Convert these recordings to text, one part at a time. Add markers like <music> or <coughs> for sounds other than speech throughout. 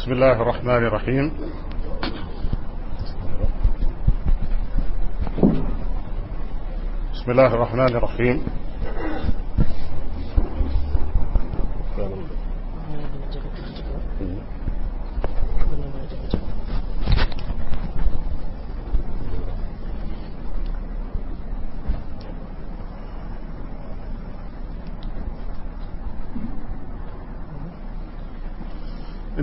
بسم الله الرحمن الرحيم بسم الله الرحمن الرحيم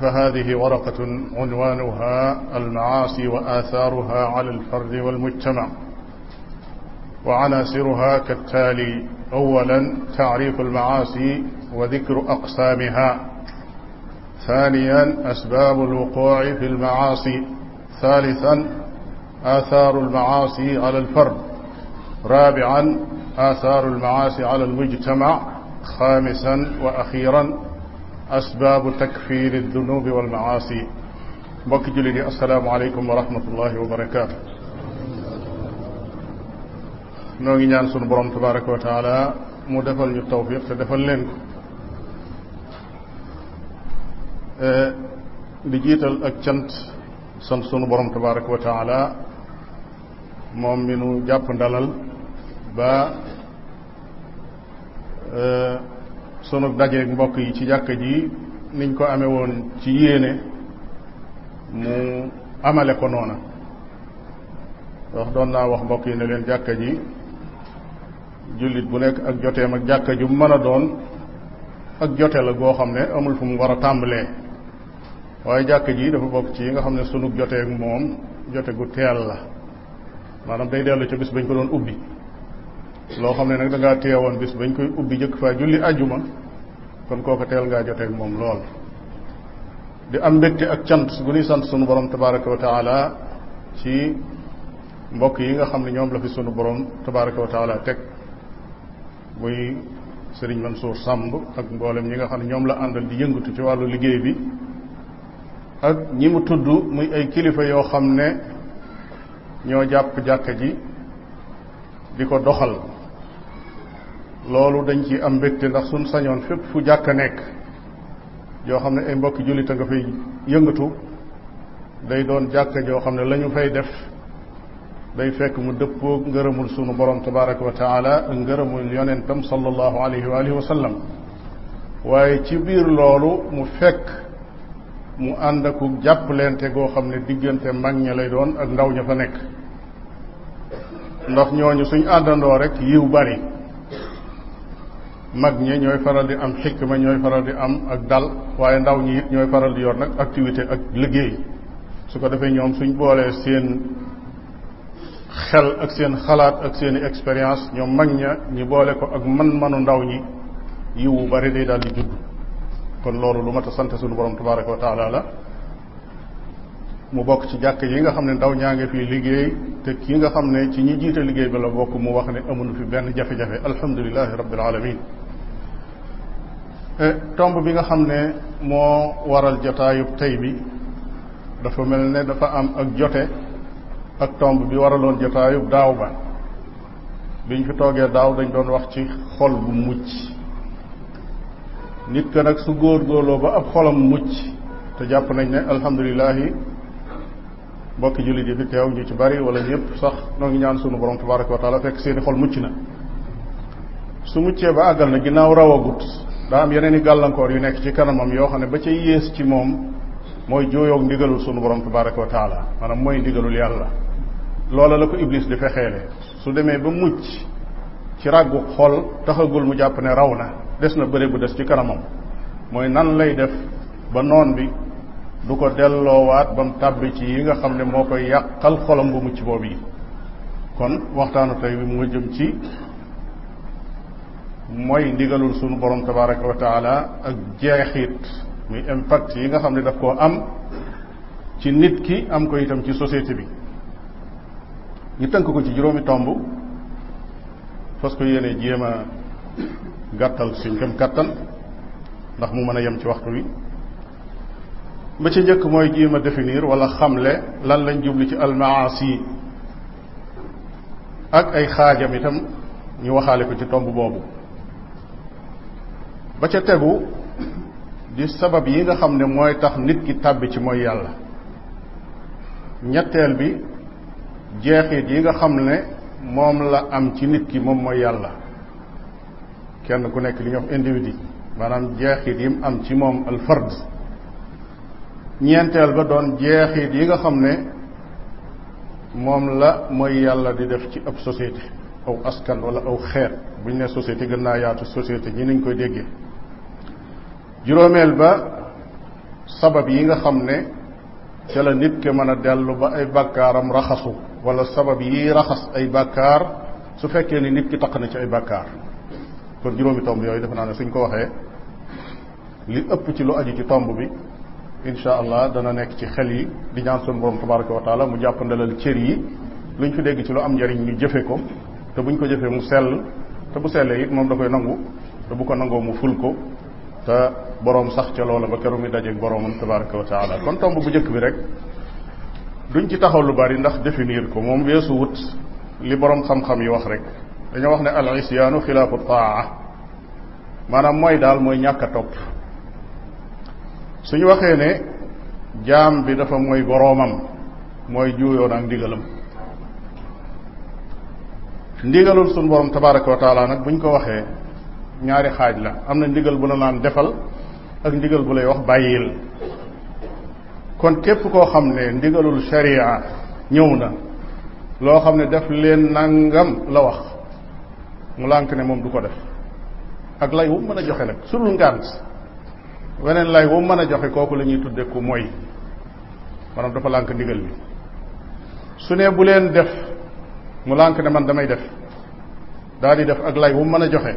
فهذه ورقة عنوانها المعاصي وآثارها على الفرد والمجتمع وعناصرها كالتالي أولا تعريف المعاصي وذكر أقسامها ثانيا أسباب الوقوع في المعاصي ثالثا آثار المعاصي على الفرد رابعا آثار المعاصي على المجتمع خامسا وأخيرا asbaabu takfiri dunubi wal maasi mbokki jullit yi asalaamaaleykum wa rahmatullahi wa barakaatu. noo ngi ñaan sunu borom tabaraka wa taala mu defal ñu tawfiq te defal leen ko. di jiital ak cant sant sunu borom tabaraka wa taala moom mi nu jàpp ndalal ba. sunu dajeeg mbokk yi ci jàkka ji niñ ko amee woon ci yéene mu amale ko noona wax doon naa wax mbokk yi ne leen jàkka ji jullit bu nekk ak joteem ak jàkka ju mën a doon ak jote la goo xam ne amul fu mu war a tàmbalee waaye jàkka ji dafa bokk ci yi nga xam ne sunu joteeg moom jote gu teel la maanaam day dellu ca bis bañ ko doon ubbi loo xam ne nag da ngaa teewoon bis bañ koy ubbi jëkk faa julli àjjuma kon kooko teel ngaa joteeg moom lool di am mbégte ak cant gu ñuy sant sunu borom tabaraka wa taala ci mbokk yi nga xam ne ñoom la fi sunu borom tabaraka wa teg muy sëriñ Mansour Samb ak mboolem ñi nga xam ne ñoom la àndal di yëngatu ci wàllu liggéey bi ak ñi mu tudd muy ay kilifa yoo xam ne ñoo jàpp jàkka ji di ko doxal loolu dañ ci am mbégte ndax suñ sañoon fépp fu jàkk nekk yoo xam ne ay mbokki jullit a nga fay yëngatu day doon jàkka joo xam ne lañu ñu fay def day fekk mu dëppoo ngërëmul sunu borom tabaraka wa taala ngërëmul yonentam sallallahu alayhi wa alihi wa sallam waaye ci biir loolu mu fekk mu ànd ak jàppalente goo xam ne diggante mag ña lay doon ak ndaw ña fa nekk ndax ñooñu suñ àndandoo rek yiw bari mag ñi ñooy faral di am ma ñooy faral di am ak dal waaye ndaw ñi ñooy faral di yor nag activité ak liggéey su ko defee ñoom suñ boolee seen xel ak seen xalaat ak seen expérience ñoom mag ña ñi boole ko ak man-manu ndaw ñi yiwu bari day daal di judd kon loolu lu mat a sant sunu borom tabaraka wa la mu bokk ci jàkk yi nga xam ne ndaw ñaa ngi fi liggéey te ki nga xam ne ci ñi jiite liggéey bi la bokk mu wax ne amuñu fi benn jafe-jafe alhamdulilahi rabbil alamin eh, tomb bi nga xam ne moo waral jotaayub tey bi dafa mel ne dafa am ak jote ak tomb bi waraloon jotaayub daaw ba biñ fi toogee daaw dañ doon wax ci xol bu mucc nit ka nag su góor góorloo ba ab xolam mucc te jàpp nañ ne alhamdulilahi mbokki jullit yi fi teew ñu ci bari wala ñëpp sax noo ngi ñaan sunu borom tabaraka wa taala fekk seeni xol mucc na su muccee ba àggal na ginnaaw rawagut daa am yeneen i gàllankoor yu nekk ci kanamam yoo xam ne ba ca yées ci moom mooy jooyoog ndigalul sunu borom tabaraka wa taala maanaam mooy ndigalul yàlla loola la ko iblis di fexeele su demee ba mucc ci ràggu xol taxagul mu jàpp ne raw na des na bëre bu des ci kanamam mooy nan lay def ba noon du ko delloowaat ba mu tàbbi ci yi nga xam ne moo koy yàqal xolam bu mucc boobu yi kon waxtaanu tey bi mu nga jëm ci mooy ndigalul sunu borom tabaraka wa taala ak jeexit muy impact yi nga xam ne daf koo am ci nit ki am ko itam ci société bi ñu tënk ko ci juróomi tomb fas ko yéene jéem a gàttal suñ kam kàttan ndax mu mën a yem ci waxtu wi ba ci njëkk mooy jéem a définir wala xamle lan lañ jublu ci almaasi ak ay xaajam itam ñu waxaale ko ci tomb boobu ba ca tegu di sabab yi nga xam ne mooy tax nit ki tàbbi ci mooy yàlla ñetteel bi jeexit yi nga xam ne moom la am ci nit ki moom mooy yàlla kenn ku nekk li ñuy wax individu maanaam jeexit yi am ci moom al ñeenteel ba doon jeexit yi nga xam ne moom la mooy yàlla di def ci ab société aw askan wala aw xeet bu ñu ne société gën naa yaatu société ñi nañ koy déggee juróomeel ba sabab yi nga xam ne ca la nit ke mën a dellu ba ay bàkkaaram raxasu wala sabab yi raxas ay bàkkaar su fekkee ni nit ki taq na ci ay bàkkaar kon juróomi tomb yooyu defe naa ne suñ ko waxee li ëpp ci lu aju ci tomb bi incha allah dana nekk ci xel yi di ñaan sunu borom tabaraka wa taala mu jàpp ndalal cër yi lu luñ fi dégg ci lu am njariñ ñu jëfe ko te buñ ko jëfee mu sell te bu sellee it moom da koy nangu te bu ko nangoo mu ful ko te boroom sax ca loola ba keroog mi dajeeg boroomam tabaraka wa taala kon tomb bu jëkk bi rek duñ ci taxaw lu bari ndax définir ko moom weesu wut li boroom xam-xam yi wax rek dañoo wax ne al isyaanu xilaafu taa maanaam mooy daal mooy ñàkk a topp suñu waxee ne jaam bi dafa mooy boroomam mooy juuyoo naag ndigalam ndigalul suñu borom tabaraka wa taala nag buñ ko waxee ñaari xaaj la am na ndigal bu la naan defal ak ndigal bu lay wax bàyyil kon képp koo xam ne ndigalul sharia ñëw na loo xam ne def leen nangam la wax mu lànk ne moom du ko def ak lay wu mën a joxe nag sulul ngànt weneen lay wu mën a joxe kooku la ñuy tudde ku moy maanaam dafa lànk ndigal bi su nee bu leen def mu lànk ne man damay def daal di def ak lay wu mën a joxe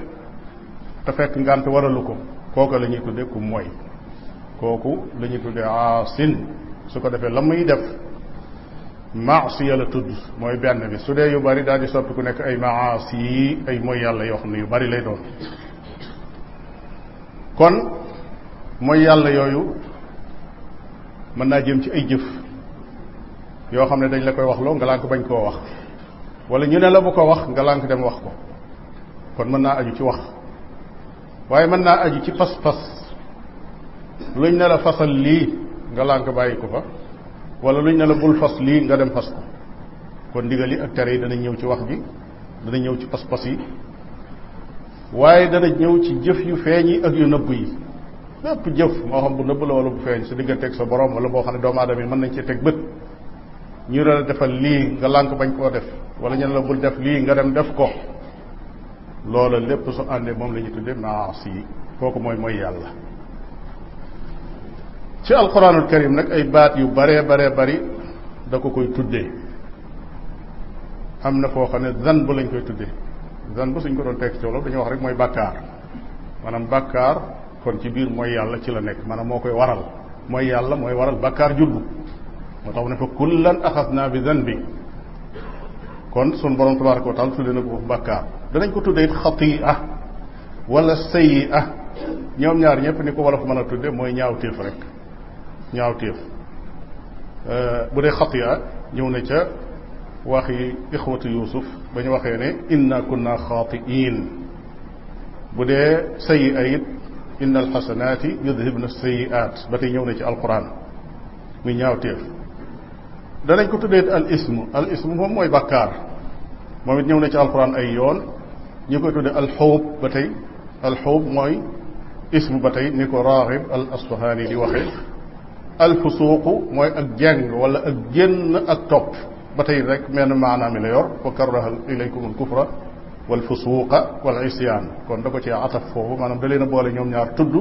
te fekk ngànt waralu ko kooku la ñuy tudde ku moy kooku lañuy ñuy tudde aasin su ko defee la muy def maasiya la tudd mooy benn bi su dee yu bari daal di soppi ku nekk ay maasi ay mooy yàlla yoo xam ne yu bari lay doon kon mooy yàlla yooyu mën naa jëm ci ay jëf yoo xam ne dañ la koy wax loo nga lànk bañ koo wax wala ñu ne la bu ko wax nga lànk dem wax ko kon mën naa aju ci wax waaye mën naa aju ci pas-pas luñ ne la fasal lii nga lànk bàyyi ko fa wala luñ ne la bul fas lii nga dem fas ko kon ndigal ak tere yi dana ñëw ci wax bi dana ñëw ci pas-pas yi waaye dana ñëw ci jëf yu feeñ yi ak yu nëbb yi lépp jëf moo xam bu nëbb la wala bu feeñ sa digganteeg sa borom wala boo xam ne doomu aadama yi mën nañ cee teg bët ñu la defal lii nga lànk bañ koo def wala ñu la bul def lii nga dem def ko loola lépp su àndee moom la ñu tuddee si yi kooku mooy mooy yàlla ci alquranul karim nag ay baat yu baree baree bari da ko koy tuddee am na foo xam ne zan bu lañ koy tuddee zan bu suñ ko doon tekk ci wolof wax rek mooy bàkkaar maanaam bàkkaar kon ci biir mooy yàlla ci la nekk maanaam moo koy waral mooy yàlla mooy waral bakkaar juddu moo tax mu ne fa kullan axasnaa bi zanbi kon sun borom tabaraka wa taala tuddee na ko bakkaar danañ ko tuddee it xatia walla sayia ñoom ñaar ñëpp ni ko wala fa mën a tuddee mooy ñaaw téef rek ñaaw téef euh, bu dee xatia ñëw na ca wax yi ixwatu yusuf ba ñu waxee ne inna kunna xaatiin bu dee sayia it inna alxasanaati yudhibna sayiat ba tey ñëw na ci alquran muy ñaawteef danañ ko tuddee al ismu al ismu moom mooy bàkkaar moom na ci ay yoon ñi koy tuddee alxuub ba tey alxuub mooy ismu ba tey ni ko raaxib al asfahaani di waxe alfusuuqu mooy ak jeng wala ak génn rek menn maanaam mi la yor al kufra wal fusuuqa wal isyaan kon da ko ci ataf foofu maanaam da leen a boole ñoom ñaar tudd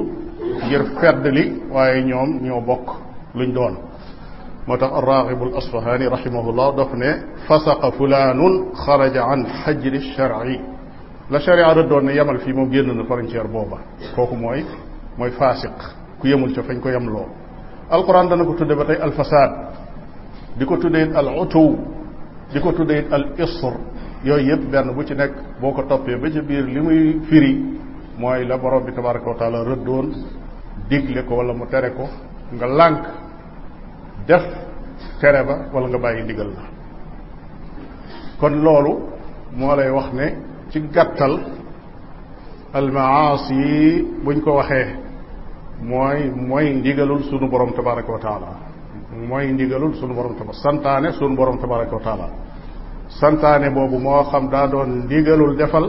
ngir fedd li waaye ñoom ñoo bokk luñ doon moo tax arraxibu al asfahaani rahimahullah daf ne fasaqa fulaanun xaraja an xajri sharci la sharia rëddoon ne yemal fii moom génn na frontière booba kooku mooy mooy faasiq ku yemul ca fañ ko yemloo alquran dana ko tudde ba tey alfasaad di ko tuddee it al utuw di ko tuddee it al isr yooyu yëpp benn bu ci nekk boo ko toppee ba ca biir li muy firi mooy la borom bi tabaraka wa taala rëddoon digle ko wala mu tere ko nga lànk def tere ba wala nga bàyyi ndigal la kon loolu moo lay wax ne ci gàttal almaasi yi buñ ko waxee mooy mooy ndigalul sunu borom tabaraka wa taala mooy ndigalul sunu borom tabaraka sunu borom tabaraka wa taala santaane boobu moo xam daa doon ndigalul defal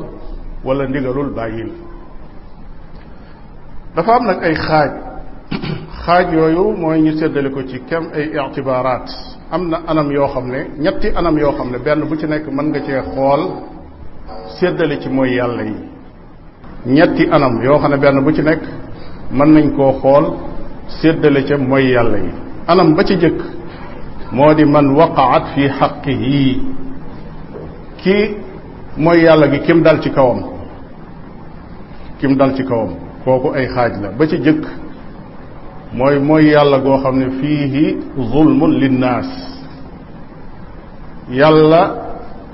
wala ndigalul bàyyil dafa am nag ay xaaj <coughs> xaaj yooyu mooy ñu séddale ko ci kem ay ictibaaraat am na anam yoo xam ne ñetti anam yoo xam ne benn bu ci nekk mën nga cee xool séddale ci mooy yàlla yi ñetti anam yoo xam ne benn bu ci nekk mën nañ koo xool séddale ca mooy yàlla yi anam ba ci jëkk moo di man waqaat fi xaqihi kii mooy yàlla gi kim dal ci kawam kim dal ci kawam kooku ay xaaj la ba ci jëkk mooy mooy yàlla goo xam ne fii fiihi zulmun linnaas yàlla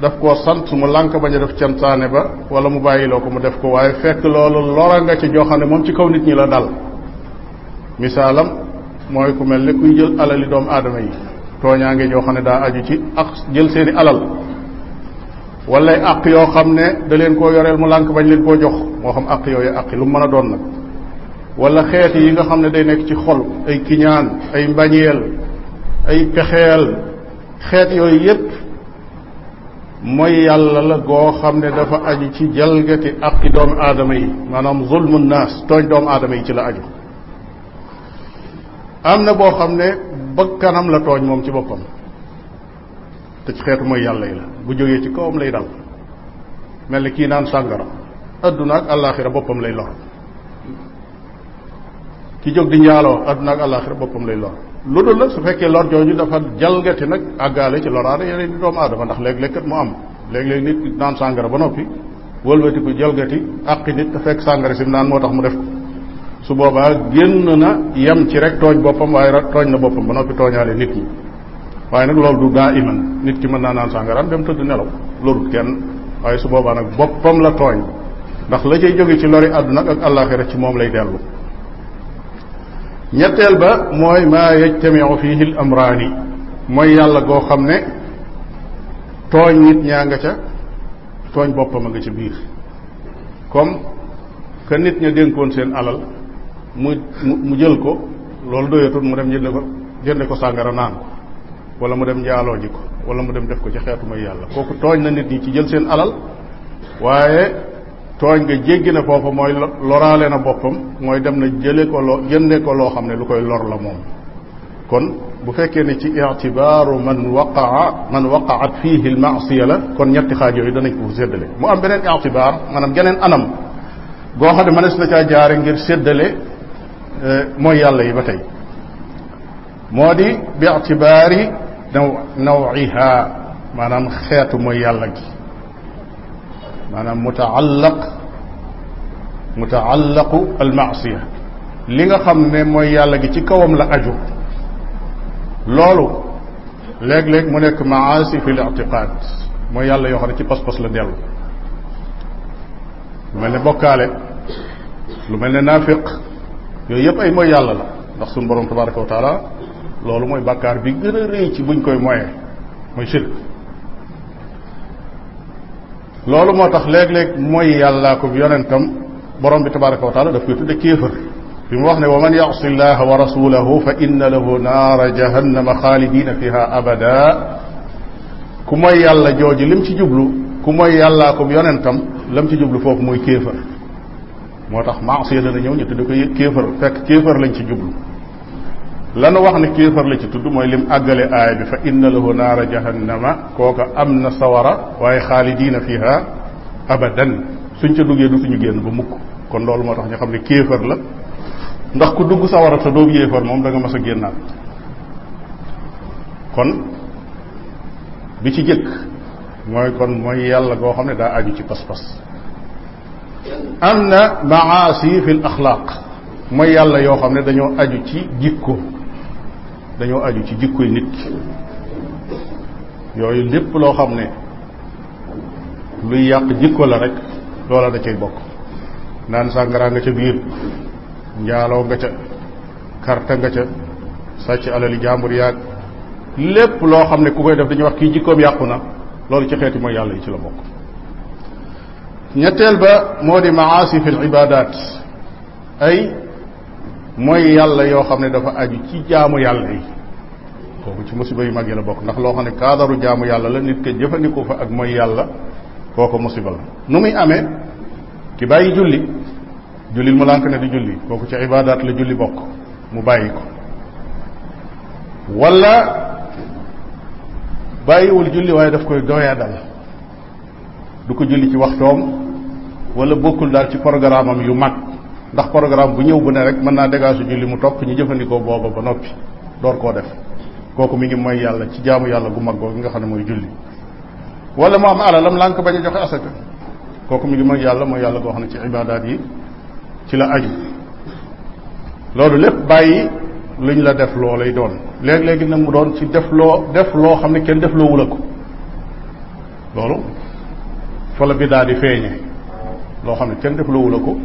daf koo sant mu lànk ba a def cantaane ba wala mu bàyyiloo ko mu def ko waaye fekk loolu lora nga ci joo xam ne moom ci kaw nit ñi la dal misaalam mooy ku mel ni kuy jël alali doomu aadama yi tooñaa ngi joo xam ne daa aju ci ak jël seeni alal wala àq yoo xam ne da leen koo yoreel mu lànk bañ leen koo jox moo xam àq yooyu àq lu mu mën a doon nag wala xeet yi nga xam ne day nekk ci xol ay kiñaan ay mbañeel ay pexeel xeet yooyu yépp mooy yàlla la goo xam ne dafa aju ci jalgati àqi doomu aadama yi maanaam zulmu naas tooñ doomu aadama yi ci la aju am na boo xam ne kanam la tooñ moom ci boppam te xeetu mooy yàlla yi la bu jógee ci kaw kawam lay dal mel ni kii naan sàngara àdduna ak àllaaxira boppam lay lor ki jóg di njaaloo adduna ak àllaaxira boppam lay lor lu dul nag su fekkee lor jooju dafa jalgati nag àggaale ci loraane yeneen di doomu aadama ndax léeg-léeg kat mu am léeg-léeg nit naan sàngara ba noppi wëlbati ku jalgati àqi nit te fekk sàngara sim naan moo tax mu def ko su boobaa génn na yem ci rek tooñ boppam waaye tooñ na boppam ba noppi tooñaale nit ñi waaye nag loolu du daa iman nit ki mën naa naan sàngaraam dem tëdd nelaw lorut kenn waaye su boobaa nag boppam la tooñ ndax la cay jóge ci lori àdduna ak àllaaxira ci moom lay dellu ñetteel ba mooy maa yajtamiu fiihi l amraani mooy yàlla goo xam ne tooñ nit ñaa nga ca tooñ boppam a nga ca biir comme que nit ña dénkoon seen alal mu mu jël ko loolu doyatul mu dem jënde ko jënde ko sàngara naan ko wala mu dem njaaloo ji ko wala mu dem def ko ci xeetu mooy yàlla kooku tooñ na nit ñi ci jël seen alal waaye tooñ nga jéggi na foofa mooy loraale na boppam mooy dem na jële ko loo jënde ko loo xam ne lu koy lor la moom kon bu fekkee ne ci itibaaru man waqaa man waqaat fiihi almaasiya la kon ñetti xaaj yi danañ ko séddale mu am beneen itibaar maanaam geneen anam goo xam ne mënees na caa jaare ngir séddale euh, mooy yàlla yi ba tey moo di bi naw nawiha maanaam xeetu mooy yàlla gi maanaam mutaallaq mutaallaqu almaasiya li nga xam ne mooy yàlla gi ci kawam la aju loolu léeg-léeg mu nekk maasi fi litiqaad mooy yàlla yoo xam ne ci pas-pas la dellu lu mel ne bokkaale lu mel ne naafiq yooyu yëpp ay mooy yàlla la ndax suñu borom tabaraka wa taala loolu mooy bàkkaar bi gën a rëy ci buñ koy moyee mooy shirk loolu moo tax léeg-léeg mooy yàllaa ko yonentam borom bi tabaraka wa taala koy tudde kéefër bi mu wax ne wa man yasi llaha wa rasulahu fa inna lahu naara jahannama xaalidina fiha abada ku mooy yàlla jooju lim ci jublu ku mooy yàllaa ko yonentam lam ci jublu foofu mooy kéefër moo tax maasiya dana ñëw ñu tudde ko kéefër fekk kéefër lañ ci jublu lanu wax ne kéefar la ci tudd mooy lim àggale aaya bi fa inna lahu naara jahannama kooka am na sawara waaye xaalidiina fiha abadan suñ ca duggee du suñu génn ba mukk kon loolu moo tax ñu xam ne kéefar la ndax ku dugg sawara te doobu yéefar moom da nga mas a génnaat kon bi ci jëkk mooy kon mooy yàlla goo xam ne daa aju ci pas-pas am na maasi fi l mooy yàlla yoo xam ne dañoo aju ci jikko dañoo aju ci jikkoy nit yooyu lépp loo xam ne luy yàq jikko la rek loola da cay bokk naan sàngara nga ca biir njaaloo nga ca karta nga ca sàcc alali jaambur yaag lépp loo xam ne ku koy def dañuy wax kii jikkoom yàqu na loolu ci xeeti mooy yàlla yi ci la bokk ñetteel ba moo di maasi fi l ay mooy yàlla yoo xam ne dafa aju ci jaamu yàlla yi kooku ci musiba yu mag yi la bokk ndax loo xam ne kaadaru jaamu yàlla la nit ko jëfandikoo fa ak mooy yàlla kooku musiba la nu muy amee ki bàyyi julli jullil mu lànk ne di julli kooku ci ibaadaat la julli bokk mu bàyyi ko wala bàyyiwul julli waaye daf koy doyadal du ko julli ci waxtoom wala bokkul daal ci programme yu mag ndax programme bu ñëw bu ne rek mën naa dégage julli mu topp ñu jëfandikoo booba ba noppi door koo def kooku mi ngi mooy yàlla ci jaamu yàlla gu mag googu nga xam ne mooy julli wala mu am alalam lànk bañ a joxe asaka kooku mi ngi mooy yàlla mooy yàlla goo xam ne ci ibaadaat yi ci la aju loolu lépp bàyyi lu ñu la def loo lay doon léegi léegi nag mu doon ci def loo def loo xam ne kenn def loo wula ko loolu fa bi daal di feeñe loo xam ne kenn def ko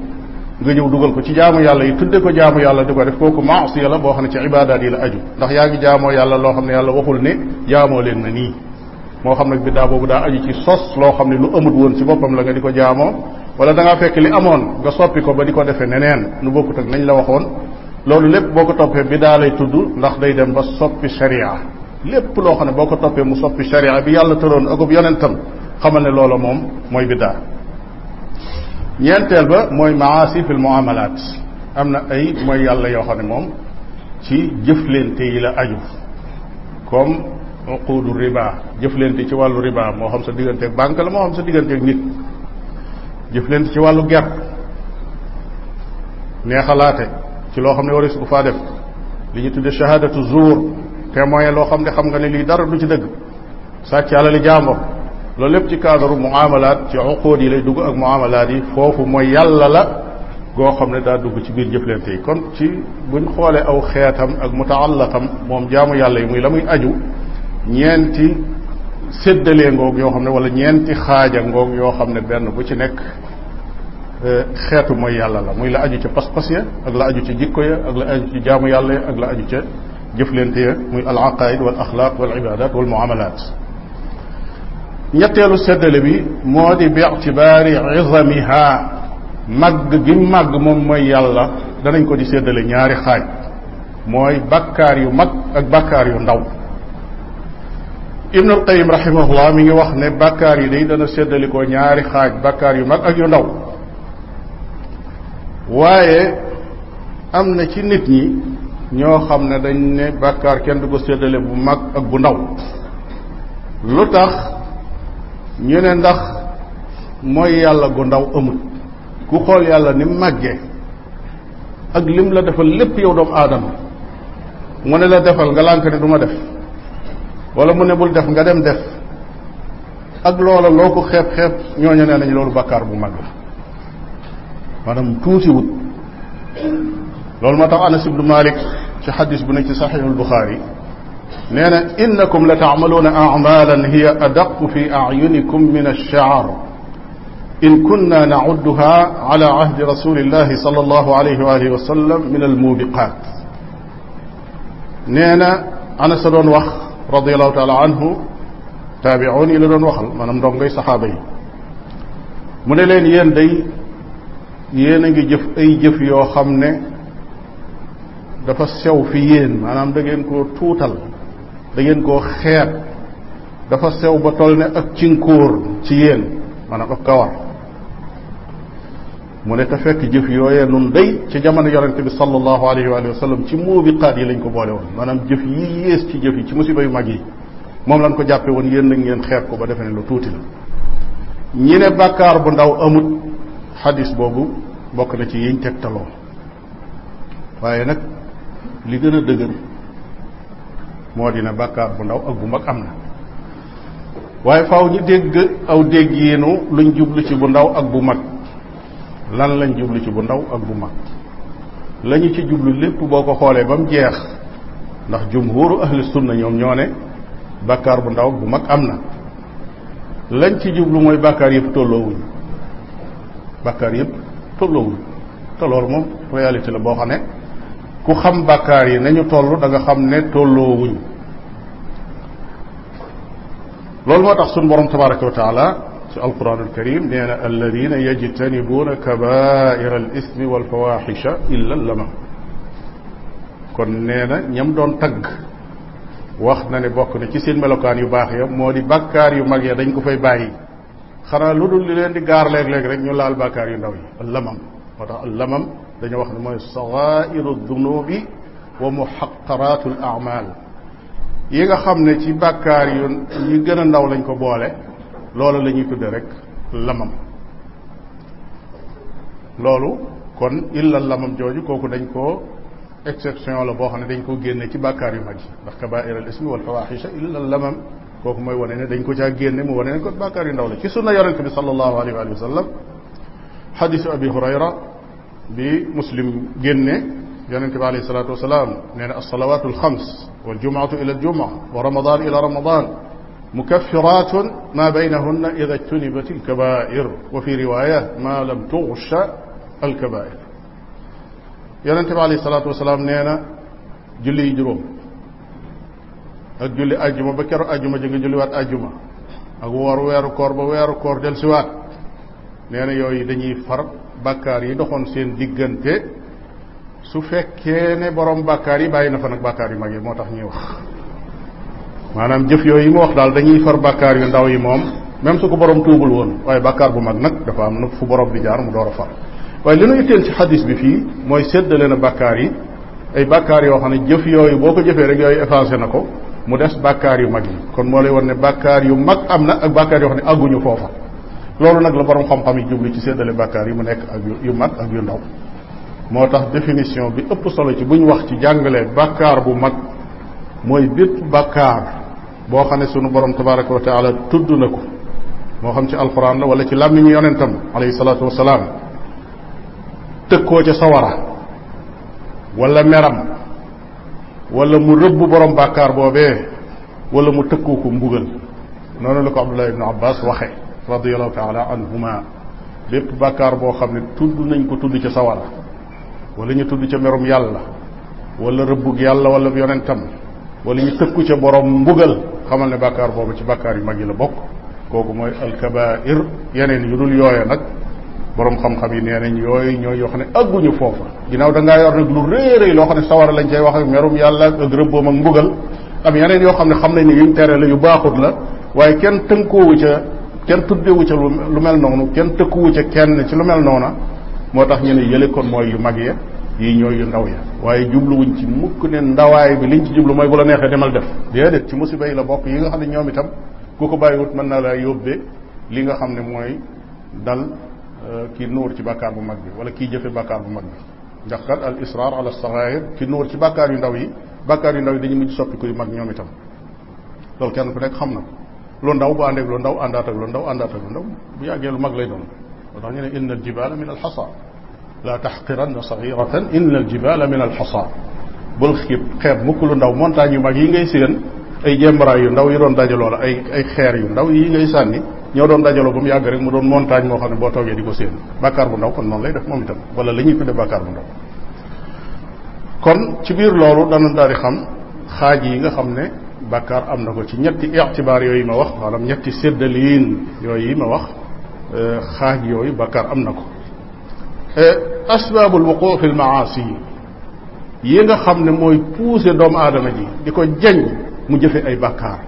nga ñëw dugal ko ci jaamu yàlla yi tudde ko jaamu yàlla di ko def kooku maasiya la boo xam ne ci ibaadaat yi la aju ndax yaa ngi jaamoo yàlla loo xam ne yàlla waxul ne jaamoo leen na nii moo xam nag biddaa boobu daa aju ci sos loo xam ne lu amut woon ci boppam la nga di ko jaamoo wala da ngaa fekk li amoon nga soppi ko ba di ko defee neneen nu bokkut ak nañ la waxoon loolu lépp boo ko toppee biddaa lay tudd ndax day dem ba soppi sharia lépp loo xam ne boo ko toppee mu soppi sharia bi yàlla tëroon akub yonentam xamal ne loola moom mooy biddaa ñeenteel ba mooy maasi fil muamalaat am na ay mooy yàlla yoo xam ne moom ci jëflente yi la aju comme uqudu riba jëflente ci wàllu riba moo xam sa digganteeg banque la moo xam sa digganteeg nit jëflente ci wàllu ger neexalaate ci loo xam ne waris bu faa def li ñu tudde shahadatu zuur témoin loo xam ne xam nga ne lii dara lu ci dëgg sàcc alali jàmbur loolu lépp ci mu muamalaat ci uqud yi dugg ak muamalaat yi foofu mooy yàlla la goo xam ne daa dugg ci biir jëflante yi kon ci buñ xoolee aw xeetam ak mutaallaqam moom jaamu yàlla yi muy la muy aju ñeenti séddalee ngoog yoo xam ne wala ñeenti xaaja ngoog yoo xam ne benn bu ci nekk eh, xeetu mooy yàlla la muy la aju ca pas-pas ya ak la aju ci jikko ya ak la aju ci jaamu yàlla ya ak la aju ca jëflante ya muy al aqaid wal axlaaq wal ñetteelu seddale bi moo di bi ictibaari izamiha màgg gi màgg moom mooy yàlla danañ ko di séddale ñaari xaaj mooy bakkaar yu mag ak bakkaar yu ndaw ibnul qayim rahimahullah mi ngi wax ne bakkaar yi day dana seddalikoo ñaari xaaj bàkkaar yu mag ak yu ndaw waaye am na ci nit ñi ñoo xam ne dañ ne bakkaar kenn du ko séddale bu mag ak bu ndaw lu tax ñu ne ndax mooy yàlla gu ndaw amul ku xool yàlla ni màggee ak lim la defal lépp yow doomu aadama mu ne la defal nga lànk ne du ma def wala mu ne bul def nga dem def ak loola loo ko xeeb xeeb ñooñu nee nañ loolu bàkkaar bu mag la maanaam wut loolu moo tax Anas ibnu Malik ci xadis bu ne ci saxiixul Buxaari nee na innakum la taamaluuna acmaalan hiya adaqu fi acyunikum min alshacar in kunna nacudduha ala cahdi rasulillahi sal allahu alayhi wa alihi wa sallam min almuubiqaat nee na anasa doon wax radiallahu taala anhu taabicoon yi la doon waxal maanaam ndongoy saxaaba yi mu ne leen yéen day yéen a ngi jëf ay jëf yoo xam ne dafa sew fi yéen maanaam da ngeen ko tuutal dangeen ngeen koo xeet dafa sew ba toll ne ak cinkóor ci yéen maanaam ak kawar mu ne te fekk jëf yooyee nun day ci jamono yonente bi sallallahu alayhi wa sallam ci muubiqaat yi lañ ko boole woon maanaam jëf yi yées ci jëf yi ci musiba yu mag yi moom lañ ko jàppe woon yéen nag ngeen xeet ko ba defe ne lu tuuti la ñi bàkkaar bu ndaw amut xadis boobu bokk na ci yiñ tegtaloo waaye nag li gën a dëgër moo dina bàkkaar bu ndaw ak bu mag am na waaye faw ñu dégg aw dégg luñ jublu ci bu ndaw ak bu mag lan lañ jublu ci bu ndaw ak bu mag la ci jublu lépp boo ko xoolee ba mu jeex ndax jumhuru ahli sunna ñoom ñoo ne bàkkaar bu ndaw bu mag am na lañ ci jublu mooy bàkkaar yëpp tolloowuñ bàkkaar yëpp tolloowuñ te loolu moom réalité la boo xam ne ku xam bàkkaar yi nañu toll da nga xam ne tolloo wuñ loolu moo tax suñ borom tabaraka wa taala ci alquran alkarim nee na alladina yajtanibuuna kabaira al ismi wal fawaxisha illa lama kon nee na ñam doon tagg wax na ne bokk na ci seen melokaan yu baax ya moo di bakkaar yu mag ya dañ ko fay bàyyi xanaa lu dul li leen di gaar léeg-léeg rek ñu laal bakkaar yu ndaw yi al lamam moo tax al lamam dañoo wax ne mooy sagairu dunubi wa muxaqaratu l amal yi nga xam ne ci bakkaar yu yi gën a ndaw lañ ko boole loolu lañuy ñuy tudde rek lamam loolu kon illa lamam jooju kooku dañ koo exception la boo xam ne dañ ko génne ci bàkkaar yu mag yi ndax kabair al ismi wal fawaxisha illa lamam kooku mooy wane ne dañ ko caa génne mu wane ne kon yu ndaw la ci sunna yonente bi sallallahu alayhi wa sallam xadisu abi hurayra bi muslim génne yonente bi alayhi salaatu wasalaam nee na alsalawatu alxams waljumaatu ila aljuma wa ramadan ila ramadan mukaffiratun ma baynahunna ida jtunibat alkabair wa fi riwaya ma lam tugsha alkabair yonente bi alayhi salaatu wasalaam nee na julli yi juróom ak julli ajjuma ba keroog ajjuma ji nga julliwaat ajjuma ak woor weeru koor ba weeru koor del siwaat nee na yooyu dañuy far bàkkaar yi doxoon seen diggante su fekkee ne borom bàkkaar yi bàyyi na fa nag bàkkaar yu mag yi moo tax ñuy wax maanaam jëf yooyu mu wax daal dañuy far bàkkaar yu ndaw yi moom même su ko borom tuubul woon waaye bàkkaar bu mag nag dafa am na fu borom bi jaar mu door a far waaye li nu itteel ci xadis bi fii mooy séddale na bàkkaar yi ay bàkkaar yoo xam ne jëf yooyu boo ko jëfee rek yooyu effacé na ko mu des bàkkaar yu mag yi kon moo lay wan ne bàkkaar yu mag am na ak bàkkaar yoo xam ne àgguñu foofa loolu nag la borom xam-xam yi jublu ci séddale bàkkaar yi mu nekk ak yu mag ak yu ndaw moo tax définition bi ëpp solo ci bu ñu wax ci jàngale bàkkaar bu mag mooy bépp bàkkaar boo xam ne sunu borom tabaraka wa taala tudd na ko moo xam ci alxuraan la wala ci làmmiñu yonentam alayhi salaatu wasalaam tëkkoo ca sawara wala meram wala mu rëbb borom bàkkaar boobee wala mu tëkkoo ko mbugal noonu la ko Abdullah ibnu Abbas waxee radiallahu taala anhuma bépp bakkaar boo xam ne tudd nañ ko tudd ca sawara wala ñu tudd ca merum yàlla wala rëbb yàlla wala yonentam wala ñu tëkku ca borom mbugal xamal ne bakkaar boobu ci bakkaar yu mag yi la bokk kooku mooy alkabair yeneen yu dul yooya nag borom xam-xam yi nee nañ yooyu ñooy yoo xam ne agguñu foofa ginnaaw da ngaa yor nag lu réeréy loo xam ne sawara lañ cay wax ak merum yàlla ak rëbboom ak mbugal am yeneen yoo xam ne xam nañ ne yu baaxut la waaye kenn tënkoowu kenn tuddewu ca lu mel noonu kenn tëkkuwu ca kenn ci lu mel noona moo tax ñu ne yële kon mooy yu mag ya yii ñooy yu ndaw ya waaye jubluwuñ ci mukk ne ndawaay bi liñ ci jublu mooy bu la neexee demal def déedéet ci musiba yi la bokk yi nga xam ne ñoom itam ku ko bàyyiwut mën na laay yóbbee li nga xam ne mooy dal euh, kii nuur ci bàkkaar bu mag bi wala kii jëfe bàkkaar bu mag bi ndax kat al israr ala sagair ki nuur ci bàkkaar yu ndaw yi bàkkaar yu ndaw yi dañu mujj soppi kuy mag ñoom itam loolu kenn ku nekk xam na lu ndaw bu àndeeg lu ndaw àndaat lu ndaw bu yàggee lu mag lay doon moo tax ñu ne inna aljibala min alxasa la taxqiranna saxiratan inna aljibala min alxasa bul xib xeeb mukk lu ndaw montagne yu mag yi ngay séen ay jembaraay yu ndaw yi doon dajaloo la ay ay xeer yu ndaw yi ngay sànni ñoo doon dajaloo ba mu yàgg rek mu doon montagne moo xam ne boo toogee di ko séen bàkkaar bu ndaw kon noonu lay def moom itam wala la ñuy tuddee bu ndaw kon ci biir loolu nga xam ne bàkkaar am na ko ci ñetti ictibaar yooyu ma wax maanaam ñetti séddaliin yooyu ma wax euh, xaaj yooyu bàkkaar am na ko euh, asbaabul wuquu fil maasi yi nga xam ne mooy pousser doomu aadama ji di ko jañ mu jëfe ay bàkkaar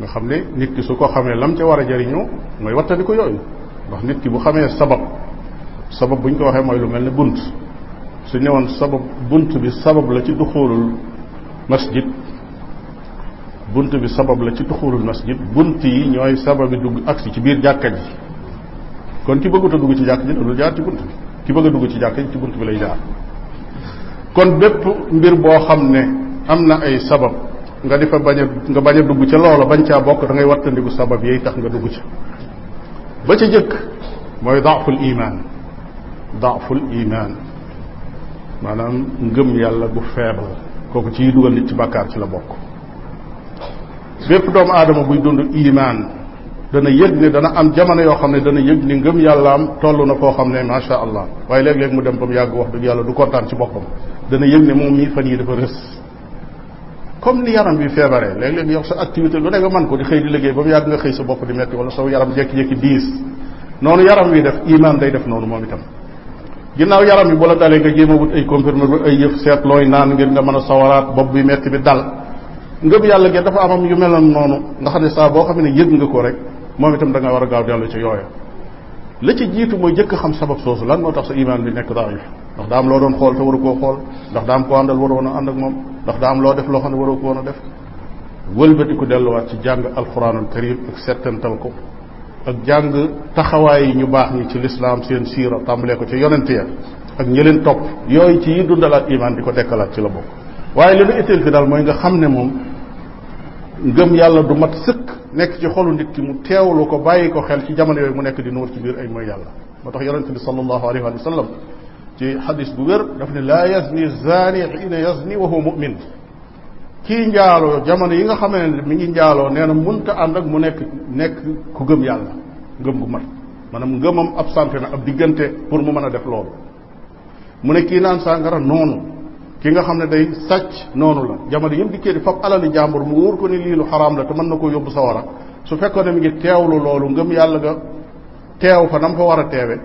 nga xam ne nit ki su ko lam ca war a jariñoo mooy wattandi ko yooyu ndax nit ki bu xamee sabab sabab bu ñu ko waxee mooy lu mel ne bunt su newoon sabab bunt bi sabab la ci duxulul masjid bunt bi sabab la ci tuxulul masjid bunt yi ñooy sababi dugg agsi ci biir jàkka ji kon ki bëggut a dugg ci jàkka ji ci bunt bi ki bëgg a dugg ci jàkka ci bunt bi lay jaar kon bépp mbir boo xam ne am na ay sabab nga di bañ a nga bañ a dugg ca loola bañ caa bokk da ngay wattandiku sabab yey tax nga dugg ca ba ca jëkk mooy daaful iman daaful iman maanaam ngëm yàlla bu faible kooku ci dugal nit ci bàkkaar ci la bokk bépp doomu aadama buy dund imaan dana yëg ne dana am jamono yoo xam ne dana yëg ni ngëm yàllaam toll na koo xam ne macha allah waaye léeg-léeg mu dem ba mu yàgg wax dëgg yàlla du kontaan ci boppam dana yëg ne moom mii fan yi dafa rës comme ni yaram bi feebaree léeg-léeg yow sa activité lu ne nga mën ko di xëy di liggéey ba mu yàgg nga xëy sa bopp di metti wala saw yaram jékki-jékki diis noonu yaram wi def imaan day def noonu moom itam ginnaaw yaram bi bu la dalee a wut ay confirmer ay yëf seet looy naan ngir nga mën a sawaraat bopp bi metti bi dal ngëm yàlla ge dafa amam yu meloon noonu nga xam ne saa boo xam ne yëg nga ko rek moom itam da nga war a gaaw dellu ci yooya la ci jiitu mooy jëkk xam sabab soosu lan moo tax sa imaan bi nekk daif ndax daa am loo doon xool te waru koo xool ndax daa am koo àndal waroon a ànd ak moom ndax daa am loo def loo xam ne waroo ko woon a def wëlbati ko delluwaat ci jàng alquranul karim ak settantal ko ak jàng taxawaay yi ñu baax ñi ci lislaam seen siira tàmbalee ko ci yonent ya ak ñi leen topp yooyu ci yi dundalaat imaan di ko dekkalaat ci la bokk waaye li ma itteel daal mooy nga xam ne moom ngëm yàlla du mat sëkk nekk ci xolu nit ki mu teewlu ko bàyyi ko xel ci jamono yooyu mu nekk di nuur ci biir ay mooy yàlla moo tax yonente bi sallallahu alayhi wa sallam ci xadis bu wér daf ne laa yazni zani xiina yazni wa huwa mu'min kii njaaloo jamono yi nga xamee ne mi ngi njaaloo nee na munta ànd ak mu nekk nekk ku gëm yàlla ngëm gu mat maanaam ngëmam absenté na ab diggante pour mu mën a def loolu mu ne kii naan sàngara noonu ki nga xam ne day sàcc noonu la jamono yëpp dikkee di fab alali jàmbur mu wóor ko ni lii lu xaraam la te mën na koo yóbbu sa wara su fekkoon ne mi ngi teewlu loolu ngëm yàlla nga teew fa na mu fa war a teewe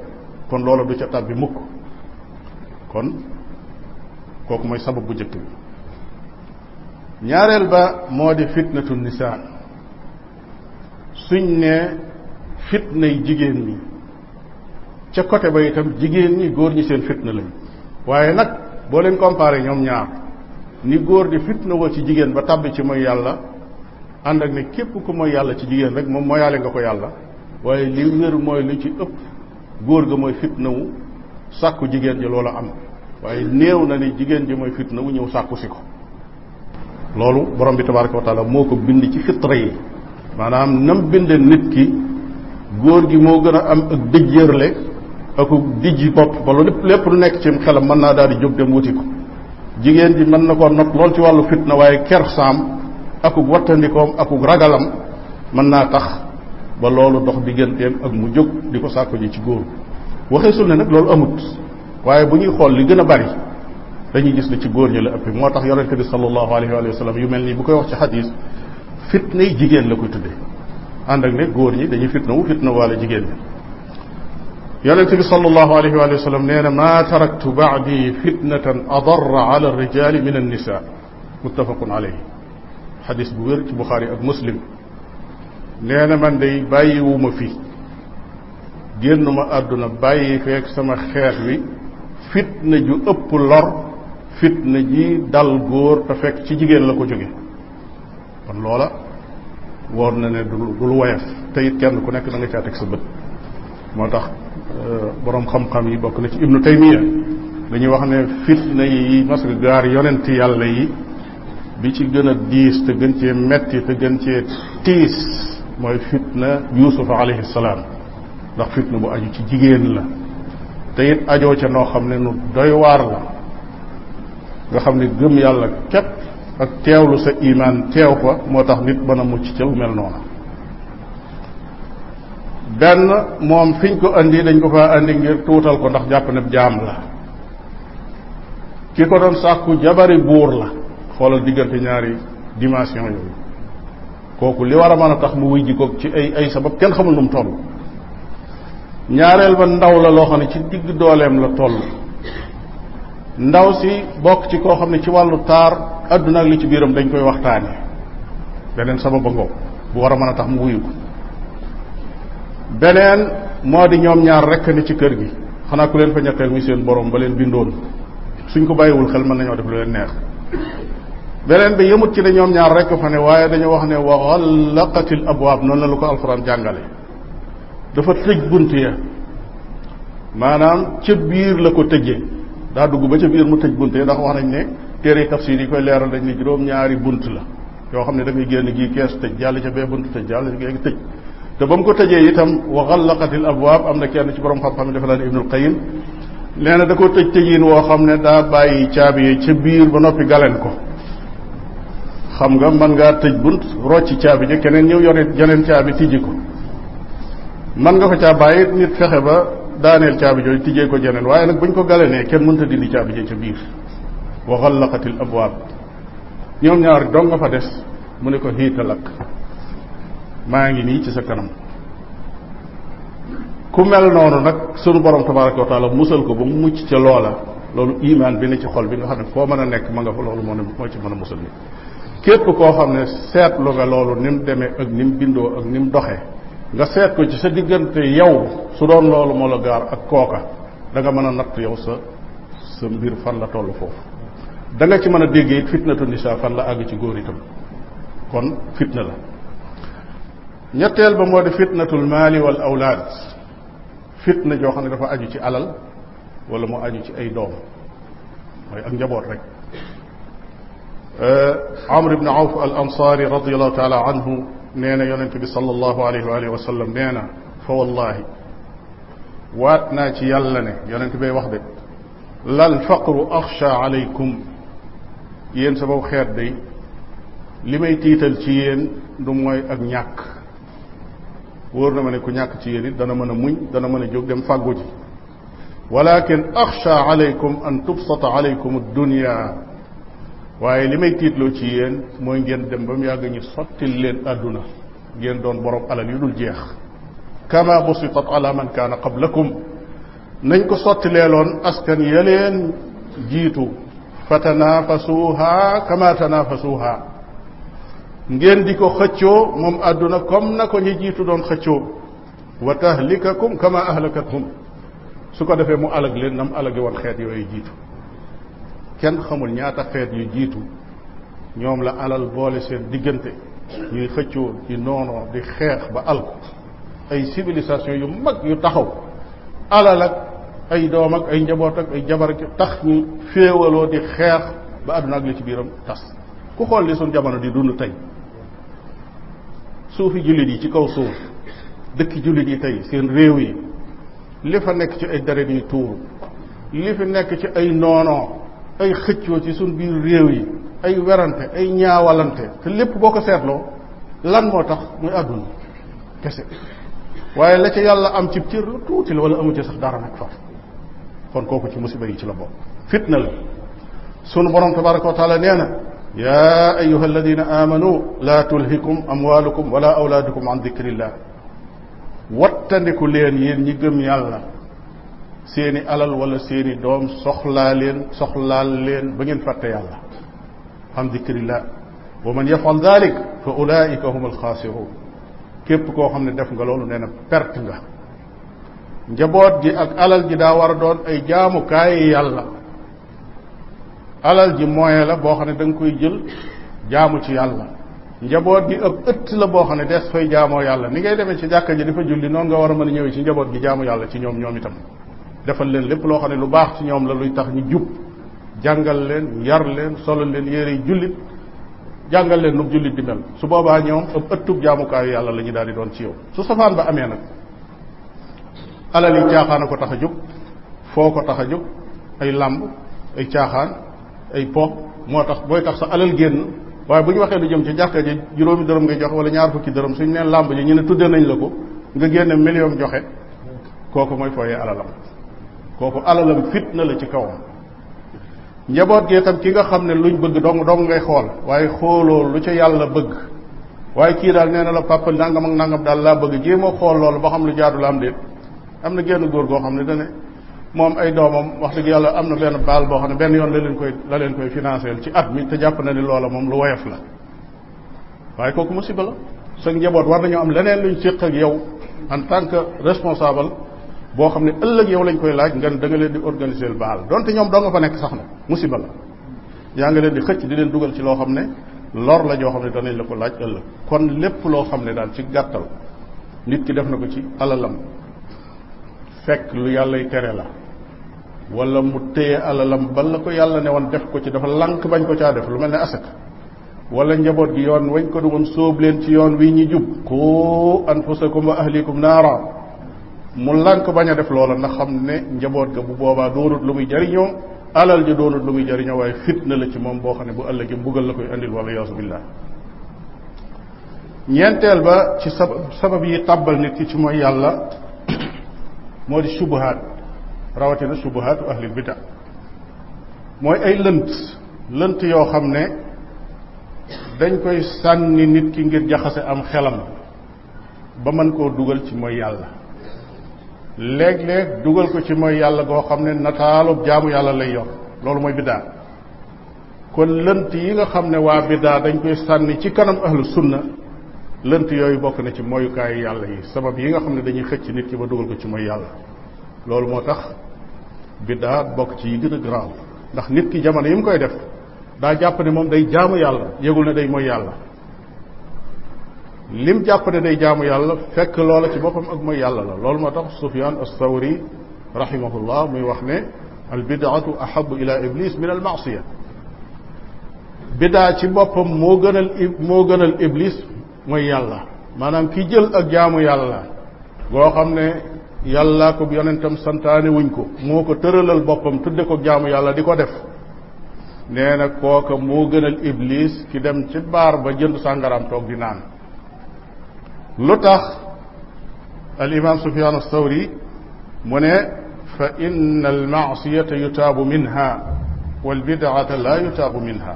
kon loola du ca tab bi mukk kon kooku mooy sabab bu njëkk bi ñaareel ba moo di fitnatu nisaa suñ ne fitnay jigéen ñi ca côté ba itam jigéen ñi góor ñi seen fitna lañ waaye nag boo leen comparé ñoom ñaar ni góor di fitna woo ci jigéen ba tàbbi ci mooy yàlla ànd ak ne képp ku mooy yàlla ci jigéen rek moom moyaale nga ko yàlla waaye li wér mooy li ci ëpp góor ga mooy fitna wu sàkku jigéen ji loola am waaye néew na ni jigéen ji mooy fitna wu ñëw sàkku si ko loolu borom bi tabaraka wa taala moo ko bind ci fitra yi maanaam nam binde nit ki góor gi moo gën a am ak dëj yërle aku dijji bopp ba lu lépp lu nekk ci xelam mën naa daal di jóg dem wuti ko jigéen ji mën na koo not lool ci wàllu fitna waaye kersaam akug wattandikoom akug ragalam mën naa tax ba loolu dox digganteem ak mu jóg di ko sàkku ji ci góor waxeesul ne nag loolu amut waaye bu ñuy xool li gën a bari dañu gis ni ci góor ñi la ëpp moo tax yonente bi sallallahu alayhi wa sallam yu mel nii bu koy wax ci xadis fitna yi jigéen la koy tuddee ànd ak ne góor dañuy fitna wu fitna waale jigéen yonente bi sallallahu alayhi wa sallam nee na maa taraktu baadi fitnatan adarra ala rijaali min annisa muttafaqun alayhi xadis bu wér ci buxaari ak muslim nee na man day bàyyiwuma fi génnuma àdduna bàyyi feek sama xeet wi fitna ju ëpp lor fitna ji dal góor te fekk ci jigéen la ko jóge kon loola woor na ne du lu woyof te it kenn ku nekk da nga caa teg sa bët moo tax Euh, boroom xam-xam yi bokk na ci ibnu taymiya dañuy wax ne fitna yi mas gaar yonent yàlla yi bi ci gën a diis te gën cee metti te gën cee tiis mooy fitna yusuf alayhi salaam ndax fitna bu aju ci jigéen la te it ajoo ca noo xam ne nu doy waar la nga xam ne gëm yàlla képp ak teewlu sa imaan teew fa moo tax nit mën a mucc ca lu mel noonu benn moom fiñ ko indi dañ ko fa indi ngir tuutal ko ndax jàpp ne jaam la ki ko doon sàkku jabari buur la xoolal diggante ñaari dimension yooyu kooku li war a mën a tax mu wuy ji ko ci ay ay sabab kenn xamul lu mu toll ñaareel ba ndaw la loo xam ne ci digg dooleem la toll ndaw si bokk ci koo xam ne ci wàllu taar àdduna ak li ci biiram dañ koy waxtaane beneen sabab ba ngoog bu war a mën a tax mu wuyu ko beneen moo di ñoom ñaar rekk ni ci kër gi xanaa ku leen fa ñetteel muy seen borom ba leen bindoon suñ ko bàyyiwul xel mën nañoo def lu leen neex beneen bi yëmut ci ne ñoom ñaar rekk fa ne waaye dañoo wax ne wa xallaqatil abwaab noonu la lu ko alxuraan jàngale dafa tëj bunt ya maanaam ca biir la ko tëjee daa dugg ba ci biir mu tëj bunt ya ndax wax nañ ne téere tafsir yi koy leeral dañ ne juróom ñaari bunt la yoo xam ne da génn gii kees tëj ca bee bunt tëj jàll ca bee tëj te ba mu ko tëjee itam wa xallaqatil abwaab am na kenn ci borom xam-xam yi dafa laan ibnul qayim nee na da ko tëj tëjiin woo xam ne daa bàyyi caabi yi ca biir ba noppi galeen ko xam nga mën ngaa tëj bunt rocci caabi ja keneen ñëw yore jeneen caabi tijji ko man nga ko caa bàyyi nit fexe ba daaneel caabi jooju tijjee ko jeneen waaye nag buñ ko galenee kenn mënta dindi caabi ja ca biir wa xallaqatil abwaab ñoom ñaar dong nga fa des mu ne ko xiitalak maa ngi nii ci sa kanam ku mel noonu nag sunu borom tabaraka wa taala musal ko ba mu mucc ca loola loolu iman bi ne ci xol bi nga xam ne foo mën a nekk ma nga fa loolu moo ne moo ci mën a musal nit képp koo xam ne seetlu nga loolu ni mu demee ak ni mu bindoo ak ni mu doxee nga seet ko ci sa diggante yow su doon loolu moo la gaar ak kooka danga mën a natt yow sa sa mbir fan la toll foofu da ci mën a déggee fitnatu nisa fan la àgg ci góor itam kon fitna la ñetteel ba moo di fitnatul maali wal awlaad fitna joo xam ne dafa aju ci alal wala mu aju ci ay doom mooy ak njaboot rek eh, amr ibn awf al ansaari radiallahu taala anhu nee na yonente bi salallahu alayhi wa alihi wa sallam nee na fa wallahi waat naa ci yàlla ne yonente bay wax de lal faqru axsha alaykum yéen sa baw xeet day li may tiital ci yéen du mooy ak ñàkk wóor na ma ne ku ñàkk ci yéen it dana mën a muñ dana mën a jóg dem fago ji walakin axsha alaykum an tubsata alaykum dunya waaye li may tiitloo ci yéen mooy ngeen dem ba mu yàgg ñu sottil leen àdduna ngeen doon borom alal yu dul jeex kama busitat ala man kaana qablakum nañ ko sottileeloon askan ya leen jiitu fa tanaafasuha ngeen di ko xëccoo moom àdduna comme na ko ñi jiitu doon xëccoo wa tahlikakum kama ahlakathum su ko defee mu alag leen nam alage woon xeet yooyu jiitu kenn xamul ñaata xeet yu jiitu ñoom la alal boole seen diggante ñuy xëccoo di noonoo di xeex ba alku ay civilisation yu mag yu taxaw alal ak ay doom ak ay njaboot ak ay jabar tax ñu féewaloo di xeex ba àdduna ak li ci biiram tas ku xool li suñ jamono di dund tey suufi jullit yi ci kaw suuf dëkki jullit yi tey seen réew yi li fa nekk ci ay deret yu tuuru li fi nekk ci ay noonoo ay xëccoo ci suñ biir réew yi ay werante ay ñaawalante te lépp boo ko seetloo lan moo tax muy àdduna kese waaye la ca yàlla am ci cër la tuuti la wala amu ci sax dara nag far kon kooku ci musiba yi ci la bokk fitna la sunu borom tabaraka wa nee na يا أيها الذين آمنوا لا تلهكم أموالكم ولا أولادكم عن ذكر الله wattandiku leen yéen ñi gëm yàlla seeni alal wala seeni doom soxlaa leen soxlaal leen ba ngeen fàtte yàlla an dikrillah wa man yafal dalik fa ulaika hum alxaasirun képp koo xam ne def nga loolu nee na perte nga njaboot gi ak alal gi daa war a doon ay jaamukaayi yàlla alal ji moyen la boo xam ne danga koy jël jaamu ci yàlla njaboot gi ëpp ëtt la boo xam ne des fay jaamoo yàlla ni ngay demee ci jàkka ji di fa julli noonu nga war a mën a ñëwee ci njaboot gi jaamu yàlla ci ñoom ñoom itam defal leen lépp loo xam ne lu baax ci ñoom la luy tax ñu jub jàngal leen yar leen solal leen yére jullit jàngal leen lu jullit di mel su boobaa ñoom ëpp ëttub jaamukaayu yàlla la ñu daal di doon ci yow su safaan ba amee nag alal yi caaxaan ko tax a jóg foo ko tax a jóg ay làmb ay ay po moo tax booy tax sa alal génn waaye bu ñu waxee lu jëm ci jàkka ji juróomi dërëm ngay joxe wala ñaar fukki dërëm suñ neen làmb ji ñu ne tudde nañ la ko nga génn million joxe kooku mooy fooyee alalam kooku alalam fitna la ci kawam njaboot gi itam ki nga xam ne luñ bëgg dong dong ngay xool waaye xooloo lu ci yàlla bëgg waaye kii daal nee na la papa nangam ak nangam daal laa bëgg jéem a xool loolu ba xam lu jaadu la am am na genn góor goo xam ne dane moom ay doomam wax dëgg yàlla am na benn baal boo xam ne benn yoon la leen koy la leen koy financé ci at mi te jàpp na ni loola moom lu woyof la waaye kooku musiba la sa njaboot war nañoo am leneen luñ séq ak yow en tant que responsable boo xam ne ëllëg yow lañ koy laaj nga da nga leen di organiser baal donte ñoom doo nga fa nekk sax na musiba la yaa nga leen di xëcc di leen dugal ci loo xam ne lor la joo xam ne danañ la ko laaj ëllëg kon lépp loo xam ne daal ci gàttal nit ki def na ko ci alalam fekk lu yàllay tere la wala mu téye alalam la ko yàlla ne woon def ko ci dafa lànk bañ ko caa def lu mel ne aset wala njaboot gi yoon wañ ko du woon sóob leen ci yoon wi ñu jub ku anfusakum wa ahlikum naara mu lànk bañ a def loola na xam ne njaboot ga bu boobaa doonut lu muy jariñoo alal ji doonut lu muy jariñoo waaye fitna la ci moom boo xam ne bu ëllëgee mbugal la koy andil wala yaasu billah ñeenteel ba ci sabab sabab yi tàbbal nit ki ci mooy yàlla moo di rawatina subuhaatu ahlil bida mooy ay lënt lënt yoo xam ne dañ koy sànni nit ki ngir jaxase am xelam ba mën koo dugal ci mooy yàlla léeg-léeg dugal ko ci mooy yàlla goo xam ne nataalub jaamu yàlla lay yor loolu mooy biddaa kon lënt yi nga xam ne waa biddaa dañ koy sànni ci kanam ahlu sunna lënt yooyu bokk na ci mooyukaayu yàlla yi sabab yi nga xam ne dañuy xëcc nit ki ba dugal ko ci mooy yàlla loolu moo tax biddaa bokk ci yi gën a graaw ndax nit ki jamono yi mu koy def daa jàpp ne moom day jaamu yàlla yëgul ne day mooy yàlla lim jàpp ne day jaamu yàlla fekk loola ci boppam ak mooy yàlla la loolu moo tax Sufyaan as-Sawri rahimahullah muy wax ne al bidaatu ahabu ila iblis min al maasiya bidaa ci boppam moo gënal moo gënal iblis mooy yàlla maanaam ki jël ak jaamu yàlla goo xam ne yàlla ko yonentam santaane wuñ ko moo ko tëralal boppam tudde ko jaamu yàlla di ko def nee na kooka moo gën gënal iblis ki dem ci baar ba jënd sàngaraam toog di naan lu tax al imam sufyan athawri mu ne fa inna al maasiyata yutaabu minha wal bidaata la yutaabu minha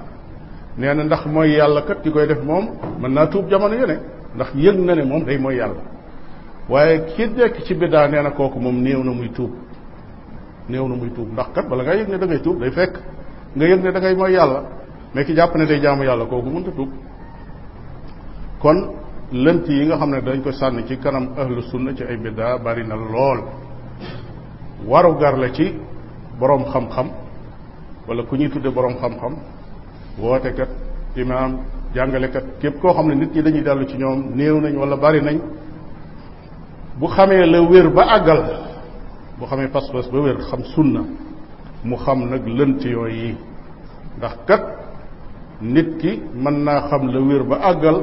nee na ndax mooy yàlla kat ki koy def moom mën naa tuub jamono yu ne ndax yëg na ne moom day mooy yàlla waaye ki nekk ci biddaa nee na kooku moom néew na muy tuub néew na muy tuub ndax kat bala nga yëg ne da tuub day fekk nga yëg ne da mooy yàlla mais ki jàpp ne day jaamu yàlla kooku mënta tuub kon lënt yi nga xam ne dañ ko sànni ci kanam ahlu sunna ci ay biddaa bari na lool waru gar la ci boroom xam-xam wala ku ñuy tudde boroom xam-xam wootekat imaam jàngalekat képp koo xam ne nit ñi dañuy dàllu ci ñoom néew nañ wala bari nañ bu xamee la wér ba àggal bu xamee pas-pas ba wér xam sunna mu xam nag lënt yooyu yi ndax kat nit ki mën naa xam la wér ba àggal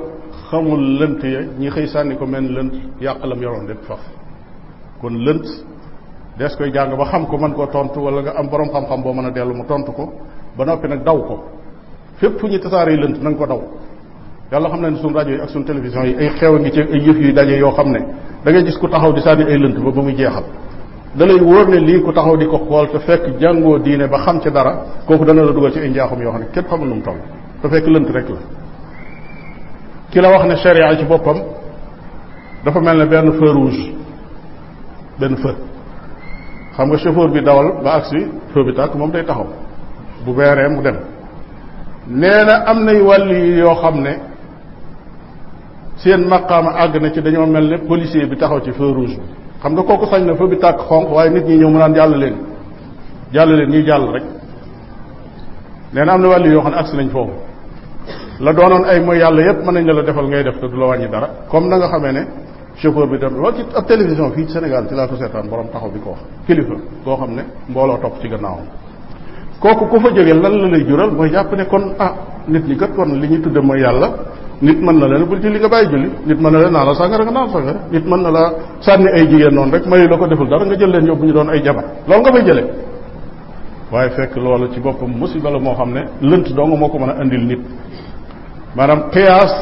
xamul lënt ya ñi xëy sànni ko men lënt yàq lam yoroon lépp faf kon lënt des koy jàng ba xam ko mën koo tontu wala nga am boroom xam-xam boo mën a dellu mu tontu ko ba noppi nag daw ko fépp fu ñu tasaaree lënt na ko daw yàlla xam na ne suñu rajo yi ak suñu télévision yi ay xew a ngi ci ay yëf yuy daje yoo xam ne dangay gis ku taxaw di sànni ay lënt ba ba mu jeexal da lay wóor ne lii ku taxaw di ko xool te fekk jàngoo diine ba xam ci dara kooku dana la dugal ci ay njaaxum yoo xam ne kenn xamul mu toll te fekk lënt rek la ki la wax ne charia ci boppam dafa mel ne benn feu benn feu xam nga chauffeur bi dawal ba agsi feu bi tàkk moom day taxaw bu beeree mu dem nee na am nay wàll yoo xam ne seen maqaama àgg na ci dañoo mel ne policier bi taxaw ci feu rouge xam nga kooku sañ na feu bi tàkk xonq waaye nit ñi ñëw mu naan jàll leen jàll leen ñuy jàll rek neen na am na wàllu yoo xam ne agsi nañ foofu la doonoon ay mooy yàlla yépp mën nañ la defal ngay def te du la wàññi dara comme na nga xamee ne chauffeur bi dem waa ci ab télévision fii ci Sénégal ci laa ko seetaan borom taxaw bi ko wax kilifa koo xam ne mbooloo topp ci gannaawam kooku ku fa jógee lan la lay mooy jàpp ne kon ah, nit ñi kat kon li ñu tudde mooy yàlla nit mën na leen ne bul julli nga bàyyi julli nit mën na la naa la sàngara nga naan sàngara nit mën na la sànni ay jigéen noonu rek mayu la ko deful dara nga jël leen yóbbu ñu doon ay jabar loolu nga fay jëlee waaye fekk loolu ci boppam musiba la moo xam ne lënt dong moo ko mën a andil nit maanaam qiyaas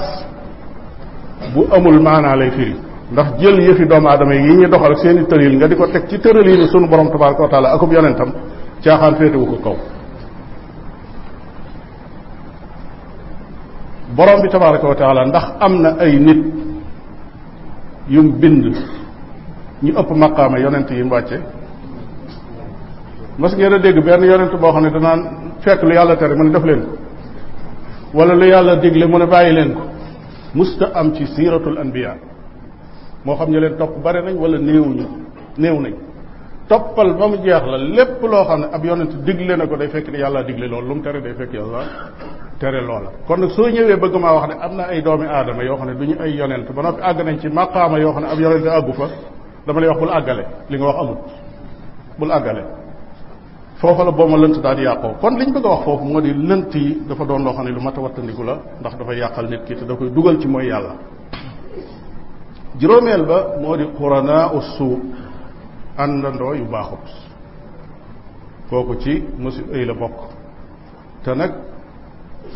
bu amul maanaa lay firi ndax jël yëfi doomu aadama yi ñu doxal seen i tëril nga di ko teg ci tëraliinu sunu borom tabaraka wa taala akub yonentam caaxaan féetewu ko kaw borom bi tabaraka wa taala ndax am na ay nit yu bind ñu ëpp maqaama yonent yi mu wàcce mas ngeen a dégg benn yonent boo xam ne danaan fekk lu yàlla tere mu ne def leen ko wala lu yàlla digle mu ne bàyyi leen ko musta am ci siiratul anbiya moo xam ñu leen topp bare nañ wala néew ñu néew nañ toppal ba mu jeex la lépp loo xam ne ab yonent digle na ko day fekk ne yàlla digle loolu lu mu tere day fekk yàlla tere loola kon nag soo ñëwee bëgg maa wax ne am na ay doomi aadama yoo xam ne du ñu ay yonent ba noppi àgg nañ ci maqaama yoo xam ne ab yonent àggu fa dama lay wax bul àggale li nga wax amul bul àggale foofa la booma lënt daal di yàqoo kon li ñu bëgg a wax foofu moo di lënt yi dafa doon loo ne lu mat a wattandiku la ndax dafay yàqal nit kii te da koy dugal ci mooy yàlla juróomeel ba moo di xuranaa ussu àndandoo yu baaxut kooku ci mosi ay la bokk te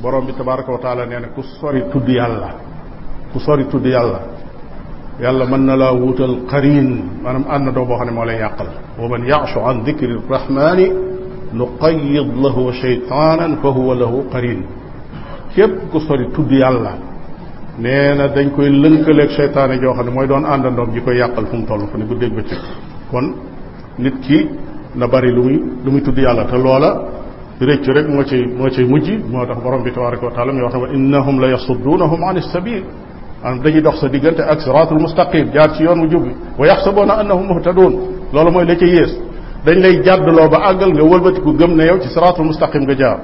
borom bi tabaraka wa taala nee na ku sori tudd yàlla ku sori tudd yàlla yàlla mën na laa wuutal qarin maanaam àndandoo boo xam ne moo lay yàqal wa man ya'shu an dikri rahmani nuqayyid lahu shaytaanan fa huwa lahu qarin képp ku sori tudd yàlla nee na dañ koy lënkaleeg seytaane joo xam ne mooy doon àndandoom ji koy yàqal fu mu toll fu ne guddeeg bëccëg kon nit ki na bari lu muy lu muy tudd yàlla réccu rek moo ci moo ci mujj moo tax borom bi tabaraka wa taala mi wax ne wa innahum la yasuddunahum an sabil maanaam dañuy dox sa diggante ak siratul mustaqim jaar ci yoon wu jub bi wa yaxsabuuna annahum muhtadun loolu mooy la ca yées dañ lay jàddloo ba àggal nga wëlbatiku gëm ne yow ci siratul mustaqim nga jaar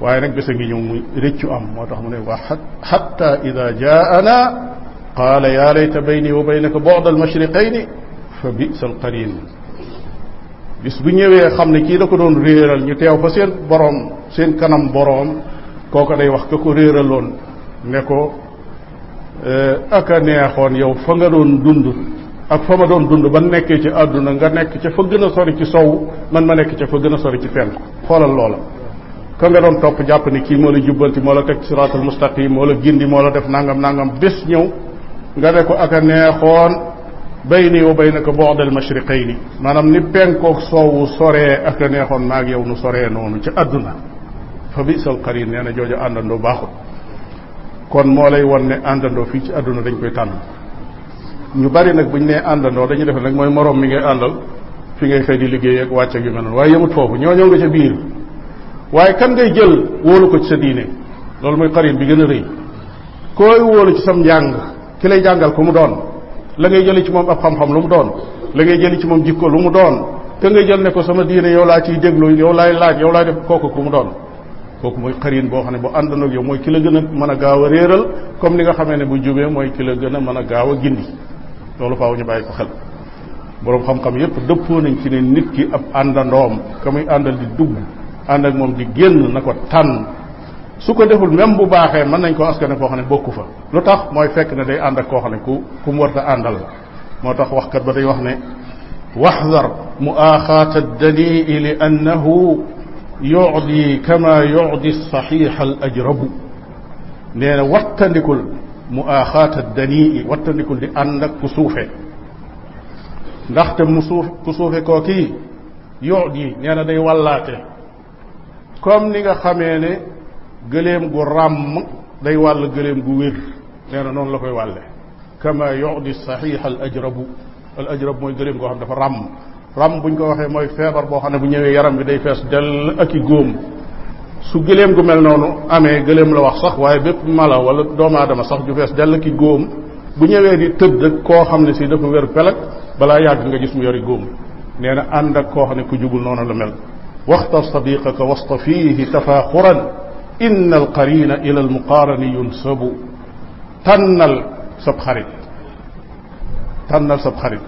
waaye nag bés a ngi ñëw muy réccu am moo tax mu ne wa xatta ida jaana qaala yaa layta bayni wa baynaka bu'da al mashriqayni fa bisa al qarin bis bu ñëwee xam ne kii da ko doon réeral ñu teew fa seen boroom seen kanam boroom kooko day wax ka ko réeraloon ne ko eh, ak a neexoon yow fa nga doon dund ak fa ma doon dund ba nekkee ci àdduna nga nekk ca fa gën a sori ci sow man ma nekk ca fa gën a sori ci penku xoolal loola ka nga doon topp jàpp ne kii moo la jubbanti moo la teg siraatul mustaqim moo la gindi moo la def nangam nangam bés ñëw nga ne ko ak a neexoon bayni wa baynaka bu'dal mashriqayni maanaam ni penkook soowu soree ak a neexoon maag yow nu soree noonu ci àdduna fa bi'sal qarin nee na jooju àndandoo baaxut kon moo lay won ne àndandoo fii ci àdduna dañ koy tànn ñu bari nag bu ñu nee àndandoo dañuy def nag mooy moroom mi ngay àndal fi ngay xëy di liggéey ak wàcc ak yu mel noonu waaye yëmut foofu ñoo ñëw nga ca biir waaye kan ngay jël wóolu ko ci sa diine loolu mooy qarin bi gën a rëy kooy wóolu ci sam njàng lay jàngal ko mu doon la ngay jëlee ci moom ab xam-xam lu mu doon la ngay jëlee ci moom jikko lu mu doon ka ngay jël ne ko sama diine yow laa ciy déglu yow laay laaj yow laay def kooku ku mu doon kooku mooy xarin boo xam ne bu àndoon ak mooy ki la gën a gaaw a réeral comme ni nga xamee ne bu jubee mooy ki la gën a mën a gaaw a gindi loolu faaw ñu bàyyi ko xel boroom xam-xam yépp dëppoo nañ ci ne nit ki ab àndandoom ka muy àndal di dugg ànd ak moom di génn na ko tànn su ko deful même bu baaxee mën nañ ko askane koo xam ne bokku fa lu tax mooy fekk ne day ànd ak koo xam ne ku ku mu war a àndal la moo tax waxkat ba day wax ne wax waxdar mu aaxaata danii li annahu yudi kama yudi saxiixa al ajrabu nee mu aaxaata danii wattandikul di ànd ak ku ndaxte mu suuf ku suufe koo kii yudi nee na day wallaate comme ni nga xamee ne gëléem gu ràmm day wàll gëléem gu wér nee na noonu la koy wàlle kama yudi saxiix al ajrabu al ajrab mooy gëléem goo xam ne dafa ràmm ràmm bu ñu ko waxee mooy feebar boo xam ne bu ñëwee yaram bi day fees dell ak i góom su gëléem gu mel noonu amee gëléem la wax sax waaye bépp mala wala doomu aadama sax ju fees dell ak i góom bu ñëwee di tëdd koo xam ne si dafa wér pelag balaa yàgg nga gis mu yori góom nee na ànd ak koo xam ne ku jugul noonu la mel waxtar inna al qarina ila al muqaarani yunsabu tànnal sab xarit tànnal sab xarit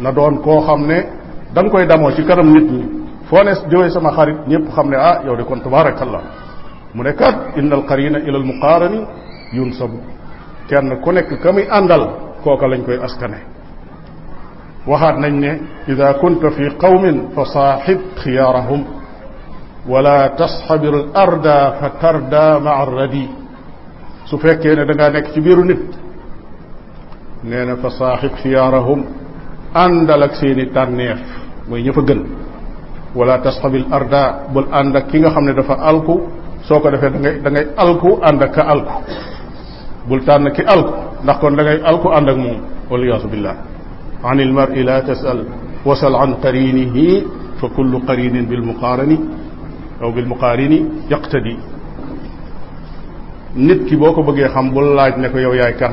na doon koo xam ne da koy damoo ci kanam nit ñi foo ne jëwee sama xarit ñëpp xam ne a yow de kon tabaarakallah mu ne kat inna al qarina ila al muqaarani yunsabu kenn ku nekk ka muy àndal kooka lañ koy askane waxaat nañ ne ida kunta fi qawmin fa saaxib xiyaarahum wala tasxabirul arda fa tarda maa radi su fekkee ne da ngaa nekk ci biiru nit nee na fa saaxib xiyaarahum àndal ak seen i tànneef mooy ñëfa gën wala tasxabil arda bul ànd ak ki nga xam ne dafa alku soo ko defee da ngay da ngay alku ànd ak ka alku bul tànn ki alku ndax kon da ngay alku ànd ak moom waliyaasu billah an il mari la tasal wasal an qarinihi fa kullu qarinin bil muqaarani aw bil muqaarini yaqtadi nit ki boo ko bëggee xam bul laaj ne ko yow yaay kan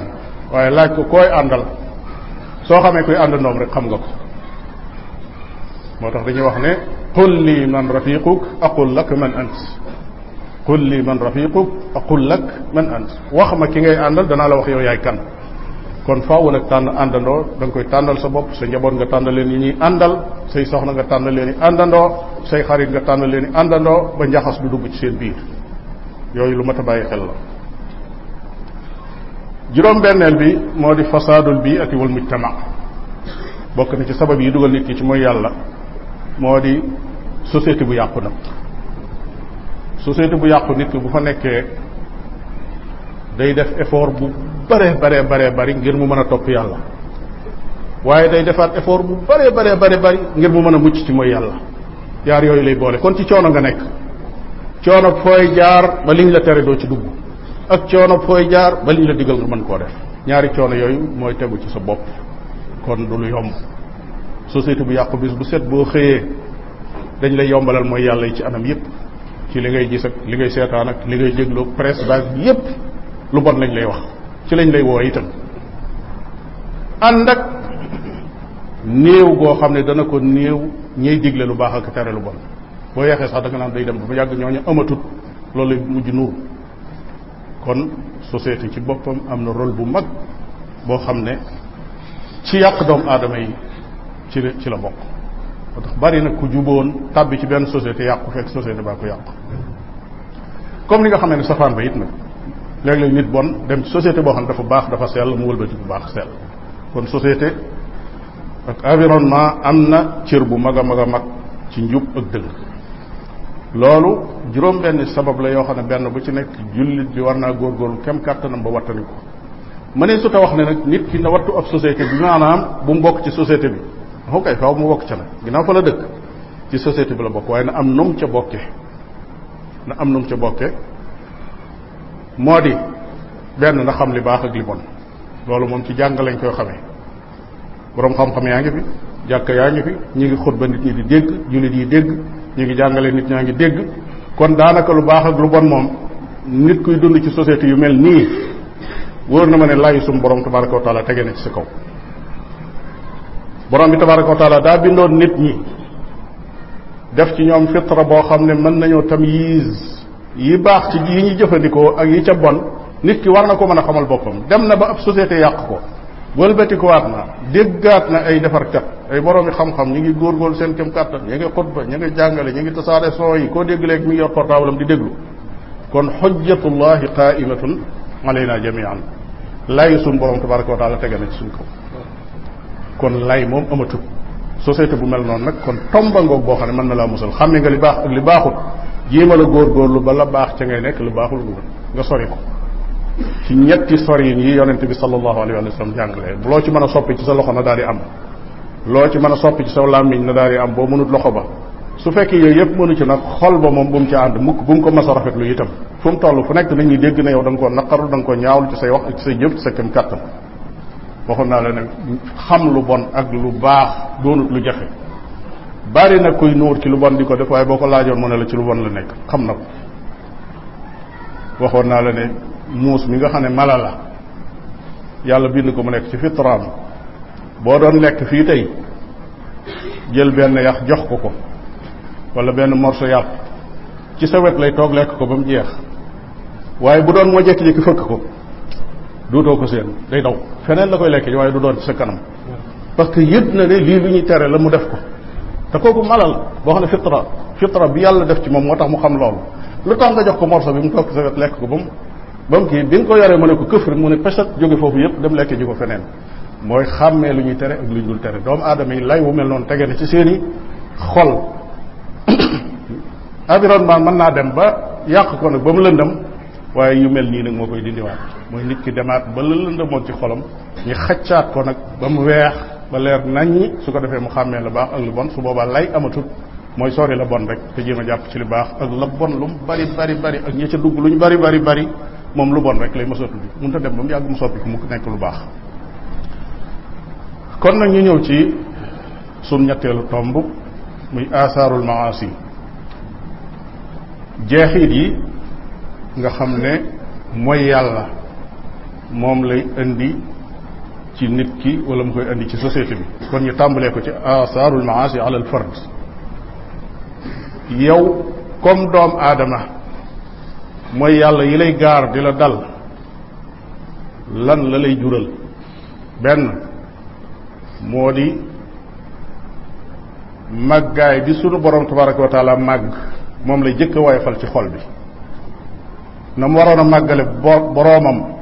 waaye laaj ko koy àndal soo xamee ànd àndandoom rek xam nga ko moo tax dañuy wax ne qul lii man rafiquk aqul lak man ant qul lii man rafiquk aqul lak man ant wax ma ki ngay àndal danaa la wax yow yaay kan kon faaw nag tànn àndandoo danga koy tànnal sa bopp sa njaboot nga tànn leen yi ñuy àndal say soxna nga tànn leen i àndandoo say xarit nga tànn leen i àndandoo ba njaxas du dugg ci seen biir yooyu lu mat a bàyyi xel la juróom-benneel bi moo di fasaadul bii ati wal mujtama bokk na ci sabab yi dugal nit ki ci mooy yàlla moo di société bu yàqu nag société bu yàqu nit ki bu fa nekkee day def effort bu bare bare bare bari ngir mu mën a topp yàlla waaye day defaat effort bu bare bare bare bari ngir mu mën a mucc ci mooy yàlla yaar yooyu lay boole kon ci coono nga nekk coono fooy jaar ba liñ la tere doo ci dugg ak coono fooy jaar ba liñ la digal nga mën koo def ñaari coono yooyu mooy tegu ci sa bopp kon du lu yomb société bu yàqu bis bu set boo xëyee dañ lay yombalal mooy yàlla yi ci anam yépp ci li ngay gis ak li ngay seetaan ak li ngay déglu presse baag yépp lu bon lañ lay wax ci lañ lay woo itam ànd ak néew goo xam ne dana ko néew ñuy digle lu baax ak tere lu bon boo yeexee sax da nga naan day dem ba mu yàgg ñooñu amatut loolu mujj nuur kon société ci boppam am na rôle bu mag boo xam ne ci yàq doomu aadama yi ci la ci la bokk moo tax bari nag ku juboon tàbbi ci benn société yàqu fekk société baa ko yàqu comme li nga xam ne safaan ba it nag léeg-léeg nit bon dem ci société boo xam dafa baax dafa sell mu wëlbati bu baax sell kon société ak environnement am na cër bu mag a mag a mag ci njub ak dëng loolu juróom benn sabab la yoo xam ne benn bu ci nekk jullit bi war naa góorgóorlu kem kàttanam ba wattani ko mën su ta wax ne nag nit ki na wattu ab société bi maanaam bu mu bokk ci société bi ok faaw mu bokk ca nag ginnaaw fa la dëkk ci société bi la bokk waaye na am num ca bokke na am num ca bokke moo di benn na xam li baax ak li bon loolu moom ci jàng lañ koy xamee boroom xam-xam yaa ngi fi jàkk yaa ngi fi ñu ngi xutba nit ñi di dégg jullit yi dégg ñu ngi jàngale nit ñaa ngi dégg kon daanaka lu baax ak lu bon moom nit kuy dund ci société yu mel nii wóor na ma ne laayu sum borom tabaraka wa taala tege na ci sa kaw borom bi tabaraka wa taala daa bindoon nit ñi def ci ñoom fitra boo xam ne mën nañoo tamyiz yi baax ci yi ñu jëfandikoo ak yi ca bon nit ki war na ko mën a xamal boppam dem na ba ab société yàq ko wëlbatikuwaat na déggaat na ay defarkat ay boroomi xam-xam ñu ngi góor góor seen kem kàttan ñu ngi xutba ñu ngi jàngale ñu ngi tasaare soo yi koo dégg léegi mi ngi di déglu kon xujjatullahi qaimatun alayna jamian lay suñ borom tabaraka wa taala tege na ci suñ kon lay moom amatul société bu mel noonu nag kon tombangoog boo xam ne mën na laa musal xàmme nga li baax ak li baaxut jéemal góor góorgóorlu ba la baax ca ngay nekk lu baaxul nga sori ko ci ñetti soriin yi yonente bi sallallahu alayhi wa sallam jàngale loo ci mën a soppi ci sa loxo na daal di am loo ci mën a soppi ci sa làmmiñ na daal di am boo mënut loxo ba su fekkee yooyu yëpp mënu ci nag xol ba moom bu mu ci ànd mukk bu mu ko mas a rafetlu itam fu mu toll fu nekk nañuy dégg na yow da nga koo naqarlu da nga koo ñaawlu ci say wax ci say jëf ci sa kem kàttan waxoon naa la ne xam lu bon ak lu baax doonut lu jafe bari na kuy nuur ci lu bon di ko def waaye boo ko laajoon mu ne la ci lu bon la nekk xam na ko waxoon naa la ne muus mi nga xam ne mala la yàlla bind ko mu nekk ci fitraam boo doon lekk fii tey jël benn yax jox ko ko wala benn morso yàpp ci sa wet lay toog lekk ko ba mu jeex waaye bu doon moo jekki-jekki fëkk ko duutoo ko seen day daw feneen la koy lekk waaye du doon ci sa kanam parce que na ne lii lu ñuy tere la mu def ko te kooku malal la boo xam ne fitra fitra bi yàlla def ci moom moo tax mu xam loolu lu tax nga jox ko morso bi mu toog sa wet lekk ko ba mu ba mu kii bi ko yoree mu ne ko këf rek mu ne pesat jóge foofu yëpp dem lekkee ji ko feneen mooy xàmmee lu ñuy tere ak lu ñu dul tere doomu aadama yi lay wu mel noonu tege na ci seen i xol <coughs> environnement mën naa dem ba yàq ko nag ba mu lëndam waaye yu mel nii nag moo koy dindiwaat mooy nit ki demaat ba la lëndamoon ci xolam ñu xaccaat ko nag ba mu weex ba nañ naññi su ko defee mu xàmmee lu baax ak lu bon su boobaa lay amatut mooy sori la bon rek te jéem a jàpp ci lu baax ak la bon lu mu bari bari bari ak ña ca dugg lu ñu bari bari bari moom lu bon rek lay mos a tudd mënut a dem ba mu yàgg mu soppi ko mu nekk lu baax. kon nag ñu ñëw ci sunu ñetteelu tomb muy asaarul maasi jeexit yi nga xam ne mooy yàlla moom lay indi. ci nit ki wala mu koy andi ci société bi kon ñu tàmbalee ko ci asaarul maasi ala al fard yow comme doom aadama mooy yàlla yi lay gaar di la dal lan la lay jural benn moo di maggaay bi sunu borom tabaraka wa taala màgg moom lay jëkk a woyofal ci xol bi na mu waroon a màggale boroomam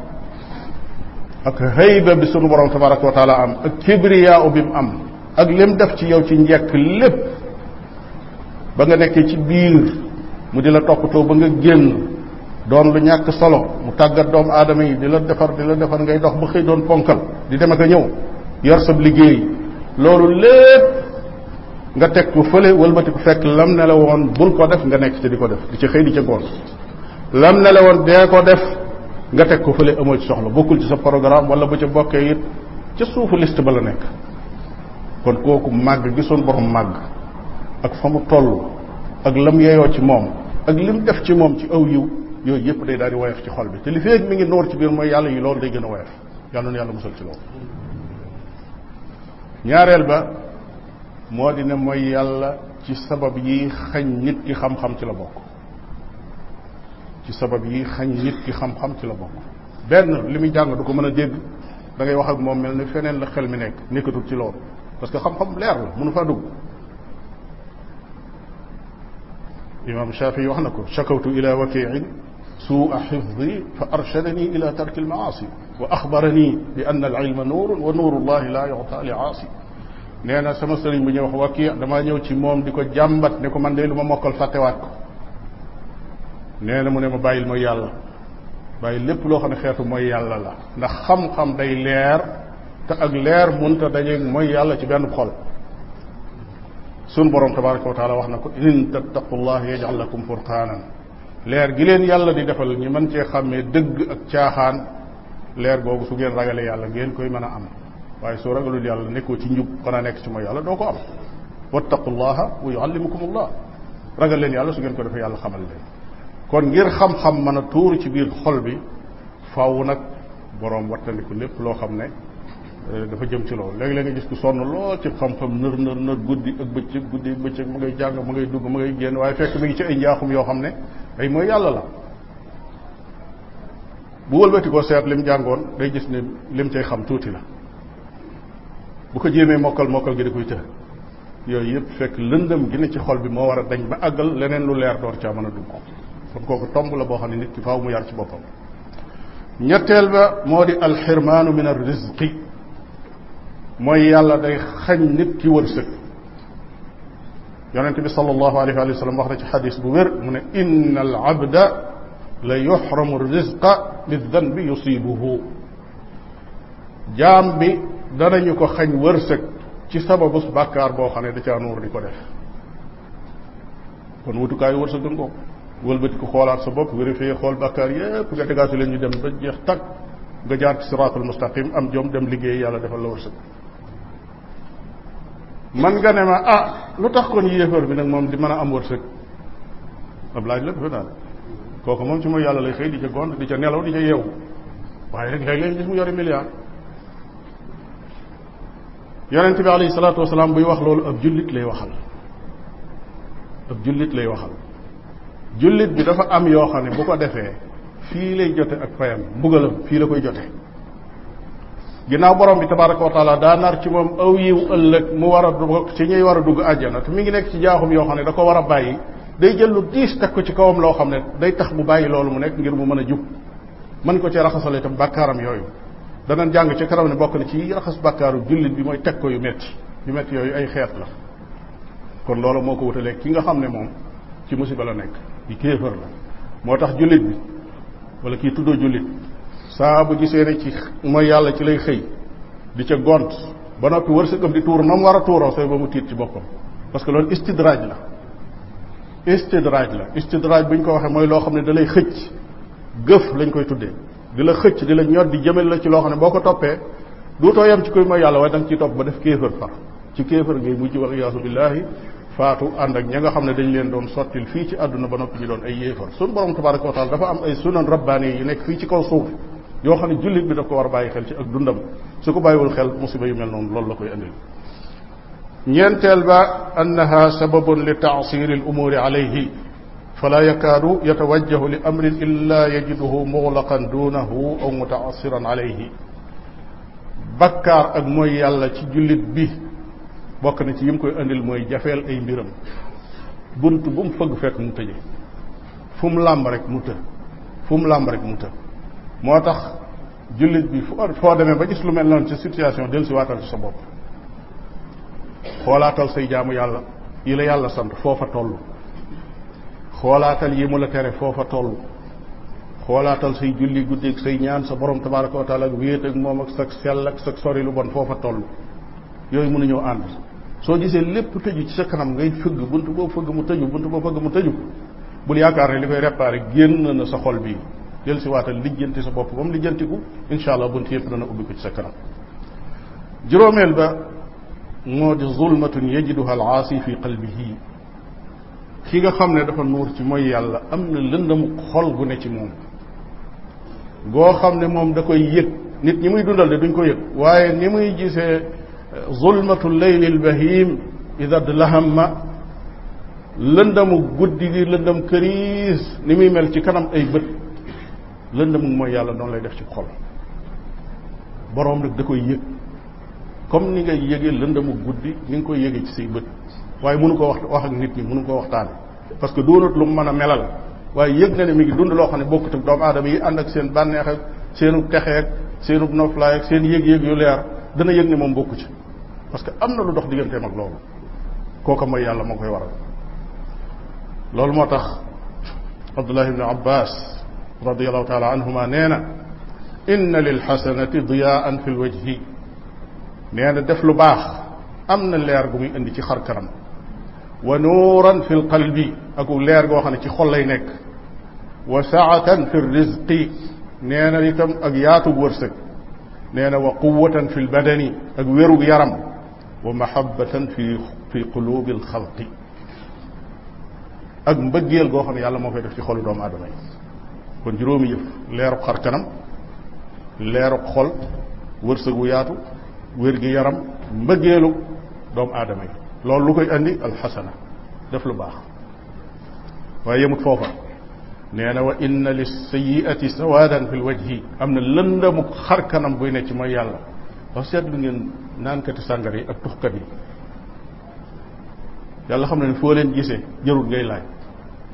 ak xëyba bi sunu borom tabaraka wa am ak kibriyaa bi mu am ak lim def ci yow ci njekk lépp ba nga nekkee ci biir mu di la toppatoo ba nga génn doon lu ñàkk solo mu tàggat doomu aadama yi di la defar di la defar ngay dox ba xëy doon ponkal di dem ak ñëw yor sab liggéey loolu lépp nga teg ko fële wëlbati ko fekk lam ne la woon bul ko def nga nekk ci di ko def di ci xëy di ca goon lam ne la woon dee ko def nga teg ko fële amoo ci soxla bokkul ci sa programme wala bu ca bokkee it ca suufu list ba la nekk kon kooku màgg gi suñ borom màgg ak fa mu toll ak lam yeyoo ci moom ak lim def ci moom ci aw yiw yooyu yëpp day daal di woyof ci xol bi te li feeg mi ngi noor ci biir mooy yàlla yi loolu day gën a woyof yàlla yàlla musal ci loolu ñaareel ba moo di ne mooy yàlla ci sabab yi xañ nit ki xam-xam ci la bokk ci sabab yi xañ nit ki xam-xam ci la bokk benn li muy jàng du ko mën a dégg da ngay wax ak moom mel ne feneen la xel mi nekk nekkatul ci loolu parce que xam-xam leer la mënu faa dugg imam wax na ko shakawtu ila wakiin suua xifdi fa arshadani ila tarki almaasi wa axbarani bi an alilma nuurun wa nuuru llahi la yuta li aasi nee na sama sëriñ bu ñuy wax wakii damaa ñëw ci moom di ko jàmbat ne ko man de lu ma mokkal fàttewaat ko nee na mu ne ma bàyyil mooy yàlla bàyyi lépp loo xam ne xeetu mooy yàlla la ndax xam-xam day leer te ak leer munta dañu mooy yàlla ci benn xol sun borom tabaraka wa taala wax na ko in tattaqullah yaj'al lakum furqaanan leer gi leen yàlla di defal ñi mën cee xàmmee dëgg ak caaxaan leer googu su ngeen ragalee yàlla ngeen koy mën a am waaye soo ragalul yàlla nekkoo ci njub mën a nekk ci mooy yàlla doo ko am wattaqullaha wa yuallimukumullah ragal leen yàlla su ngeen ko defee yàlla xamal leen kon ngir xam-xam mën a tuuru ci biir xol bi faaw nag boroom wattandiku lépp loo xam ne euh, dafa jëm ci loolu léegi-léeg nga gis ku sonn lool ci xam-xam nër nër guddi ak bëccëg guddi ak bëccëg ma ngay jàng mu ngay dugg ma ngay génn waaye fekk mi ngi ci ay njaaxum yoo xam ne ay mooy yàlla la bu wëlbati koo seet lim jàngoon day gis ne lim cay xam tuuti la bu ko jéemee mokkal mokkal gi da koy të yooyu yëpp fekk lëndëm gi ne ci xol bi moo war a dañ ba àggal leneen lu leer door mën a dugg kon kooku tomb la boo xam ne nit ki faaw mu yar ci boppam ñetteel ba moo di alxirmaanu min ar rizqi mooy yàlla day xañ nit ki wërsëg yonente bi sallallahu alayhi wa sallam wax na ci xadis bu wér mu ne inna al abda la yuxramu rizqa bi danbi yusibuhu jaam bi danañu ko xañ wërsëg ci sababus bàkkaar boo xam ne da caa nuur di ko def kon wëlbati ku xoolaat sa bopp vérifié xool bàkkaar yépp nga dégaatu leen ñu dem ba jeex tag nga jaar ci siraatul mustaqim am jom dem liggéey yàlla defal la wërsëg man nga ne ma ah lu tax kon yéefar bi nag moom di mën a am wërsëg ab laaj la dafa kooku moom ci mooy yàlla lay xëy di ca gont di ca nelaw di ca yeewu waaye rek léeg-léeg gis mu yore milliard yonente bi alayhi buy wax loolu ab jullit lay waxal ab jullit lay waxal jullit bi dafa am yoo xam ne bu ko defee fii lay jote ak fayam mbugalam fii la koy jote ginnaaw borom bi tabaraka wa taala daa nar ci moom aw yiw ëllëg mu war a dugg ci ñuy war a dugg àjjana te mi ngi nekk ci jaaxum yoo xam ne da ko war a bàyyi day jël lu diis teg ko ci kawam loo xam ne day tax mu bàyyi loolu mu nekk ngir mu mën a jub mën ko ci raxasale itam bàkkaaram yooyu danañ jàng ci kanam ne bokk na ci raxas bàkkaaru jullit bi mooy teg ko yu métti yu métti yooyu ay xeet la kon loolu moo ko wutalee ki nga xam ne moom ci musiba la nekk bi kéefër la moo tax jullit bi wala kii tuddoo jullit saa bu gisee ne ci mooy yàlla ci lay xëy di ca gont ba noppi wërsëgam di tuur na mu war a tuuroo sooy ba mu tiit ci boppam parce que loolu istidraaj la istidraaj la istidraaj bu ñu ko waxee mooy loo xam ne da lay xëcc gëf lañ koy tuddee di la xëcc di la ñor di jëmale la ci loo xam ne boo ko toppee duutoo yem ci kuy mooy yàlla waaye da nga ciy topp ba def kéefër far ci kéefër ngay mujj wax yaasu billaahi faatu ànd ak ña nga xam ne dañ leen doon sottil fii ci àdduna ba noppi ñi doon ay yéefar sun borom tabaraka wa dafa am ay sunan rabbaani yu nekk fii ci kaw suuf yoo xam ne jullit bi daf ko war a bàyyi xel ci ak dundam su ko bàyyiwul xel musiba yu mel noonu loolu la koy andil ñeenteel ba annaha sababun li taasiri al umuri alayhi fala yakaadu yatawajjahu li amrin illa yajiduhu muxlaqan duunahu aw mutaasiran alayhi bakkaar ak mooy yàlla ci jullit bi bokk na ci yim koy andil mooy jafeel ay mbiram bunt bu mu fëgg fekk mu tëje fu làmb rek mu të fu làmb rek mu të moo tax jullit bi foo demee ba gis lu mel noonu ci situation del si waatal ci sa bopp xoolaatal say jaamu yàlla yi la yàlla sant foofa toll xoolaatal yi mu la tere foofa toll xoolaatal say julli guddi ak say ñaan sa borom tabaraka wa taala ak wéet ak moom ak sa sell ak sa sori lu bon foofa toll yooyu mënuñoo ànd soo gisee lépp tëju ci sa kanam ngay fëgg bunt boo fëgg mu tëju bunt boo fëgg mu tëju bul yaakaar ne li koy réparé génn na sa xol bii del si waatal lijjanti sa bopp ba mu lijjantiku incha allah bunt yëpp dana ubbi ko ci sa kanam juróomeel ba moo di zulmatun yajiduha al aasi fi qalbihi ki nga xam ne dafa nuur ci mooy yàlla am na lëndamu xol gu ci moom goo xam ne moom da koy yëg nit ñi muy dundal de duñ ko yëg waaye ni muy gisee zulmatu leyli lbahim ida dlahamma lëndamu guddi gi lëndam këriis ni muy mel ci kanam ay bët lëndamu mooy yàlla noonu lay def ci xol boroom nag da koy yëg comme ni ngay yëge lëndamu guddi ni nga koy yëge ci siy bët waaye munu ko wax wax ak nit ñi mënu koo waxtaane parce que doonut lu mu mën a melal waaye yëg na ne mi ngi dund loo xam ne bokkut ak doomu aadama yi ànd ak seen bànneex ak seenu texeeg seenu noflaay ak seen yëg-yëg yu leer dana yëg ne moom bokku ci parce que am na lu dox digganteem ak loolu kooka mooy yàlla moo koy waral loolu moo tax abdullah ibni abbas radiallahu taala anhuma nee na inna lilxasanati diyaan fi lwajhi nee na def lu baax am na leer gu muy indi ci xar kanam wa nuuran fi lqalbi ak leer goo xam ne ci xol lay nekk wa saatan fi rizqi nee na itam ak yaatu wërsëg nee na wa quwatan fi lbadani ak wérug yaram wa mahabatan fi fi qulubi alxalqi ak mbëggeel goo xam ne yàlla moo koy def ci xolu doomu aadama yi kon juróomi yëf leerub xar kanam leerub xol wërsëgu yaatu wér gi yaram mbëggeelu doomu aadama yi loolu lu koy andi alxasana def lu baax waaye yemut foofa nee na wa inna li sayiati sawaadan fi lwajhi am na lëndamu xar kanam buy nekk ci mooy yàlla wax seetlu ngeen naankati sàngara yi ak tuxkat yi yàlla xam ne foo leen gisee jërul ngay laaj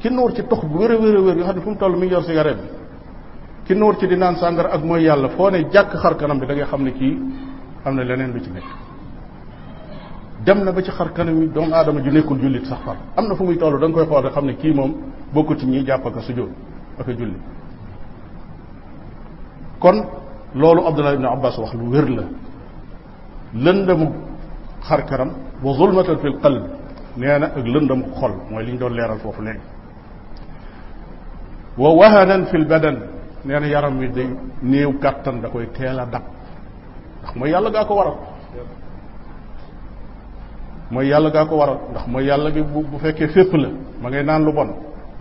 ki nuur ci tux bu wér a wér yoo xam ne fu mu toll mi ngi yor cigarette bi ki nuur ci di naan sàngara ak mooy yàlla foo ne jàkk xar kanam bi da ngay xam ne kii am na leneen lu ci nekk dem na ba ci xar kanam yi doomu aadama ju nekkul jullit sax far am na fu muy toll da nga koy xool kii moom bokku ci ñiy jàpp ak a sujjóot ak a julli kon loolu abdullah ibn abbas wax lu wér la lëndamu xar kanam wa zulmatan fil qalb na ak lëndamu xol mooy li ñu doon leeral foofu léegi wa wahanan fil badan nee yaram wi day néew kàttan da koy teel a dab ndax mooy yàlla gaa ko waral mooy yàlla gaa ko waral ndax mooy yàlla gi bu bu fekkee fépp la ma ngay naan lu bon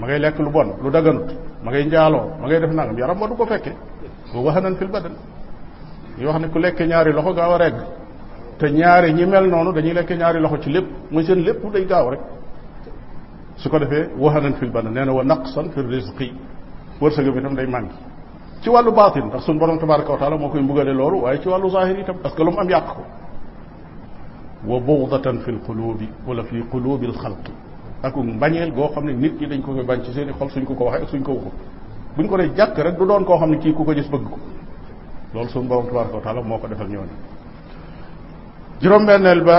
ma ngay lekk lu bon lu daganut ma ngay njaaloo ma ngay def nangam yaram ma du ko fekke boobu wax nañ fil badan ñu wax ne ku lekkee ñaari loxo gaaw a regg te ñaari ñi mel noonu dañuy lekk ñaari loxo ci lépp muy seen lépp day gaaw rek su ko defee wahanan fil badan nee na wa naqsan fi rizqi wërsëg bi itam day manqué ci wàllu baatin ndax suñu borom tabaraka wa taala moo koy mbugale loolu waaye ci wàllu zahir itam parce que lu mu am yàq ko wa bugdatan wala fi qulubi alxalqi ak mbañeel goo xam ne nit ñi dañ ko koy bañ ci seen i xol suñ ko ko waxee ak suñ ko waxul buñ ko ne jàkk rek du doon koo xam ne kii ku ko gis bëgg ko loolu suñu borom tabaraka wa taala moo ko defal ñooñu juróom-benneel ba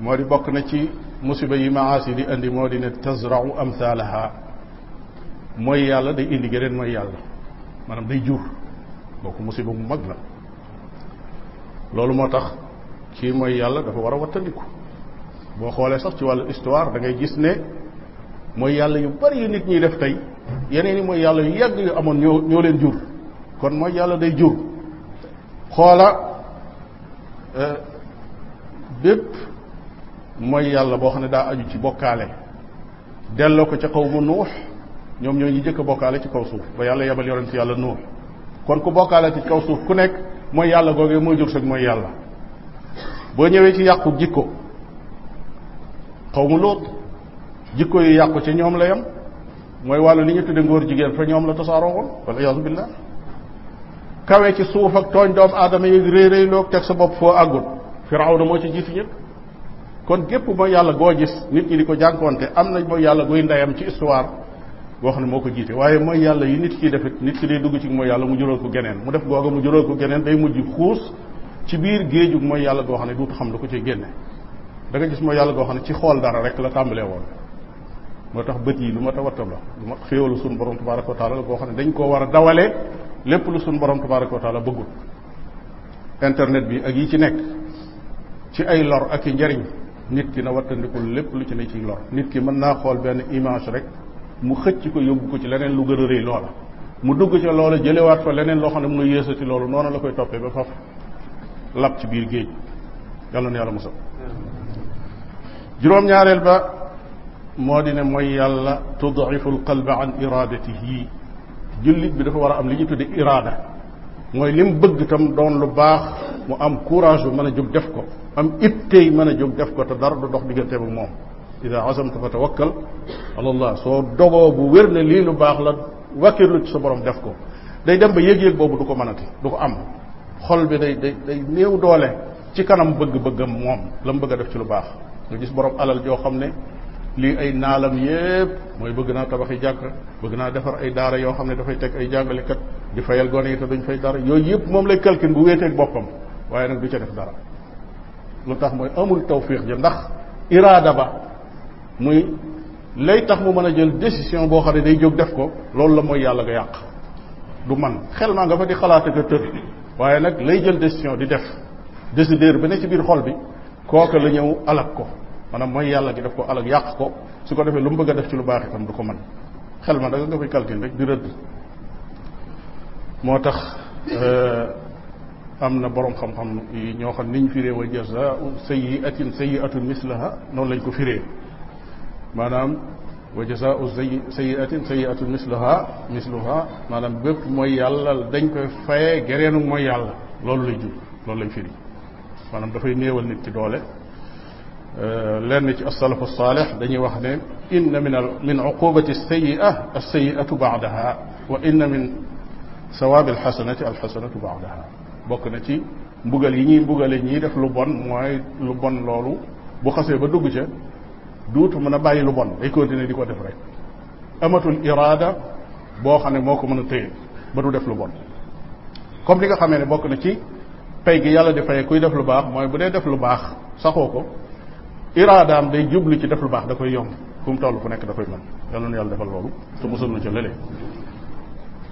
moo di bokk na ci musiba yi maasi di indi moo di ne tasrau amthalaha mooy yàlla day indi geneen mooy yàlla maanaam day jur kooku musiba mu mag la loolu moo tax kii mooy yàlla dafa war a wattandiku boo xoolee sax ci wàllu histoire da ngay gis ne mooy yàlla yu bari yu nit ñi def tey yeneen yi mooy yàlla yu yàgg yu amoon ñoo ñoo leen jur kon mooy yàlla day jur xoola euh, bépp mooy yàlla boo xam ne daa aju ci bokkaale delloo ko ca kaw mu nuux ñoom ñoo ñu jëkk bokkaale ci kaw suuf ba yàlla yebal ci yàlla nuux kon ku bokkaale ci kaw suuf ku nekk mooy yàlla googee mooy jur sag mooy yàlla boo ñëwee ci yàqu jikko xawmu lóot jikko yu yàqu ci ñoom la yem mooy wàllu li ñu tudde ngóor jigéen fa ñoom la tasaaroo woon wal iyaazu billah kawe ci suuf ak tooñ doom aadama yi réy réy loog teg sa bopp foo àggul firawna moo ci jiitu ñëpp kon gépp mooy yàlla goo gis nit ñi di ko jànkoonte am nañ mooy yàlla guy ndeyam ci histoire boo xam ne moo ko jiite waaye mooy yàlla yi nit ki defit nit ki day dugg ci mooy yàlla mu jural ko geneen mu def googa mu jural ko geneen day mujj xuus ci biir géejug mooy yàlla goo xam ne duutu xam lu ko cay génne da gis moo yàlla goo xam ne ci xool dara rek la tàmbalee woon moo tax bët yi lu ma ta wattam la lu ma xéewalu suñu borom tabaraka wa taala la boo xam ne dañ koo war a dawalee lépp lu suñu borom tabaraka wa taala bëggul internet bi ak yi ci nekk ci ay lor ak i njariñ nit ki na wattandikul lépp lu ci ne ciy lor nit ki mën naa xool benn image rek mu xëcc ko yóbbu ko ci leneen lu gën a rëy loola mu dugg ca loola jëlewaat fa leneen loo xam ne mu yéesati loolu noonu la koy toppee ba faf ci biir géej yàlla na yàlla juróom-ñaareel ba moo di ne mooy yàlla tud'ifu alqalba an iradatihi jullit bi dafa war a am li ñuy tudde iraada mooy li mu bëgg tam doon lu baax mu am courage bu mën a jóg def ko am ittey mën a jóg def ko te dara du dox diggante bu moom ida azamta fa tawakkal ala allah soo dogoo bu wér ne lii lu baax la wakkirlu ci sa borom def ko day dem ba yëg-yëg boobu du ko mënati du ko am xol bi day day day néew doole ci kanam bëgg-bëggam moom la mu bëgg a def ci lu baax nga gis borom alal joo xam ne lii ay naalam yépp mooy bëgg naa tabaxi jàkk bëgg naa defar ay daara yoo xam ne dafay teg ay jàngalekat di fayal gone yi te duñ fay dara yooyu yépp moom lay calcul bu wéeteeg boppam waaye nag du ca def dara lu tax mooy amul tawfiq ja ndax iraada ba muy lay tax mu mën a jël décision boo xam ne day jóg def ko loolu la mooy yàlla nga yàq du man xel maa nga fa di xalaat ak a waaye nag lay jël décision di def décideur bi ne ci biir xol bi kooka la ñëw alak ko maanaam mooy yàlla gi daf ko alal yàq ko su ko defee lu mu bëgg def ci lu baax itam du ko mën xel ma da nga koy calcul rek di tax euh, am na borom xam-xam yi ñoo xam niñ firee wa jazaau sayyiatin sayyiatun noonu lañ ko firee maanaam wa jazaau sayyiatin sayyiatun mislaha misluha maanaam bépp mooy yàlla dañ koy fayee gereenu mooy yàlla loolu lay jur loolu lay firi maanaam dafay néewal nit ci doole Euh, lenn ci asalafu saalix dañuy wax ne inna min al min uqubati sayia alsayiatu baadaha wa inna min sawaabi alxasanati baax baadaha bokk na ci mbugal yi ñuy mbugale ñuy def lu bon mooy lu bon loolu bu xasee ba dugg ca duutu mën a bàyyi lu bon day continuer di ko def rek amatul iraada boo xam ne moo ko mën a téye ba du def lu bon comme li nga xamee ne bokk na ci pay gi yàlla di fay kuy def lu baax mooy bu dee def lu baax saxoo ko iraadaam day jublu ci def lu baax da koy yomb fu mu toll fu nekk da koy mën yàlla na yàlla defal loolu te mosul na ci lële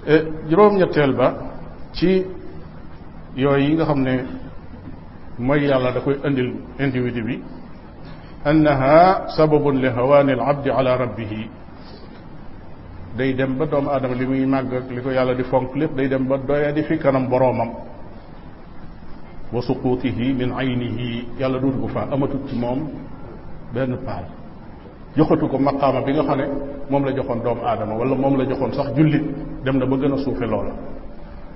eh, juróom-ñetteel ba ci yooyu yi nga xam ne mooy yàlla da koy indil individu bi annaha sababun li hawaani al abdi rabbihi day dem ba doomu aadama li muy màgg li ko yàlla di fonk lépp day dem ba doya di fi kanam boroomam wa suquutihi min aynihi yàlla dootu ko faa amatut ci moom benn paal joxatu ko maqaama bi nga xam ne moom la joxoon doomu aadama wala moom la joxoon sax jullit dem na ba gën a suufe loola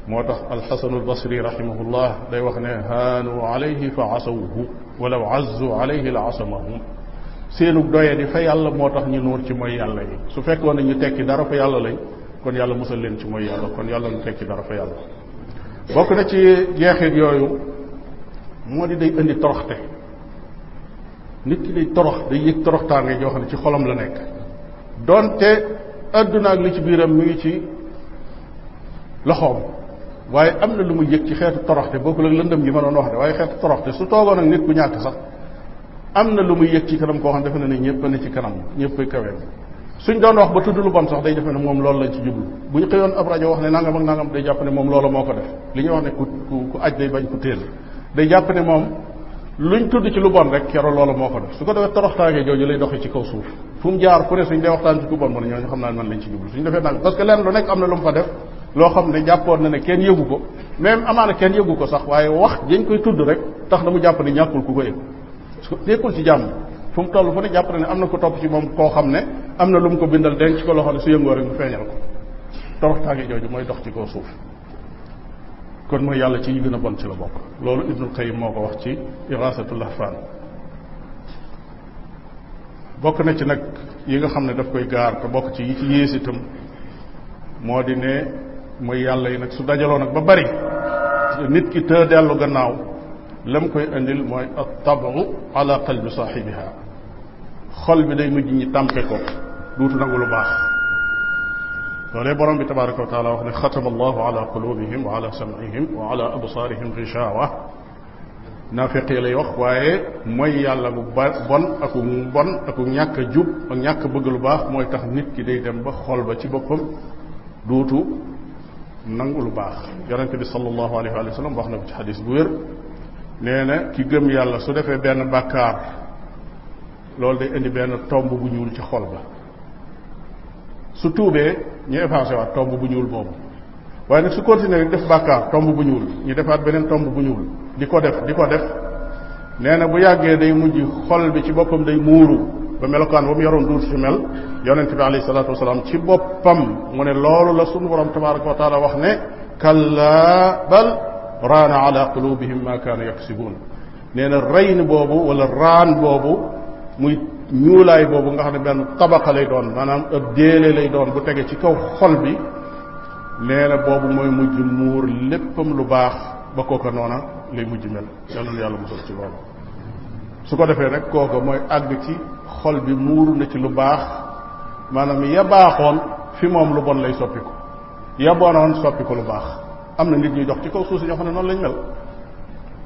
moo tax alxasanul basri rahimahullah day wax ne haanu alayhi fa asawhu walaw azzu alayhi la asamahum seenu doye di fa yàlla moo tax ñu nuur ci mooy yàlla yi su fekkoon na ñu tekki dara fa yàlla lañ kon yàlla musal leen ci mooy yàlla kon yàlla nu tekki dara fa yàlla bokk na ci jeexit yooyu moo di day indi toroxte nit ki day torox day yëg torox tànge joo xam ne ci xolam la nekk donte adduna ak li ci biiram mu ngi ci loxoom waaye am na lu mu yëg ci xeetu toroxte bokkul ak lëndëm gi ma doon wax de waaye xeetu toroxte su toogoon ak nit ku ñàkk sax am na lu mu yëg ci kanam koo xam defe na ne ñëpp ne ci kanam ñëppay kawe suñ doon wax ba tudd lu bon sax day defe ne moom loolu lañ ci jublu bu ñu xëyoon ab wax ne nangam ak nangam day jàpp ne moom loola moo ko def li wax ne ku ku aj day bañ ku téel luñ tudd ci lu bon rek keroog loola moo ko def su ko defee toroxtaange jooju lay doxee ci kaw suuf fu mu jaar ku ne suñ dee waxtaan ci ku bon mën ñooñu xam naa man lañ ci jublu suñ defee nag parce que lenn lu nekk am na lu mu fa def loo xam na kenn yëgu ko même amaana wax dañ koy tudd rek tax na mu jàpp ne ñàkkul ku ko yëg nekkul ci jàmm fu mu toll fu ne jàpp na ne am na ko topp ci moom koo xam ne am na lu mu ko bindal denc ko loo xam ne su yëngoo rek mu feeñal ko toroxtaange jooju mooy dox ci kaw suuf kon mooy yàlla ci ñu gën a bon ci la bokk loolu ibnul qayim moo ko wax ci irasatul lahfan bokk na ci nag yi nga xam ne daf koy gaar te bokk ci yi ci yées itam moo di ne mooy yàlla yi nag su dajaloo nag ba bari nit ki te dellu gannaaw lam koy indil mooy at tabu ala qalbi saaxibiha xol bi day mujj ñi tàmpe ko duutu nangu lu baax loolee borom bi tabaraka wa taala wax ne xatama allahu ala qulubihim wa ala sam'ihim wa ala absaarihim gishawa naafiq yi lay wax waaye mooy yàlla bu ba bon ak bon ak ñàkk a jub ak ñàkk bëgg lu baax mooy tax nit ki day dem ba xol ba ci boppam duutu nangu lu baax yonente bi sallallahu alayhi wa sallam wax na ko ci xadis bu wér nee na ki gëm yàlla su defee benn bàkkaar loolu day indi benn tomb bu ñuul ci xol ba su tuubee ñu effacé waat tomb bu ñuul boobu waaye nag su continuer rek def bàkkaar tomb bu ñuul ñu defaat beneen tomb bu ñuul di ko def di ko def nee na bu yàggee day mujj xol bi ci boppam day muuru ba melokaan ba mu yoroon duur si mel yonente bi alayhi salaatu wasalaam ci boppam mu ne loolu la sunu borom tabaraka wa taala wax ne kalla bal raana ala qulubihim ma kaanu yaksibuun nee na rayn boobu wala raan boobu muy ñuulaay boobu nga xam ne benn tabaqa lay doon maanaam ab déele lay doon bu tegee ci kaw xol bi nee na boobu mooy mujj muur léppam lu baax ba kooka noona lay mujj mel yàlla na yàlla musal ci loolu su ko defee nag kooka mooy àgg ci xol bi muur na ci lu baax maanaam ya baaxoon fi moom lu bon lay soppi ko ya bonoon soppi ko lu baax am na nit ñuy dox ci kaw suuf si ñoo xam ne noonu lañ mel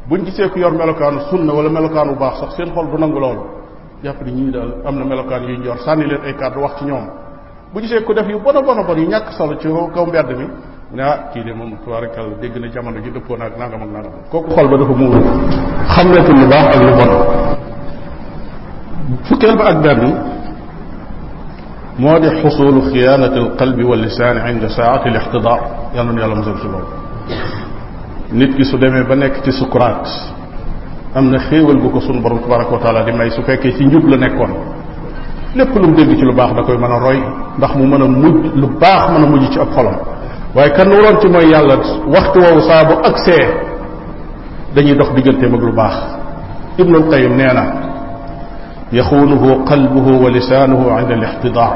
buñ gisee ku yor melokaanu sunna wala melokaan bu baax sax seen xol du nangu loolu jàpp ni ñii daal am na melokaan yuy jor sànni leen ay kàddu wax ci ñoom bu gisee ku def yu bon a bon a bon yu ñàkk solo ci kaw mbedd mi ne ah, kii de moom tubaarikàlla dégg na jamono ji dëppoo naag nangam ak nangam kooku xol ba dafa muuru xamleetul lu baax ak lu bon fukkeel ba ak benn moo di xusulu xiyaanati alqalbi wa lisaan inda saati al ixtidaar yàlla na yàlla nit ki su demee ba nekk ci sukuraat am na xéewal bu ko sunu borom tabaraka wa taala di may su fekkee ci njub la nekkoon lépp lu mu dégg ci lu baax da koy mën a roy ndax mu mën a mujj lu baax man a mujj ci ab xolam waaye kan waroon ci mooy yàlla waxtu woowu saa ak agsee dañuy dox digganteem ak lu baax ibnul qayim nee na yaxuunuhu qalbuhu wa lisaanuhu an al ixtidaar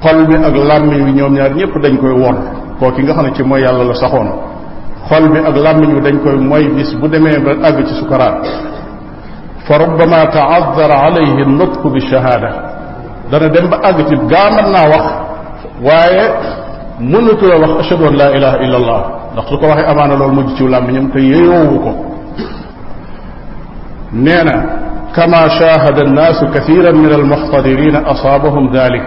bi ak ñaar ñëpp dañ koy won kooki nga xam ne ci mooy yàlla la saxoon xol bi ak làmmiñ bi dañ koy mooy bis bu demee ba àgg ci sukaraat fa rubbama taadara alayhi nutqu bi shahaada dana dem ba àgg ci gaamal naa wax waaye mënatula wax ashhadu an laa ilaha illa allah ndax su ko waxee amaana loolu mujj ci làmmiñam te yeyoowu ko nee na kama shahada annaasu kathiran min almuxtadirina asaabahum dalik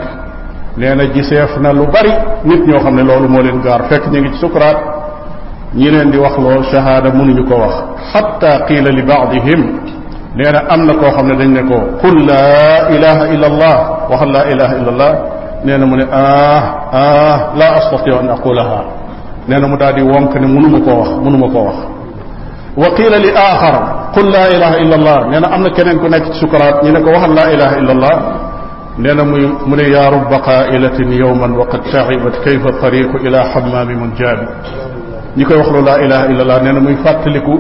nee na giseef na lu bari nit ñoo xam ne loolu moo leen gaar fekk ñu ngi ci sukaraat ñi leen di wax lool shahaada mënuñu ko wax xatta qiila li baadihim nee na am na koo xam ne dañ ne ko qul laa ilaha illa allah waxal laa ilaha illa allah nee na mu ne ah ah laa astatiu an aqulaha nee na mu daal di wonk ne mënuma koo wax mënuma koo wax wa qiila li aaxar qul laa ilaha illa allah nee na am na keneen ku nekk ci sukaraat ñi ne ko waxal laa ilaha illa allah nee na muy mu ne yaa rubba qaailatin yowman wa qad taibat kayfa tariqu ila xammaami munjaabi ñi koy wax lu laa ilaha illallah nee na muy fàttaliku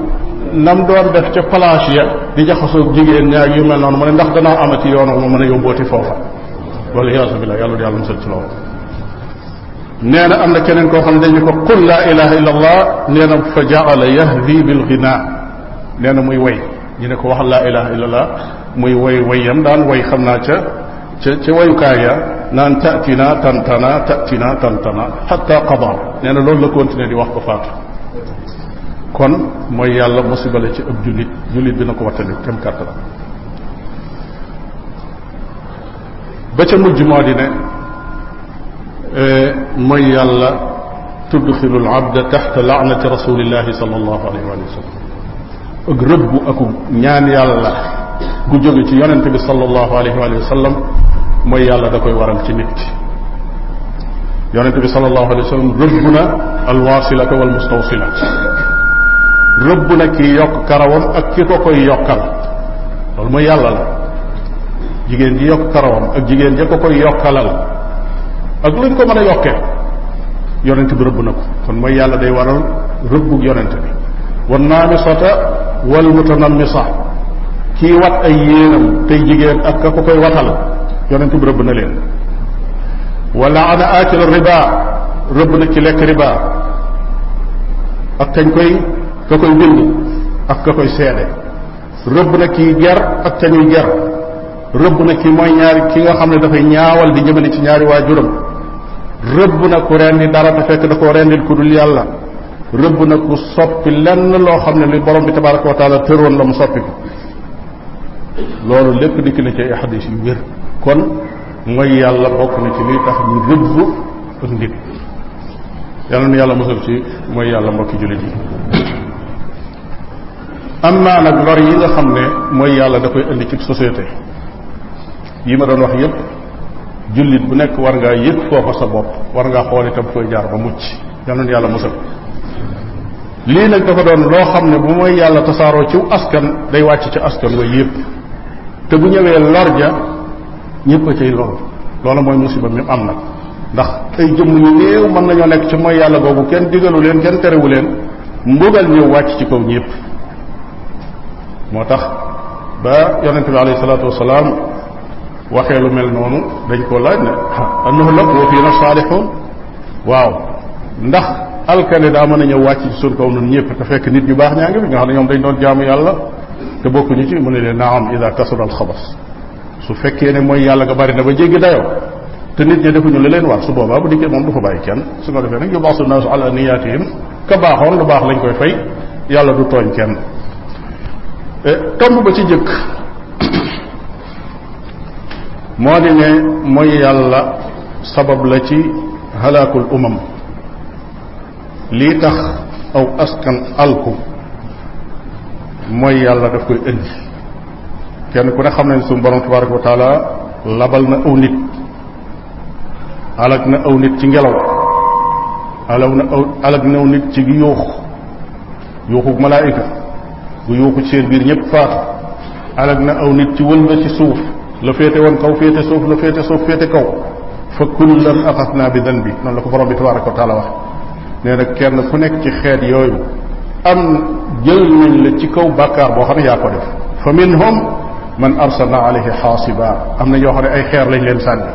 nam doon def ca plage ya di jaxasoo jigéen ñaa yu mel noonu mu ne ndax danaa amati yoon ma mën a yóbbooti foofa wala iyaasu billah yàlla yàlla musal ci loolu nee na am na keneen koo xam ne dañu ko qul laa ilaha illallah nee na fa jaala yahdi bil ghina nee na muy way ñu ne ko wax laa ilaha illallah muy way wayam daan way xam naa ca ca ca wayukaay ya naan tatina tantana tatina tantana xata qada nee na loolu la continuer di wax ba faatu kon mooy yàlla musibale ci ëpp jullit jullit bi na ko wattani kem kàttan ba ca mujj moo di ne eh, mooy yàlla tudxilu l abda taxta laanati rasulillahi sal allahu alayhi wa sallam ak rëbbu aku ñaan yàlla gu jóge ci yonent bi sallallahu alayhi wa sallam mooy yàlla da koy waral ci nit ki yonent bi sallallahu alayhi wa sallam rëbb na alwasilata wal mustawsilata rëbb na ki yokk karawam ak ki ko koy yokkal loolu mooy yàlla la jigéen ji yokk karawam ak jigéen ja ko koy yokkalal ak luñ ko mën a yokkee yonent bi rëbb na ko kon mooy yàlla day waral rëbbug yonent bi wan naamisata wal mutanamisa kii wat ay yéenam tey jigéen ak ka ko koy watal yonent bi rëbb na leen wala ana aakil riba rëbb na ci lekk riba ak kañ koy ka koy bind ak ka koy seede rëbb na kii ger ak kañuy ger rëbb na ki mooy ñaari ki nga xam ne dafay ñaawal di jëmale ci ñaari waa waajuram rëbb na ku rendi dara te fekk da koo rendil ku dul yàlla rëbb na ku soppi lenn loo xam ne li borom bi tabaraka wa taala tëroon la mu soppi ko loolu lépp dikk na ci ay yu wér kon mooy yàlla bokk na ci liy tax ñu rëbb ak nit yàlla na yàlla mosal ci mooy yàlla mbokki jullit yi am naa nag lor yi nga xam ne mooy yàlla da koy indi ci société yi ma doon wax yépp jullit bu nekk war ngaa yëg foofa sa bopp war ngaa xool itam koy jaar ba mucc yàlla na yàlla mosal lii nag dafa doon loo xam ne bu mooy yàlla tasaaroo ciw askan day wàcc ci askan way yëpp te bu ñëwee lor ja ñëpp a cay loru loolu mooy musiba mi am na ndax ay jëmm yu néew mën nañoo nekk ci mooy yàlla googu kenn digalu leen kenn terewu leen mbugal ñëw wàcc ci kaw ñépp moo tax ba yonente bi alayhi salaatu wasalaam waxee lu mel noonu dañ ko laaj ne ah, anuhlak wa fiina saalixuun waaw ndax alkane daa mën a ñëw wàcc ci suñ kaw nun ñëpp te fekk nit ñu baax ñaa ngi fi nga xam ne ñoom dañ doon jaamu yàlla te bokkuñu ci mu ne leen naam ida kasura alxabas su fekkee ne mooy yàlla nga bari na ba jéggi dayoo te nit ñi defuñu li leen war su boobaa bu dikkee moom du fa bàyyi kenn su ko defee nag yu baasu naasu ala ka baaxoon lu baax lañ koy fay yàlla du tooñ kenn eh, ba ci jëkk <coughs> moo di ne mooy sabab la ci halaakul umam lii tax alku mooy yàlla daf koy indi kenn ku ne xam nañ suñu borom tabaraka wa taala labal na aw nit alag na aw nit ci ngelaw alag na aw alag na aw nit ci yuux yuuxu malaayika gu yuuxu seen biir ñëpp faatu alag na aw nit ci wëlba ci suuf la féete woon kaw féete suuf la féete suuf féete kaw fa kullan axas naa bi dan bi noonu la ko borom bi tabaraka wa taala nee na kenn ku nekk ci xeet yooyu am jël nañ la ci kaw bàkkaar boo xam ne yaa ko def fa minhum man arsalna alayhi xaasiba am na ñoo xam ne ay xeer lañ leen sànni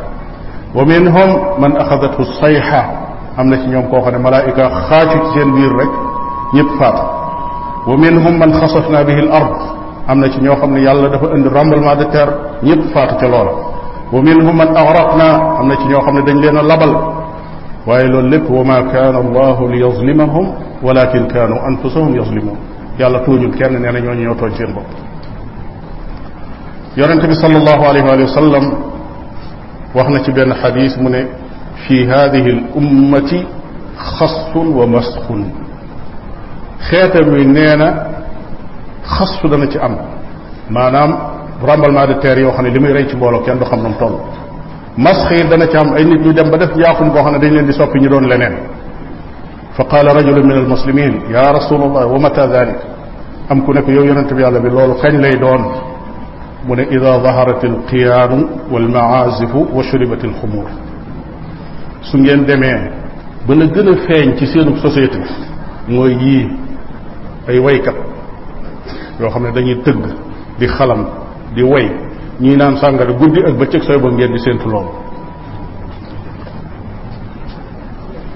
wa minhum man axadathu sayxa am na ci ñoom koo xam ne malaayika xaacu ci seen biir rek ñëpp faatu wa minhum man xasafna bihi al ard am na ci ñoo xam ne yàlla dafa indi tremblement de terre ñëpp faatu ca loola wa minhum man agraqna am na ci ñoo xam ne dañ leen a labal waaye loolu lépp wa ma kaana allahu li yazlimahum walakin kaanu anfusahum yazlimun yàlla tooñul kenn nee na ñooñu ñoo tooñ seen bopp yonente bi sallallahu alayhi wa sallam wax na ci benn xadis mu ne fi hadihi l ummati xassun wa masxun xeetam wi nee na xassu dana ci am maanaam tremblement de terre yoo xam ne li muy rey ci mbooloo kenn du xam nam toll masx yi dana ci am ay nit ñu dem ba def njaaxum koo xam ne dañ leen di soppi ñu doon leneen fa qaala rajulun min almuslimin ya rasulallah wa mata dalik am ku ne ko yow yonente bi yàlla bi loolu kañ lay doon mu ne ida daharat alqiyaanu walmaazifu wa shuribat alxumur su ngeen demee ba la gën a feeñ ci seenub société mooy yii ay waykat yoo xam ne dañuy tëgg di xalam di way ñuy naan sàngara guddi ak bëccëg sooy ba ngeen di séentu loolu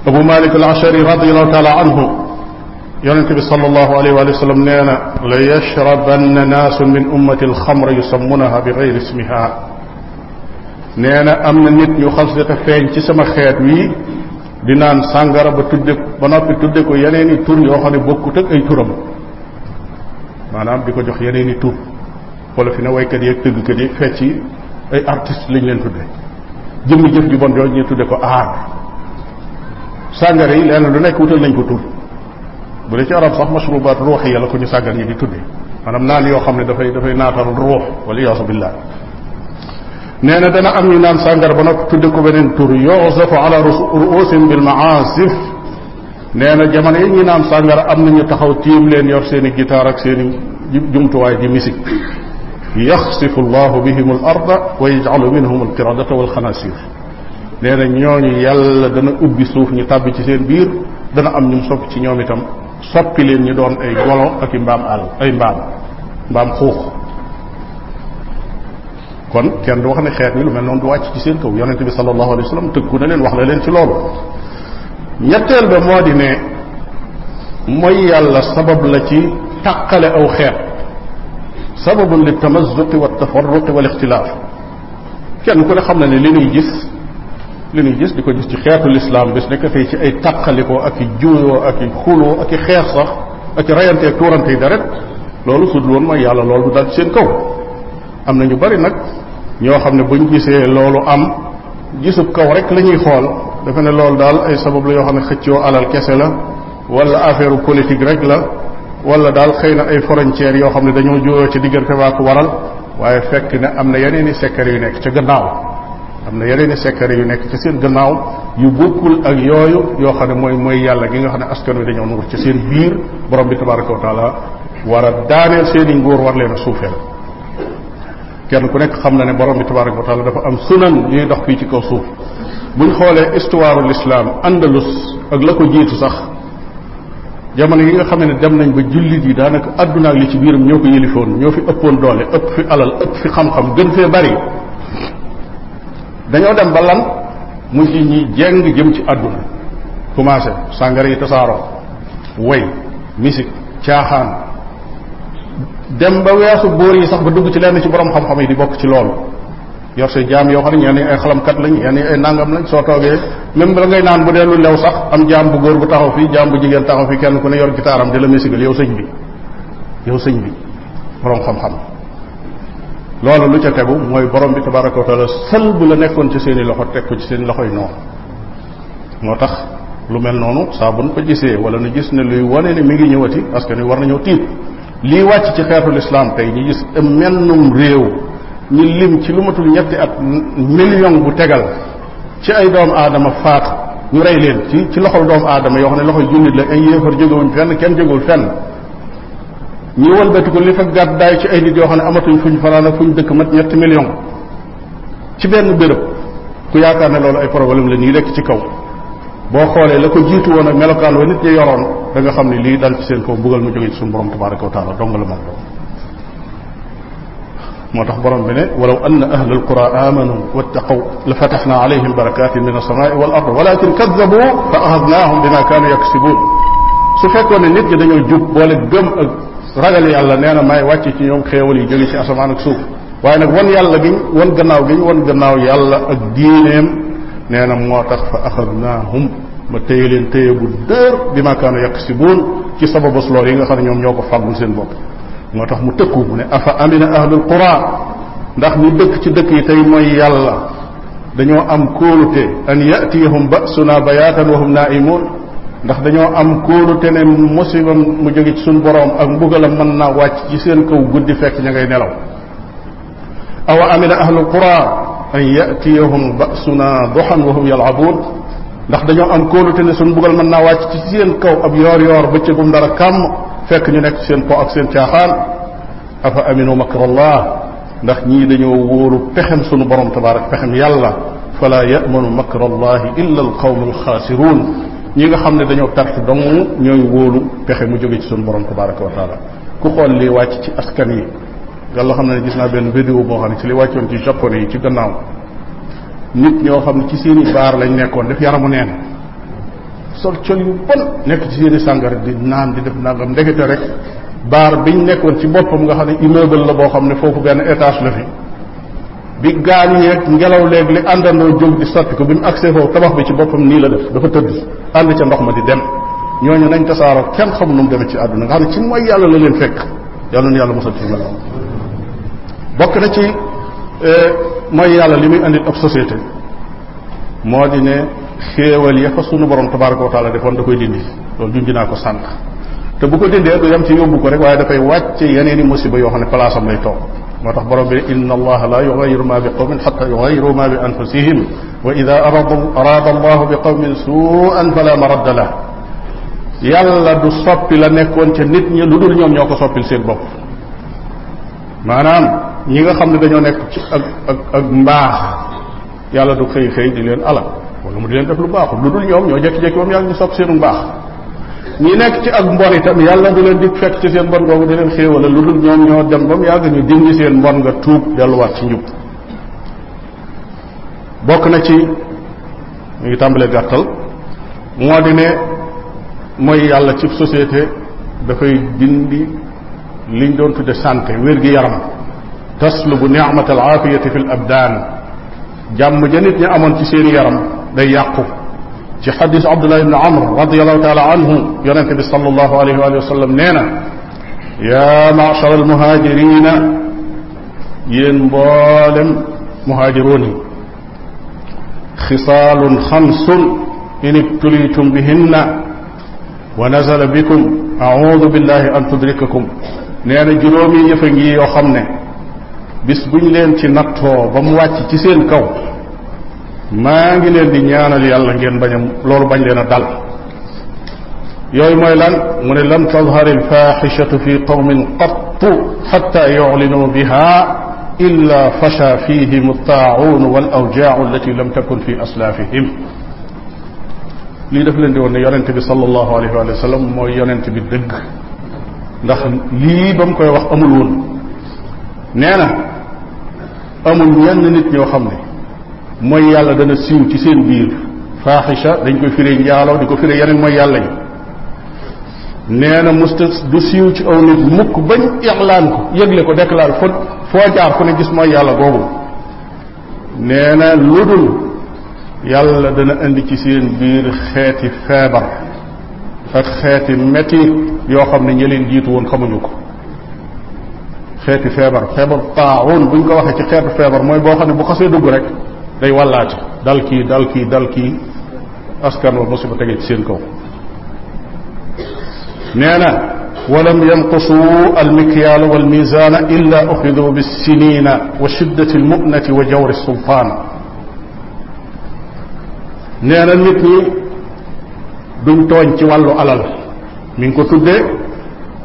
abu malik al ashari radiallahu taala anhu yonente bi salallahu alayhi wa sallam nee na la yashrabanna naasun min ummati alxamra yusammunaha bi gayri ismiha nee na am na nit ñu xas te feeñ ci sama xeet wii di naan sàngara ba tudde ba noppi tudde ko yeneen i tur yoo xam ne bokkut ak ay turam maanaam di ko jox yeneen i tur wala fi ne waykat yeeg tëggkat yeeg fecc ay artistes lañ leen tudde jëmm jëf ju bon jooju ñu tudde ko aar sàngara yi leen lu nekk wutal nañ ko tur bu dee ci arab sax mashrubaat ruux yi la ko ñu sàggan ñi di tudde maanaam naan yoo xam ne dafay dafay naatal ruux wala yaasu billah nee na dana am ñu naan sàngara ba noppi tudde ko beneen tur yusafu ala ruusim bil maasif nee na jamono yi ñu naan sàngara am ñu taxaw tiim leen yor seen i guitare jumtuwaay di yaxsifu llahu bi al arda wa yajcalu minhum al qiradata wal xanaasir nee na ñooñu yàlla dana ubbi suuf ñu tàbbi ci seen biir dana am ñu soppi ci ñoom itam soppi leen ñu doon ay golo ak i mbaam àll ay mbaam mbaam xuux kon kenn du wax ne xeet mi lu mel noonu du wàcc ci seen kaw yonente bi sallallahu alayhi wa sallam tëkku na leen wax la leen ci loolu ñetteel ba moo di ne mooy sabab la ci tàqale aw xeet sababun li tamassuqi wa tafarruqi wal ixtilaaf kenn ku ne xam na ne li nuy gis li nuy gis di ko gis ci xeetu lislaam bis nekk tey ci ay tàqalikoo ak i ak i xuloo ak i xeex sax ak i rayante ak tuurante yi deret loolu su woon mooy yàlla loolu dal ci seen am na ñu bari nag ñoo xam ne buñ gisee loolu am gisub kaw rek lañuy xool dafa ne loolu daal ay sabab la yoo xam ne xëccoo alal kese la wala affaire politique rek la wala daal xëy na ay frontières yoo xam ne dañoo jóoyoo ci diggante waa ko waral waaye fekk ne am na yeneen i secret yu nekk ca gannaaw am na yeneen i secret yu nekk ci seen gannaaw yu bokkul ak yooyu yoo xam ne mooy mooy yàlla gi nga xam ne askan wi dañoo nuur ci seen biir borom bi tabaraka wa taala war a daaneel seen i nguur war leen a suufeel kenn ku nekk xam na ne borom bi tabaraka wa taala dafa am sunan yuy dox fii ci kaw suuf buñ xoolee histoire l'islam Andalus ak la ko jiitu sax jamono yi nga xam ne dem nañ ba jullit yi daanaka adduna ak li ci biiram ñoo ko yëlifoon ñoo fi ëppoon doole ëpp fi alal ëpp fi xam-xam gën fee bari dañoo dem ba lan mu ci ñi jëm ci adduna commencé sàngara yi tasaaroo way misik caaxaan dem ba weesu bóor yi sax ba dugg ci lenn ci borom xam-xam yi di bokk ci loolu yor say jaam yoo xam ne ñenn ay xalamkat lañ ñenn ay nangam lañ soo toogee même la ngay naan bu dee lu lew sax am jaam bu góor bu taxaw fii jaam bu jigéen taxaw fii kenn ku ne yor gitaaram di la musigal yow sëñ bi yow sëñ bi borom xam-xam loolu lu ca tegu mooy borom bi tabaraka wa taala sël bu la nekkoon ci seen i loxo teg ko ci seen loxoy noonu moo tax lu mel noonu saa bu ko gisee wala nu gis ne luy wane ne mi ngi ñëwati parce que ni war nañoo tiit lii wàcc ci xeetu lislaam ñu gis mennum réew ñu lim ci lu matul ñetti ak million bu tegal ci ay doomu aadama faatu ñu rey leen ci ci loxol doomu aadama yoo xam ne loxoy jullit la ay yéefar jógewuñ fenn kenn jógewul fenn ñu wëlbati ko li fa gàddaay ci ay nit yoo xam ne amatuñ fuñ fanaan ak fuñ dëkk mat ñetti million ci benn béréb ku yaakaar ne loolu ay problème la ñuy lekk ci kaw boo xoolee la ko jiitu woon ak melokaan wa nit ñi yoroon da nga xam ne lii dal ci seen kaw mbugal mu jóge ci suñu borom moo tax borom bi ne walaw anna ahlal qura amanu wattaqaw la fataxna alayhim barakatin min alsamaai wal ard walakin kadabu fa axadnaahum bima kaanu yaksibuun su fekkoon ne nit ñi dañoo jub boole gëm ak ragal yàlla nee na maay wàcc ci ñoom xéewal yi jóge ci asamaan ak suuf waaye nag wan yàlla giñ wan gannaaw giñ wan gannaaw yàlla ak diineem nee na moo tax fa axadnaahum ma téye leen téye bu dër bi ma kaanu yaksibuun ci sababus lool yi nga xam ne ñoom ñoo ko fàggul seen bopp moo tax mu tëkku mu ne afa amina ahlul qura ndax ñu dëkk ci dëkk yi tey mooy yàlla dañoo am kóolute an yatiyahum basuna bayatan wa hum naimun ndax dañoo am kóolute ne musibam mu jóge ci suñ boroom ak mbugalam mën naa wàcc ci seen kaw guddi fekk ña ngay nelaw awa amina ahlul qura an yatiyahum basuna doxan wa hum yalabun ndax dañoo am kóolute ne suñ mbugal mën naa wàcc ci seen kaw ab yoor yoor bëccëgum dara kàmm fekk ñu nekk seen po ak seen caaxaan afa aminu makrallah ndax ñii dañoo wóoru pexem sunu borom tabaarak pexem yàlla fala yamanu makrallahi illa alqawmu alxaasiruun ñi nga xam ne dañoo perte dong ñooy wóolu pexe mu jóge ci sunu borom tabaraka wa taala ku xool lii wàcc ci askan yi yàlla xam ne gis naa benn vidéo boo xam ne ci li wàccoon ci japonais yi ci gannaaw nit ñoo xam ne ci seeni baar lañ nekkoon def yaramu neen sol col yu bon nekk ci yéene sàngara di naan di def nangam ndekete rek baar biñ nekkoon ci boppam nga xam ne immeuble la boo xam ne foofu benn étage la fi bi gaañeeg ngelaw léeg li àndandoo jóg di sotti ko bi mu agsee foofu tabax bi ci boppam nii la def dafa tëdd ànd ca ndox ma di dem ñooñu nañ tasaaroo kenn xam nu mu demee ci àdduna nga xam ne ci mooy yàlla la leen fekk yàlla na yàlla mosal ci mel bokk na ci eh, mooy yàlla li muy andil ab societé moo di ne xéewal ya ko sunu borom tabaraka wa taala defoon da koy dindi loolu junj naa ko sànq te bu ko dindee du yam ci yóbbu ko rek waaye dafay wàcce yeneen i musiba yoo xam ne place am lay toog moo tax borom bi inna allaha la yugayiru ma bi qawmin xata yugayiru ma bi anfusihim wa ida arada arada allahu bi qawmin suan fala maradda la yàlla du soppi la nekkoon ca nit ñi lu dul ñoom ñoo ko soppil seen bopp maanaam ñi nga xam ne dañoo nekk ci ak ak ak mbaax yàlla du xëy xëy di leen alal wala mu di leen def lu baaxul lu dul ñoom ñoo jekki-jekki ba mu yàgg ñu sopp seenu mbaax ñi nekk ci ak mbon itam yàlla du leen di fekk ci seen mbon googu di leen xéewala lu dul ñoom ñoo dem ba mu yàgg ñu dindi seen mbon nga tuub delluwaat ci njub bokk na ci ñu ngi tàmbalee gàttal moo di ne mooy yàlla ci société dafay dindi liñ doon tudde santé wér gi yaram taslubu ni'mat al aafiyati fi l abdaan jàmm ja nit ñi amoon ci seen yaram day yàqu ci xadisu abdullah ibni amr radiallahu taala anhu yonente bi sal allahu alayhi wa sallam nee na yaa maachar almuhaajirina yéen mboolem muhaajiroon yi xisaalun xamsun in ibtulitum bihinna wa nazala bikum audu billahi an tudrikakum nee na juróomi yëfa ngi yoo xam ne bis buñ leen ci nattoo ba mu wàcc ci seen kaw maa ngi leen di ñaanal yàlla ngeen bañ a loolu bañ leen a dal yooyu mooy lan mu ne lam tadhar alfaxishatu fi qawmin qattu xatta yuclinuu biha illa fasha fihim altaaun wal awjaacu allati lam takun fi aslaafihim lii daf leen di woon ne yonente bi sallallahu alayhi wa sallam mooy yonente bi dëgg ndax lii ba mu koy wax amul woon nee na amul yenn nit ñoo xam ne mooy yàlla dana siiw ci seen biir faaxisha dañ koy firee njaaloo di ko firee yeneen mooy yàlla yi nee na musta du siiw ci aw nit mukk bañ ixlaan ko yëgle ko déclaré fo foo jaar fu ne gis mooy yàlla boobu nee na lu dul yàlla dana indi ci seen biir xeeti feebar ak xeeti metti yoo xam ne ñi leen jiitu woon xamuñu ko xeeti feebar feebar taaxoon buñ ko waxee ci xeetu feebar mooy boo xam ne bu xasee dugg rek day wàllaate dal kii dal kii dal kii askan wa musiba tege ci seen kaw nee na walam yanqusu almikyaala walmisaana illa oxidu bisinina wa shiddati almunati wa jawri sultaan duñ tooñ ci wàllu alal mi ngi ko tuddee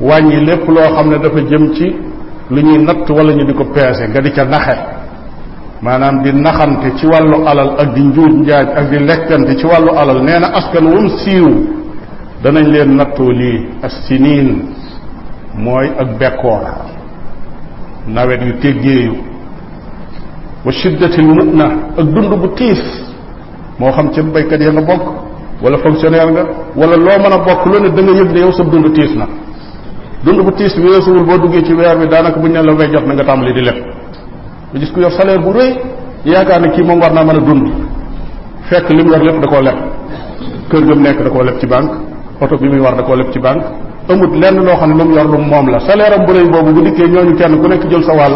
wàññi lépp loo xam ne dafa jëm ci lu ñuy natt wala ñu di ko peese nga di ca naxe maanaam di naxante ci wàllu alal ak di njuuj njaaj ak di lekkante ci wàllu alal nee na askan wum siiw danañ leen nattoo lii as-siniin mooy ak bekkoor nawet yu teggeeyu wa shiddatil mu'na ak dund bu tiis moo xam ca baykat ya nga bokk wala fonctionnaire nga wala loo mën a bokk lu ne da nga yëg ne yow sa dund tiis na dund bu tiis bi weesuwul boo duggee ci weer bi daanaka buñ ne la way jot na nga tàmbali di lekk nga gis ku yor salaire bu rëy yaakaar na kii moom war naa mën a dund fekk li mu yor lépp da koo leb kër ga mu nekk da koo leb ci bànk oto bi muy war da koo leb ci banque amut lenn loo xam ne lu mu yor lu moom la salaire am bu rëy boobu bu dikkee ñooñu kenn ku nekk jël sa wàll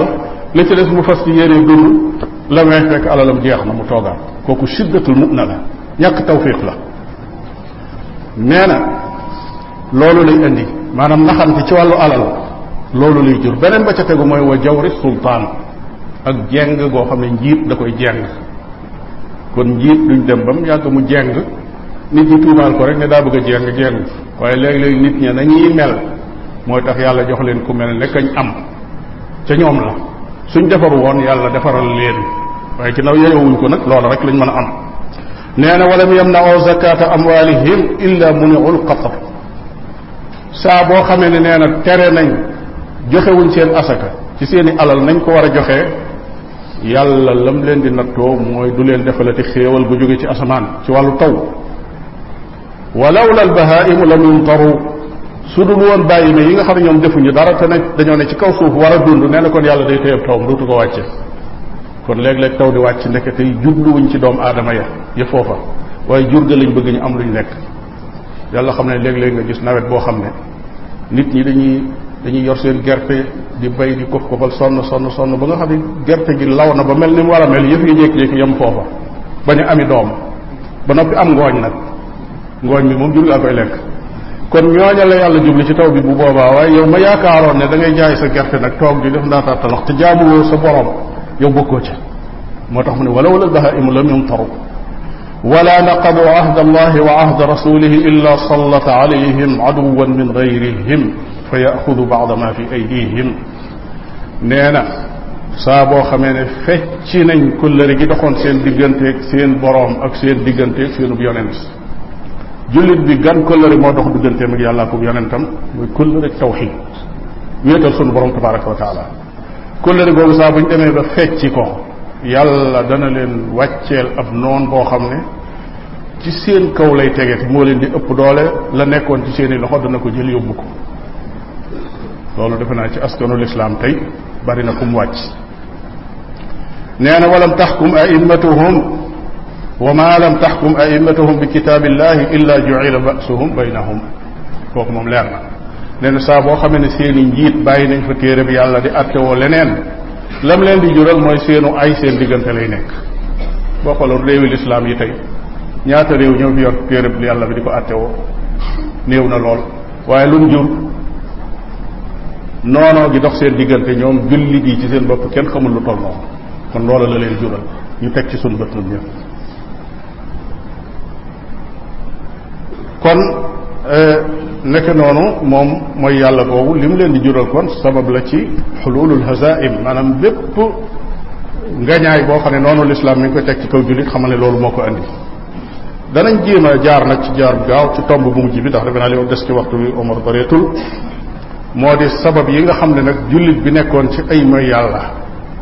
li ci des mu fas ci yéenee dund la may fekk alalam jeex na mu toogaat kooku shiddatul mu'na la ñàkk tawfiq la nee na loolu lay indi maanaam naxante ci wàllu alal loolu lay jur beneen ba ca tegu mooy wa jawri sultaan ak jeng goo xam ne njiit da koy jeng kon njiit duñ dem mu yàgg mu jeng nit ñi tuumaal ko rek ne daa bëgg a jeng jeng waaye léeg-léeg nit ña nañuy mel mooy tax yàlla jox leen ku mel ne kañ am ca ñoom la suñ defaru woon yàlla defaral leen waaye ci naw yeyowuñ ko nag loola rek lañ mën a am nee na walam yamna'u zakata amwalihim illa muni'ul qatar saa boo xamee ne nee na tere nañ joxewuñ seen asaka ci seeni alal nañ ko war a joxe yàlla lam leen di nattoo mooy du leen defalati xéewal gu jóge ci asamaan ci wàllu taw walawla albahaimu lam yumtaru su dul woon bàyyi bàyyime yi nga xam ne ñoom ñu dara te ne dañoo ne ci kaw suuf war a dund nee na kon yàlla day téyeb tawam dootu ko wàcce kon léeg-léeg taw di wàcc ndekete jubluwuñ ci doomu aadama ya ya foofa waaye jur ga lañ bëgg ñu am luñ nekk yàlla xam ne léeg-léeg nga gis nawet boo xam ne nit ñi dañuy dañuy yor seen gerte di bay di kof kofal sonn sonn sonn ba nga xam gerte gi law na ba mel ni mu war a mel yëf yi jékki-jékki yem foofa bañ a ami doom ba noppi am ngooñ nag ngooñ bi moom jur gaa koy lekk kon ñooña la yàlla jubli ci taw bi bu boobaa waaye yow ma yaakaaroon ne dangay ngay jaay sa gerte nag toog di def ndaataa talax te jaamuwoo sa borom yow bokkoo ci moo tax mu ne wala wala bahaimu lam yumtaru wala naqadu ahda allahi wa ahda rasulihi illa sallat alayhim aduwan min fa yaxudu baada ma fi aydihim nee na saa boo xamee ne fecci nañ kullëre gi doxoon seen digganteeg seen boroom ak seen digganteeg seenub yonent jullit bi gan kullëre moo dox digganteem ak yàlla akub yonentam muy kullëre tawxid wéetal sunu borom tabaraka wa taala kullëre googu saa buñ demee ba fecci ko yàlla dana leen wàcceel ab noon boo xam ne ci seen kaw lay tegeet moo leen di ëpp doole la nekkoon ci seen seeni loxo dana ko jël yóbbu ko loolu defe naa ci askanu lislaam tey bari na kum wàcc nee na walam taxkum a'immatuhum wa ma lam taxkum a'immatuhum bi kitaabillahi illa ju'ila ba'suhum baynahum kooku moom leer na nee na saa boo xamee ne seeni njiit bàyyi nañ fa téere bi yàlla di attewoo leneen lam leen di jural mooy seenu ay seen diggante lay nekk boo xooloon réewi lislaam yi tey ñaata réew ñoo fi yor téere yàlla bi di ko attewoo néew na lool waaye lu jur noonoo gi dox seen diggante ñoom jullit yi ci seen bopp kenn xamul lu toll noonu kon loola la leen jural ñu teg ci suñu bët ñun ñëpp kon euh, nekk noonu moom mooy yàlla boobu li mu leen di jural kon sabab la ci xululul hazaim maanaam bépp ngañaay boo xam ne noonu lislaam mi ngi koy teg ci kaw jullit xamal ne loolu moo ko andi danañ jéem a jaar nag ci jaar bu gaaw ci tomb bu mujj bi tax defe naa li des ci waxtu wi Omar bareetul moo di sabab yi nga xam ne nag jullit bi nekkoon ci ay mooy yàlla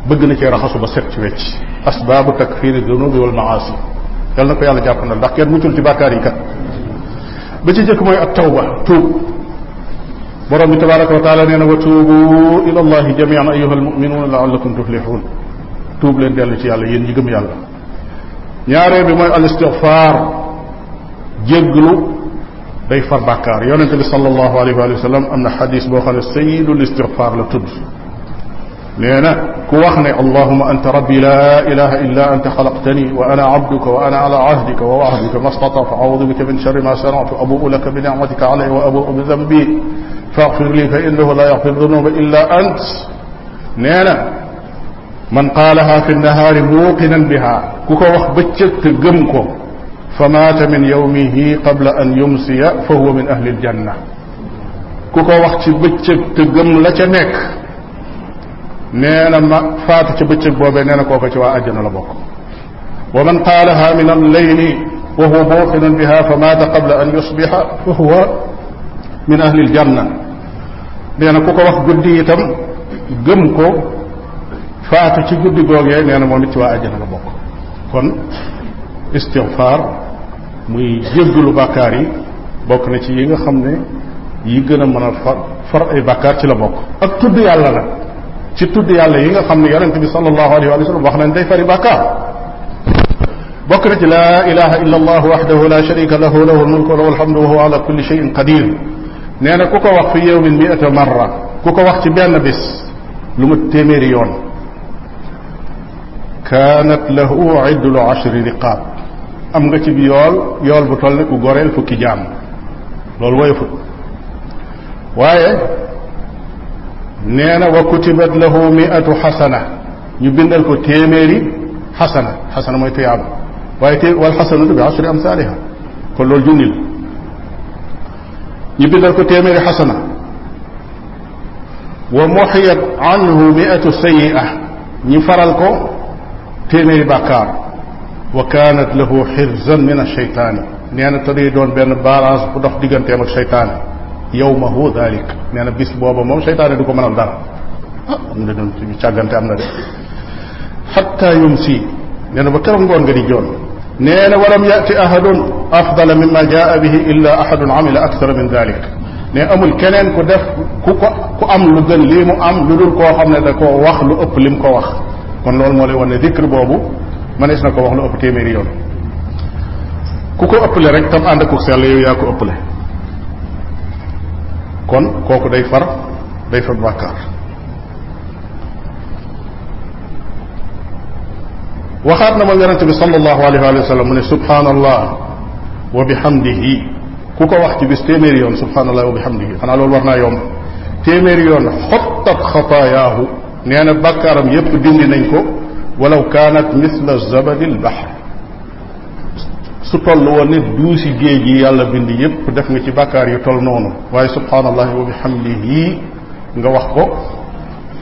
bëgg na cee raxasu ba set ci wecc asbaabu takfiri dunubi wal maasi yal na ko yàlla jàpp na ndax kenn muccul ci bàkkaar yi kat ba ci jëkk mooy ak tawba tuub borom bi tabaraka wa taala nee na wa tuubu ila allahi jamian ayuha almuminuuna laallakum tuflixuun tuub leen dellu ci yàlla yéen ñi gëm yàlla ñaareel bi al istigfaar jégglu day far bàkkaar yonente bi sallallahu alayhi wa sallam am na xadis boo xam ne sayidul istigfaar la tudd nee na ku wax ne allahuma anta rabbi la ilaha illa anta xalaqtani wa ana abduka wa ana ala ahdika wa wahdika mastatatu audu bika min sharri ma sanatu abuu laka bi nicmatika alay wa abuu bi dambi faxfir li fa innahu la yaxfir dunuba illa ant nee na man qaalaha fi nahaari muuqinan biha ku ko wax bëccëg te gëm ko fa maata min yawmihi qabla an yumsiya fa huwa min ahli aljanna ku ko wax ci bëccëg te gëm la ca nekk nee na ma faatu ca bëccëg boobee nee na kooko ci waa àjjana la bokk wa man qaalaha min alleyli wa huwa muuqinun biha fa maata qabla an yusbiha fa huwa min ahli aljanna nee na ku ko wax guddi itam gëm ko faatu ci guddi googee nee na moom it ci waa àjjana la bokk kon istigfaar muy jéggalu bàkkaar yi bokk na ci yi nga xam ne yi gën a mën a far far ay bàkkaar ci la bokk ak tudd yàlla nag ci tudd yàlla yi nga xam ne yonente bi sallallahu alayhi wa sallam wax nañ day fari bàkkaar bokk na ci laa ilaha illa allah waxdahu la sharika lahu lahu lmulku wa lahu alhamdu wa huwa ala kulli shayin qadir nee na ku ko wax fi yawmin miata marra ku ko wax ci benn bis lu ma téeméeri yoon kaanat lahu iddulu ashri riqaab am nga ci yool yool bu toll ne ku goreel fukki jaam loolu woyofut waaye nee na wa kutibat lahu miatu xasana ñu bindal ko téeméeri xasana xasana mooy tuyaaba waaye té wal xasanatu bi asri amsaaliha kon loolu junni la ñu bindal ko téeméeri xasana wa muxiyat anhu miatu sayi'a ñu faral ko téeméeri bàkkaar wa kaanat lahu xirzan min asheytaani nee na te day doon benn barrage bu dox digganteem ak seytaane yawmahu dalik nee na bis booba moom seytaane du ko mënal dara ah am na doon suñu càggante am na de xatta yumsi nee na ba keroog ngoon nga di joon nee na walam yati ahadun afdala mimma jaa bihi illa ahadun amila akthara min dalik ne amul keneen ku def ku ko ku am lu gën lii mu am lu dul koo xam ne da koo wax lu ëpp lim ko wax kon loolu moo lay wan ne dikr boobu mënees na ko wax lu ëpp téeméeri yoon ku ko ëppale rek tam ànd ak sell yow yaa ko ëppale kon kooku day far day far bàkkaar waxaat na ma yonente bi sallallahu alayhi wa sallam mu ne subhanallah ku ko wax ci bis téeméeri yoon subhanallah wa bihamdihi xanaa loolu war naa yomb téeméeri yoon xottat xataayaahu nee na bàkkaaram yépp dindi nañ ko wala kaana misla zabadil bahr su toll woon ne duusi géej yi yàlla bind yépp def nga ci bàkkaar yu toll noonu waaye subhaanallahi wa bihamdihi nga wax ko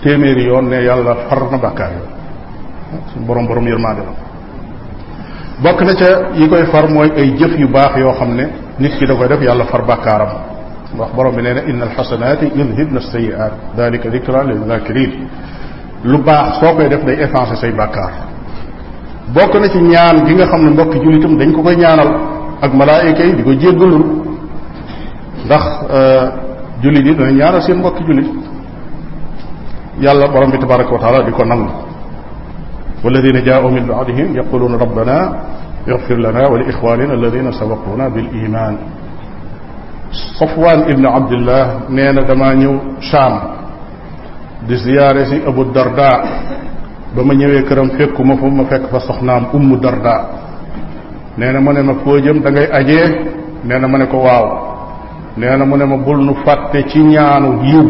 téeméeri yoon ne yàlla far na bàkkaar yi suñu borom borom yërmaande bokk na yi koy far mooy ay jëf yu baax yoo xam ne nit ki da def yàlla far bàkkaaram ndax borom bi nee na inna alxasanaati yudhibna alsayiat dalika dikra lil zakirin lu baax soo koy def day effacer say bàkkaar bokk na ci ñaan gi nga xam ne mbokki jullitam dañ ko koy ñaanal ak malaayika yi di ko jéggalul ndax euh, jullit yi dana ñaanal seen mbokki jullit yàlla borom bi tabaraka wa taala di ko nangu walladina jaau min baadihim yaquluuna rabbana ixfir lana wa li ixwanina alladina sabaquna bil iman safwan ibnu abdillah nee na damaa ñëw Shaam di ziyaare si abu darda ba ma ñëwee këram fekkuma fu ma fekk fa soxnaam ummu darda nee na mu ne ma foo jëm da ngay ajee nee na ma ne ko waaw nee na mu ne ma bul nu fàtte ci ñaanu yiw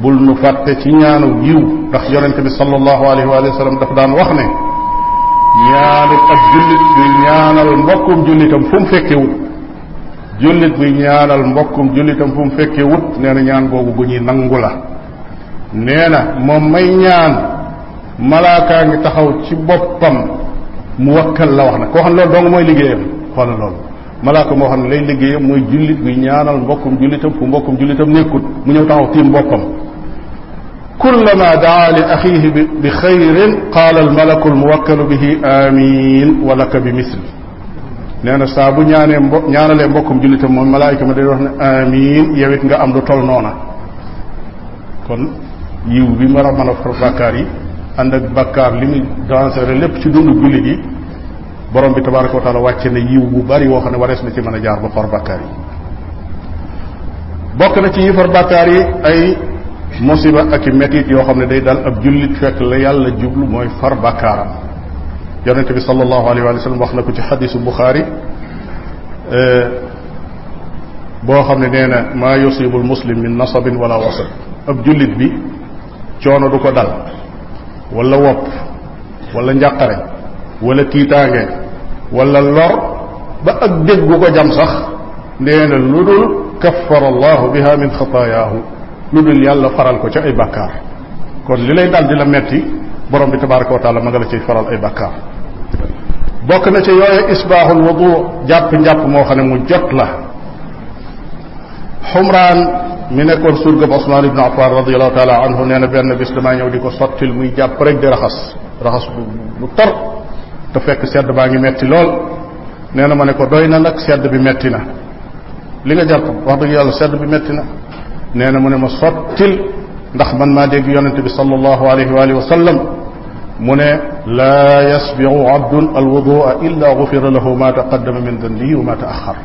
bul nu fàtte ci ñaanu yiw ndax yonente bi sallallahu alayhi wa sallam daf daan wax ne ñaanit ak jullit buy ñaanal mbokkum jullitam fu mu fekkewut jullit buy ñaanal mbokkum jullitam fu mu fekkewut nee na ñaan googu gu ñuy nangu la nee na moom may ñaan malaakaa ngi taxaw ci boppam mu wakkal la wax na koo xam ne loolu dong mooy liggéeyam xoolal loolu malaaka moo xam ne lay liggéeyam mooy jullit buy ñaanal mbokkum jullitam fu mbokkum jullitam nekkut mu ñëw taxaw tiim boppam kullama daa li axiihi bi xayrin qaala al malaku al muwakkalu bihi amin wa laka bi misli nee na saa bu ñaanee mbo ñaanalee mbokkum jullitam moom malaayika ma day wax ne amin yow nga am lu tol noona yiw bi mën a mën a for bàkkaar yi ànd ak bàkkaar li muy dansere lépp ci dundu jullit yi borom bi tabaraka wa taala wàcce na yiw bu bari woo xam ne warees na ci mën a jaar ba for bàkkaar yi bokk na ci yi for bàkkaar yi ay musiba ak i metit yoo xam ne day dal ab jullit fekk la yàlla jublu mooy far bàkkaaram yonente bi sallallahu alayhi wa sallam wax na ko ci xadisu buxaari e, boo xam ne nee na maa yusibu al muslim min nasabin wala wasab ab jullit bi coono du ko dal wala wopp wala njàqare wala tiitaange wala lor ba ak dégg gu ko jam sax nee na lu dul kaffara allahu biha min xataayaahu lu dul yàlla faral ko ca ay bàkkaar kon li lay dal di la metti borom bi tabaraka wa ma nga la ciy faral ay bàkkaar bokk na ca yooye isbaaxul wudu jàpp njàpp moo xam ne mu jot la xumraan mi nekkoon surgam Osmaan ibn Affan radiallahu taala anhu nee na benn bis damaa ñëw di ko sottil muy jàpp rek di raxas raxas bu bu tor te fekk sedd baa ngi metti lool nee na ma ne ko doy na nag sedd bi metti na li nga jàpp wax dëgg yàlla sedd bi metti na nee na mu ne ma sottil ndax man maa dégg yonente bi sallallahu alayhi wa alihi wa sallam mu ne laa yasbiu abdun alwudua illa gufira lahu ma taqaddama min danbihi wa ma taaxar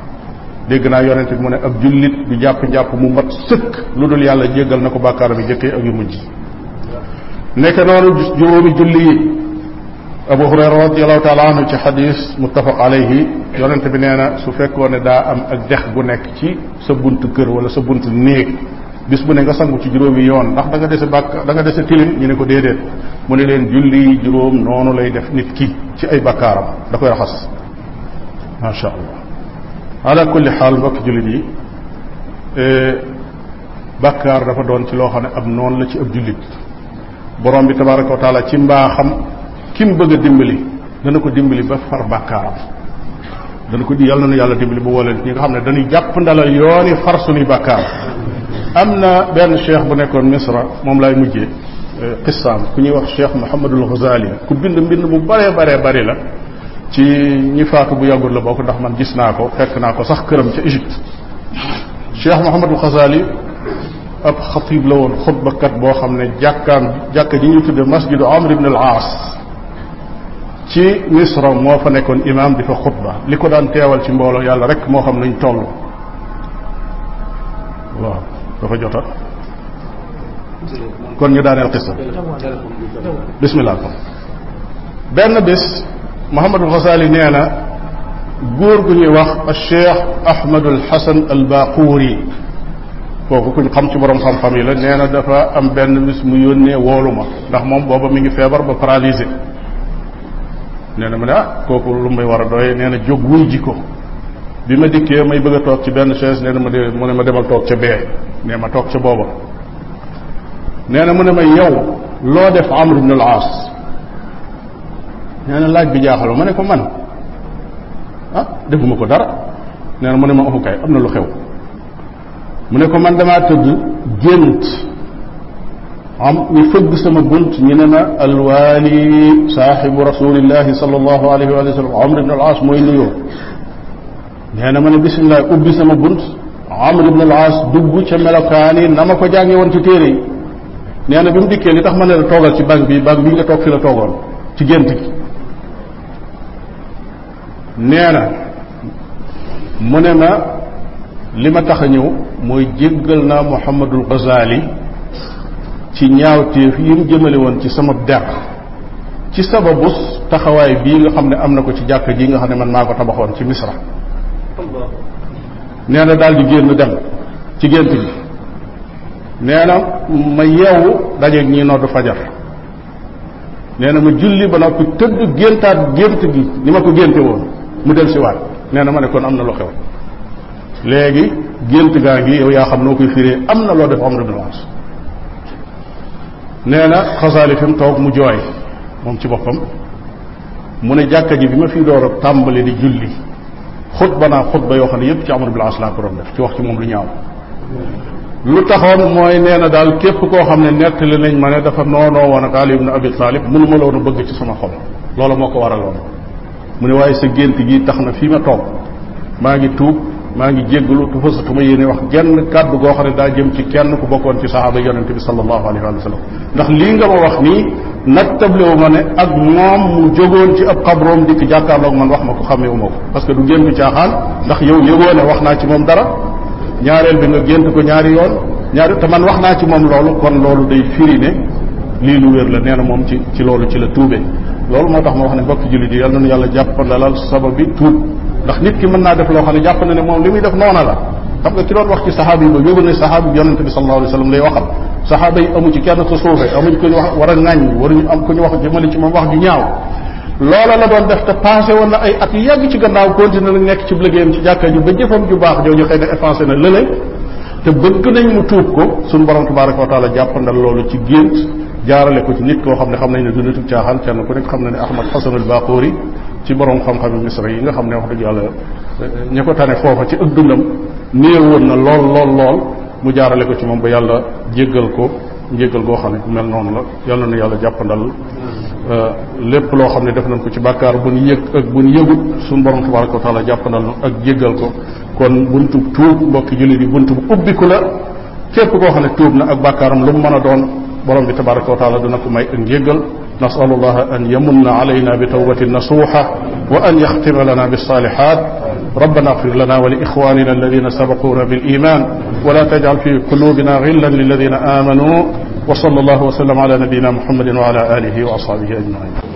dégg naa yonent bi mu ne ab jullit du jàpp njàpp mu mat sëkk lu dul yàlla jéggal na ko bàkkaaram yi jëkkee ak yu mujj nekk noonu juróomi julli yi abu hurayra radiallahu taala anhu ci xadis muttafaq alayhi yonent bi nee na su fekkoon ne daa am ak dex gu nekk ci sa bunt kër wala sa bunt néeg bis bu ne nga sangu ci juróomi yoon ndax danga nga dese bàkk da nga dese tilim ñu ne ko déedéet mu ne leen julli juróom noonu lay def nit ki ci ay bàkkaaram da koy raxas ala kulli xaal mbokk jullit yi e, bàkkaar dafa doon ci loo xam ne ab noonu la ci ab jullit boroom bi tabaraka wa taala ci mbaaxam ki mu bëgg dimbali dana ko dimbali ba far bàkkaaram dana ko di yàlla na yàlla dimbali bu wóoleel yi nga xam ne dañuy jàpp ndalal yooni far suñuy bàkkaar am na benn cheikh bu nekkoon misra moom laay mujjee e, qissaam ku ñuy wax cheikh Mouhamadul Ghazali ku bind mbind mu baree baree bari la ci ñi faatu bu yàggul la boo ko ndax man gis naa ko fekk naa ko sax këram ca Égypte Cheikh Mouhamadul Xasaali ab xatib la woon xutbakat boo xam ne jàkkaam jàkka ji ñuy tudde masjidu Amr ibn al Aas ci Misra moo fa nekkoon imaam di fa xutba li ko daan teewal ci mbooloo yàlla rek moo xam nañ toll waaw dafa jota kon ñu daaneel xisa bismillah kon benn bés Muhammadul Xasaali nee na góor gu ñuy wax Cheikh Ahmadul Xasan al Baquri kooku kuñ xam ci borom xam-xam yi la nee na dafa am benn bis mu yónnee woolu ma ndax moom booba mi ngi feebar ba paralysé nee na ma ne ah kooku lu may war a doyee nee na jóg wuy ji ko bi ma dikkee may bëgg a toog ci benn chaise nee na ma de mu ne ma demal toog ca bee nee ma toog ca booba nee na mu ne ma yow loo def Amr ibn al As nee na laaj bi jaaxaloo ma ne ko man ah defuma ko dara nee na mu ne ma oxu oh, kay am na lu xew mu ne ko man damaa tëdd gént am ñu fëgg sama bunt ñu ne ma alwaali saaxibu rasulillahi sallallahu alayhi wa sallam amr ibn al as mooy nuyoo nee na ma ne bisimilah ubbi sama bunt amr ibn al as dugg ca melokaani na ma ko jànge woon ci téere yi nee na bi mu dikkee li tax ma ne la toogal ci banque bi banque bi nga toog fi la toogoon ci gént gi nee na mu ne ma li ma tax a ñëw mooy jéggal naa Muhammadul Ghazali ci ñaaw ñaawteef yi mu jëmale woon ci sama der ci sababus taxawaay bii nga xam ne am na ko ci jàkk ji nga xam ne man maa ko tabaxoon ci misra nee na daal di génn dem ci gént bi nee na ma yeewu dajeeg ñi nodd fajar nee na ma julli ba noppi tëdd géntaat gént gi ni ma ko génte woon mu del siwaat nee na ma ne kon am na lu xew léegi gént gaa ngi yow yaa xam noo koy firee am na loo def am redevance na xasaali fi mu toog mu jooy moom ci boppam mu ne jàkka ji bi ma fi door a tàmbali di julli xutba naa xutba yoo xam ne yépp ci Amr ibn As laa ko doon def ci wax ci moom lu ñaaw lu taxoon mooy nee na daal képp koo xam ne nettali nañ ma ne dafa noonoo woon ak Ali ibn Abi Talib mënu ma a bëgg ci sama xol loolu moo ko waraloon mu ne waaye sa gént gi tax na fii ma toog maa ngi tuub maa ngi jéggalu te ma yéene wax genn kàddu goo xam ne daa jëm ci kenn ku bokkoon ci saxaaba yonente bi sallallahu alayhi wa sallam ndax lii nga ma wax nii nag tablewu ma ne ak moom mu jógoon ci ab xabroom dikk jàkkaarloog man wax ma ko xamee uma ko parce que du géntu caaxaan ndax yow yëgoo ne wax naa ci moom dara ñaareel bi nga gént ko ñaari yoon ñaari te man wax naa ci moom loolu kon loolu day firi lii lu wér la nee na moom ci ci loolu ci la tuube loolu moo tax ma wax ne mbokki jullit yi yal nañu yàlla jàppandalal sabab bi tuub ndax nit ki mën naa def loo xam ne jàpp na ne moom li muy def noona la xam nga ki doon wax ci saxaaba yi ba yóbbu ne saxaaba bi yonente bi sallallahu alayhi wa sallam lay waxal saxaaba yi amu ci kenn ku suufe amuñ ko ñu wax war a ŋàññ waruñu am ku ñu wax jëmale ci moom wax ju ñaaw loola la doon ba jëfam ju baax jooju xëy na effacé na lële te bëgg nañ mu tuub ko suñu borom tabaraka wa taala jàppandal loolu jaarale ko ci nit koo xam ne xam nañ ne du nitu caaxaan kenn ku nekk xam na ne Ahmad Xasanul Baquri ci borom xam-xami misra yi nga xam ne wax dëgg yàlla ña ko tane foofa ci ak dundam néew woon na lool lool lool mu jaarale ko ci moom ba yàlla jéggal ko njéggal goo xam ne mel noonu la yàlla na yàlla jàppandal euh, lépp loo xam ne def na ko ci bàkkaar bu ñu yëg ak bu ñu yëgut suñu borom tabaraka wa taala jàppandal ak jéggal ko kon buntu tuub mbokki jullit ubbiku la képp koo xam na ak bàkkaaram lu a doon borom bi tabaraka wa taala dina ko may ak njéggal nasalullaha an yamunna alayna bi tawbatin nasuha wa an yaxtima lana bisalihat ربنا اغفر لنا ولإخواننا الذين سبقونا بالإيمان ولا تجعل في قلوبنا غلا للذين آمنوا وصلى الله وسلم على نبينا محمد وعلى آله وأصحابه أجمعين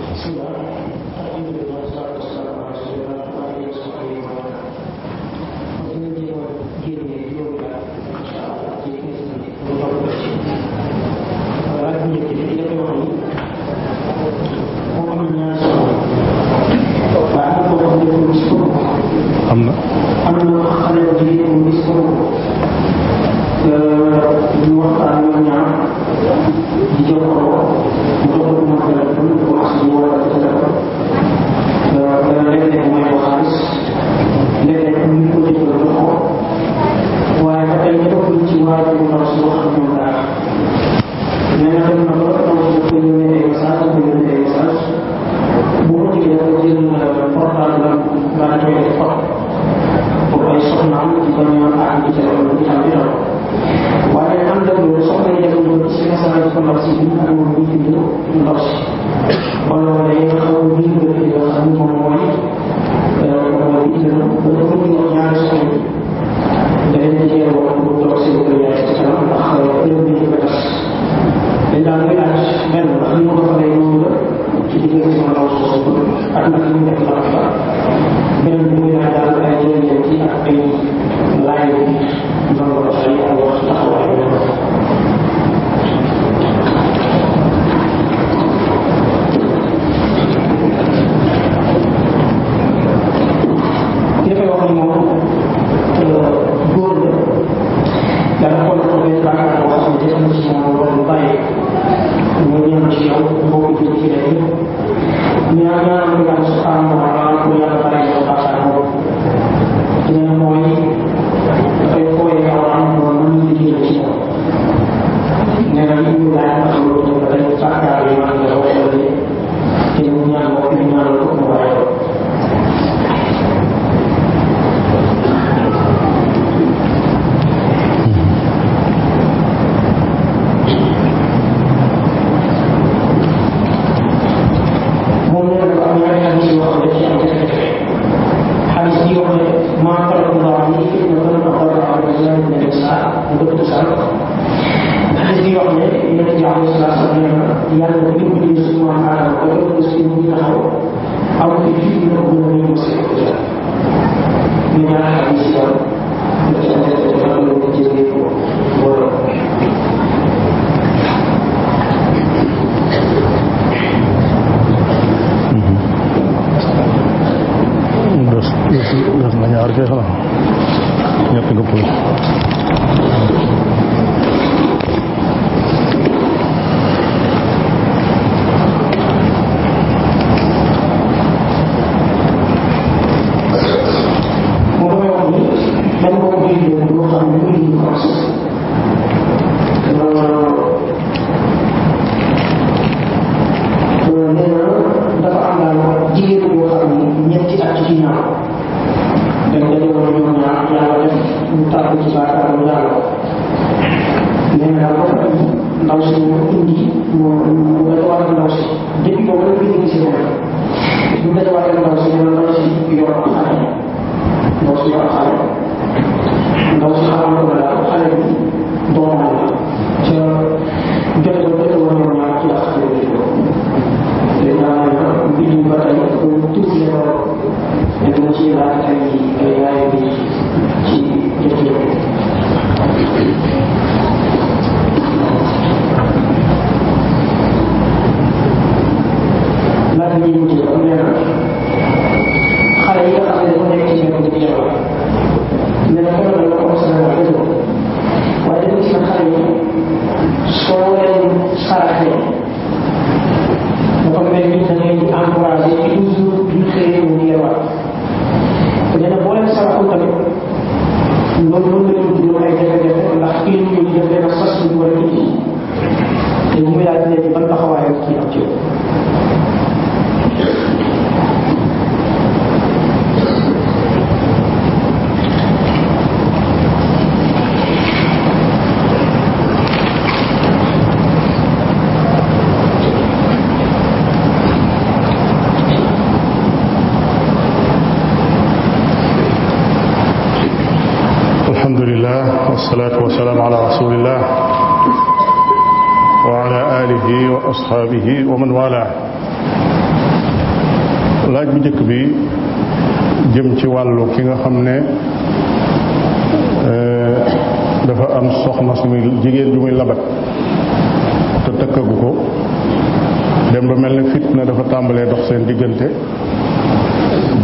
dox seen diggante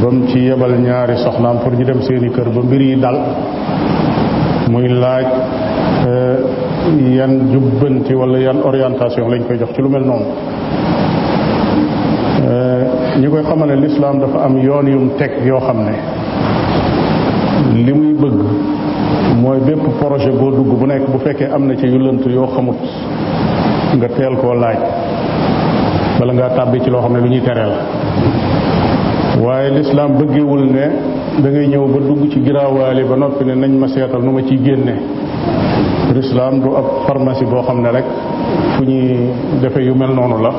ba mu ci yebal ñaari soxnaam pour ñu dem seeni kër ba mbir yi dal muy laaj eh, yan jubbanti wala yan orientation lañ koy jox ci lu mel noonu eh, ñi koy xamal ne lislaam dafa am yoon yum teg yoo xam ne li muy bëgg mooy bépp projet boo dugg bu nekk bu fekkee am na ci yu lënt yoo xamut nga teel koo laaj bala ngaa tàbbi ci loo xam ne lu ñuy tere la waaye lislaam bëggewul ne dangay ñëw ba dugg ci giraawaale ba noppi ne nañ ma seetal nu ma ciy génne lislaam du ab pharmacie boo xam ne rek fu ñuy defe yu mel noonu la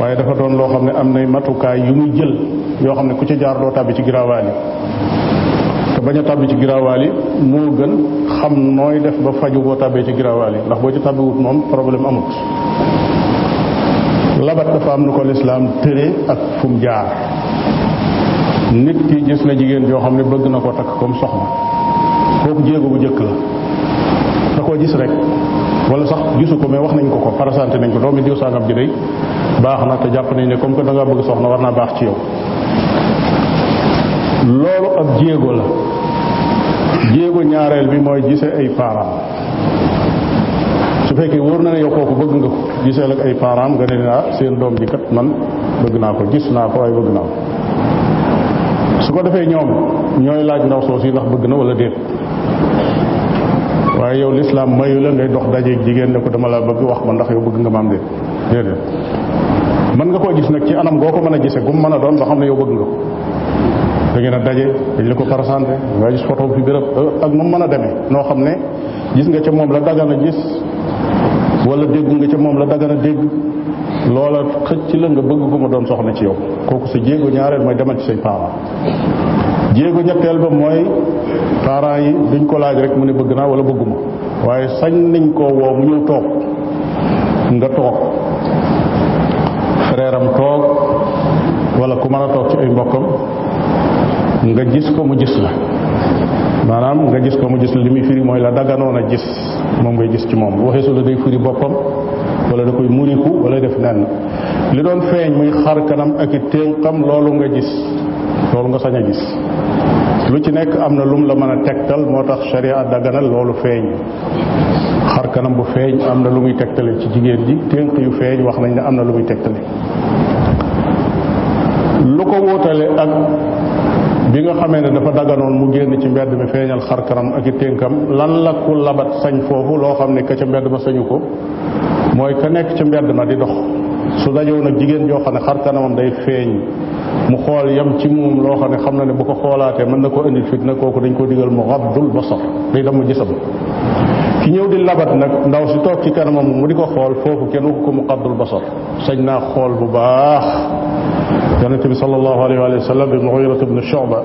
waaye dafa doon loo xam ne am nay matukaay yu muy jël yoo xam ne ku ci jaar doo tàbbi ci giraawaal yi te bañ a tàbbi ci giraawaal yi moo gën xam nooy def ba faju boo tàbbee ci giraawaal yi ndax boo ci tàbbiwut moom problème amut labat dafa am na ko lislaam tëre ak fu mu jaar nit ki gis na jigéen joo xam ne bëgg na ko takk comme soxna kooku jéego bu jëkk la da koo gis rek wala sax gisu ko mais wax nañ ko ko parasanté nañ ko doom doomi diw sangam ji day baax na jàpp nañ ne comme que da ngaa bëgg soxna war naa baax ci yow loolu ab jéego la jéego ñaareel bi mooy gise ay parents su fekkee wóor na ne yokkoo ko bëgg nga ko gisal ak ay parents nga ne ah seen doom ji kat man bëgg naa ko gis naa ko waaye bëgg naa ko su ko defee ñoom ñooy laaj ndaw soos yi ndax bëgg na wala déet waaye yow lislaam mayu la ngay dox dajeeg jigéen ne ko dama la bëgg wax ma ndax yow bëgg nga maam déet déedéet mën nga koo gis nag ci anam goo ko mën a gise gum mën a doon ba xam ne yow bëgg nga ko da ngeen a daje dañ la ko présenté nga gis photo fi béréb ak moom mën a demee noo xam ne gis nga ca moom la dagan a wala déggu nga ca moom la dagana dégg loola xëcc la nga bëgg ko mu doon soxna ci yow kooku sa jéego ñaareel mooy demal ci say parents jéego ñetteel ba mooy parents yi duñ ko laaj rek mu ne bëgg naa wala bëgguma waaye sañ nañ koo woo mu ñëw toog nga toog frère toog wala ku mën a toog ci ay mbokkam nga gis ko mu gis la maanaam nga gis ko mu gis li muy firi mooy la daganoon a gis moom ngay gis ci moom waxee su la day firi boppam wala da koy muriku wala def nenn li doon feeñ muy xar kanam ak i ténqam loolu nga gis loolu nga sañ a gis lu ci nekk am na lu mu la mën a tegtal moo tax sharia daganal loolu feeñ xar kanam bu feeñ am na lu muy tegtale ci jigéen ji ténq yu feeñ wax nañ ne am na lu muy tegtale lu ko wóotale ak bi nga xamee ne dafa daganoon mu génn ci mbedd mi feeñal xarkanam ak i tënkam lan la ku labat sañ foofu loo xam ne ka ca mbedd ma sañu ko mooy ka nekk ca ma di dox su dajew nag jigéen joo xam ne xarkanamam day feeñ mu xool yam ci moom loo xam ne xam na ne bu ko xoolaatee mën na ko indil fitna kooku dañ koo digal mu xabdul basar day dem mu gisam ki ñëw di labat nag ndaw si toog ci kanamam mu di ko xool foofu kenn waxu ko mu xabdul basar sañ naa xool bu baax yonente bi sallallahu alayhi wa sallam bi Mughirata ibn Shu'ba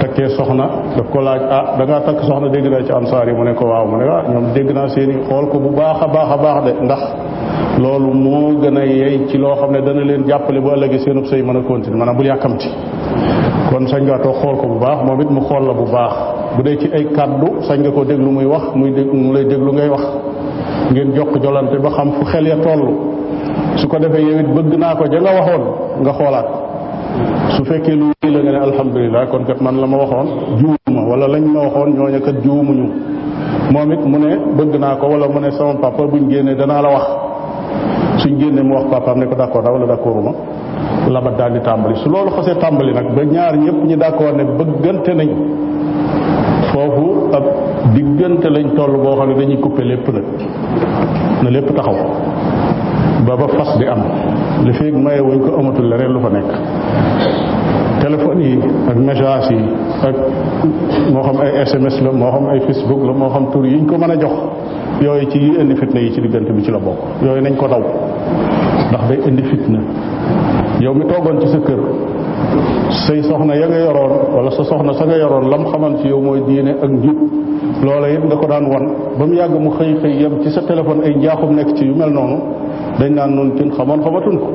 takkee soxna daf ko laaj ah dangaa ngaa takk soxna dégg naa ci ansaar yi mu ne ko waaw mu ne ah ñoom dégg naa seen xool ko bu baax a baax a baax de ndax loolu moo gën a yey ci loo xam ne dana leen jàppale bu ëllëgee seenub sëy mën a continuer maanaam bul yàkkamti kon sañ ngaa toog xool ko bu baax moom it mu xool la bu baax bu dee ci ay kàddu sañ nga ko déglu muy wax muy déglu mu lay déglu ngay wax ngeen jokk jolante ba xam fu ya tollu su ko defee yow it bëgg naa ko ja nga waxoon nga xoolaat su fekkee lu wéy la nga ne alhamdulilah kon kat man la ma waxoon juuma wala lañ ma waxoon ñooña kat juumuñu moom it mu ne bëgg naa ko wala mu ne sama bu ñu génnee danaa la wax suñ génnee mu wax papaam ne ko d'accord la wala d'accordu ma labat daal di tàmbali su loolu xasee tàmbali nag ba ñaar ñëpp ñi d'accord ne bëggante nañ foofu ab diggante lañ toll boo xam ne dañuy couper lépp nag lépp taxaw ba ba fas di am li feeg maye wuñ ko amatul leneen lu fa nekk téléphone yi ak message yi ak moo xam ay sms la moo xam ay facebook la moo xam tur ñu ko mën a jox yooyu ci yi indi fitna yi ci diggante bi ci la bokk yooyu nañ ko daw ndax day indi na yow mi toogoon ci sa kër say soxna ya nga yoroon wala sa soxna sa nga yoroon la mu xamal ci yow mooy diine ak njub loola it nga ko daan won ba mu yàgg mu xëy xëy yem ci sa téléphone ay njaaxum nekk ci yu mel noonu dañ naan noonu cin xamoon xamatuñ ko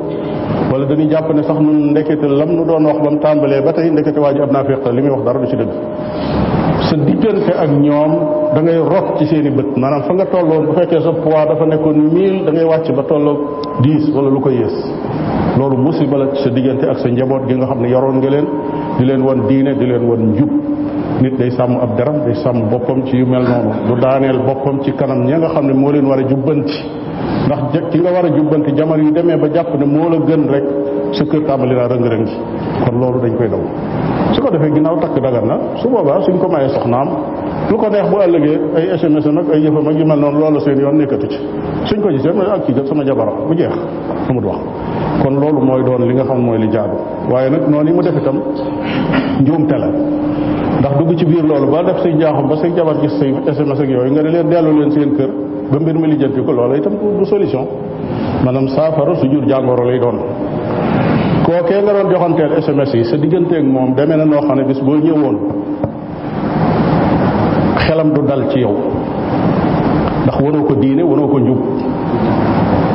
wala dañuy jàpp ne sax nun ndekete lam nu doon wax ba mu tàmbalee ba tey ndekete waa ji ab naafiq li muy wax dara du ci dëgg sa diggante ak ñoom da ngay rot ci seen bët maanaam fa nga tolloon bu fekkee sa poids dafa nekkoon mille da ngay wàcc ba tolloog dix wala lu ko yées loolu musiba la sa diggante ak sa njaboot gi nga xam ne yoroon nga leen di leen wan diine di leen wan njub nit day sàmm ab deram day sàmm boppam ci yu mel noonu du daaneel boppam ci kanam ña nga xam ne moo leen war a jubbanti ndax ki nga war a jubbanti jamono yu demee ba jàpp ne moo la gën rek sa kër tàmbali naa rëng-rëng kon loolu dañ koy daw su ko defee ginnaaw takk dagan na su boobaa suñ ko mayee soxnaam lu ko neex bu ëllëgee ay SMS nag ay yëfam ak yu mel noonu loolu seen yoon nekkatu ci suñ ko gisee ma ak ci sama jabara bu jeex amut wax kon loolu mooy doon li nga xam mooy li jaadu waaye nag noonu yi mu def itam njuumte la ndax dugg ci biir loolu ba def say njaaxum ba say jabar gis say SMS ak yooyu nga ne leen dellu leen seen kër ba mbir mi lijjanti ko itam du solution maanaam saafara su jur jàngoro lay doon kookee nga doon joxanteel SMS yi sa digganteeg moom deme na noo xam ne bis boo ñëwoon xelam du dal ci yow ndax wanoo ko diine wanoo ko njub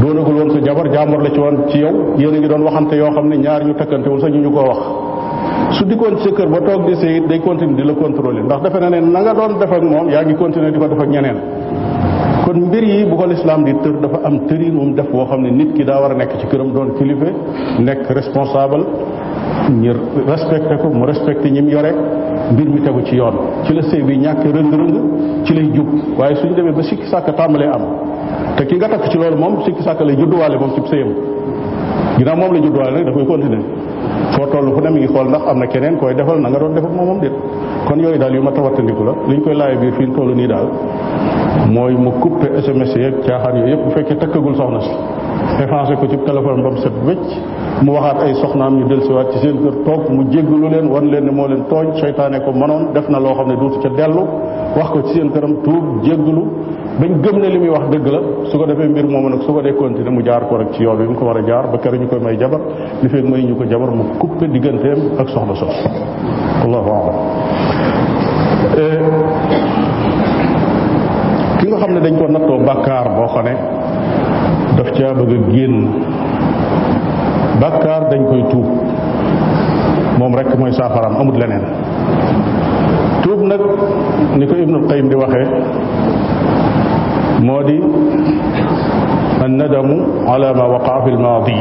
doonagul woon sa jabar jàmbur la ci woon ci yow yéen a ngi doon waxante yoo xam ne ñaar ñu takkantewul sa ñu ñu koo wax su dikkoon ci sa kër ba toog di sëy day continuer di la contrôler ndax defe na ne na nga doon def moom yaa ngi continuer di ko def ñeneen kon mbir yi bu ko lislaam di tër dafa am tëriin moom def boo xam ne nit ki daa war a nekk ci këram doon kilifa nekk responsable ñu respecté ko mu respecté ñi mu yore mbir mu tegu ci yoon ci la sëy bi ñàkk rëng-rëng ci lay jub waaye suñu demee ba sikki sàkk tàmbalee am te ki nga takk ci loolu moom sikki sàkk lay judduwaale moom ci sëyam ginnaaw moom la judduwaale nag da koy continuer foo toll fu ne mi ngi xool ndax am na keneen koy defal na nga doon def ak moomam déet kon yooyu daal yu ma tawatandiku la li ñu koy laaj biir fi ñu toll nii daal mooy mu couper SMS yeeg caaxaan yooyu yëpp bu fekkee takkagul soxna si effacé ko ci téléphone ba mu set wécc mu waxaat ay soxnaam yu ñu dellusiwaat ci seen kër toog mu jéggalu leen wan leen ne moo leen tooñ seytaane ko mënoon def na loo xam ne duutu ca dellu wax ko ci seen këram tuub jéggalu bañ gëm ne li muy wax dëgg la su ko defee mbir moomu nag su ko dee continuer mu jaar ko rek ci yoon yi mu ko war a jaar ba keroog ñu koy may jabar li fekk may ñu ko jabar mu kuppe digganteem ak soxla sos allahu a'lam eh, ki nga ne dañ ko nattoo boo xam ne daf caa bëgg a génn bàkkaar dañ koy tuub moom rek mooy saafaraam amut leneen tuub nag ni ko ibnul qayim di waxee moo di annadamu ala ma waqaa fi lmaadi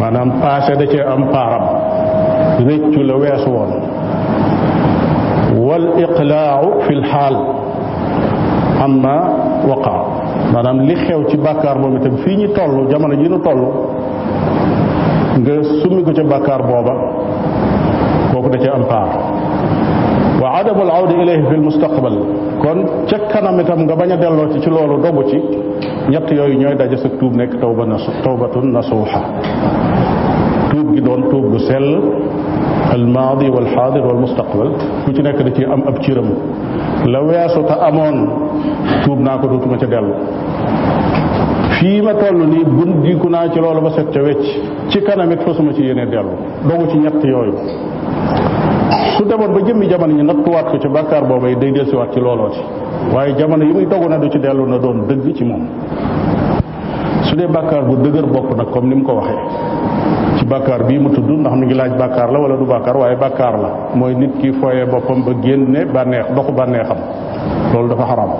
maanaam passé da cee am paaram réccu la weesu woon wal iqlaau fi lxaal amma waqaa maanaam li xew ci bakkaar boobu itam fii ñu toll jamono ji ñu toll nga summi ko booba kooku da ca am wa adamu al awdi ilayhi fi lmustaqbal kon ca kanam itam nga bañ a delloo ci ci loolu dogu ci ñett yooyu ñooy daje sa tuub nekk tawba nasu tawbatun nasuuxa tuub gi doon tuub gu sell al maadi wal xaadir wal ci nekk da ci am ab ciram la weesu te amoon tuub naa ko dootuma ci dellu fii ma toll nii gundiku naa ci loolu ba set ca wecc ci kanam it fasuma ci yéene dellu dogu ci ñett yooyu su demoon ba jëmmi jamono ñi nattuwaat ko ci bàkkaar boobu yi day delsiwaat ci looloo ci waaye jamono yi muy dogu na du ci dellu na doon dëgg ci moom su dee bàkkaar bu dëgër bopp nag comme ni mu ko waxee ci bàkkaar bii mu tudd ndax mu ngi laaj bàkkaar la wala du bàkkaar waaye bakkaar la mooy nit ki foyee boppam ba génne bànneex doxu bànneexam loolu dafa xaraam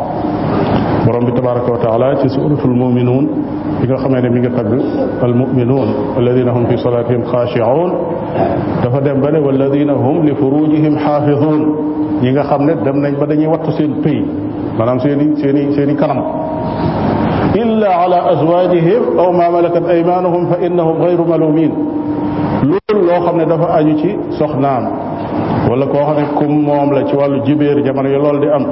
borom bi tabaraka wa taala ci suratul muminuun bi nga xamee ne mi ngi tagg al muminuun alladina hum fi salatihim xaashiuun dafa dem ba ne walladina hum li furujihim xaafiduun ñi nga xam ne dem nañ ba dañuy wattu seen pëy maanaam seen i seen i kanam illa ala azwajihim aw ma malakat aymanuhum fa innahum ghayru malumin loolu loo xam ne dafa aju ci soxnaam wala koo xam ne kum moom la ci wàllu jibéer jamono yi loolu di am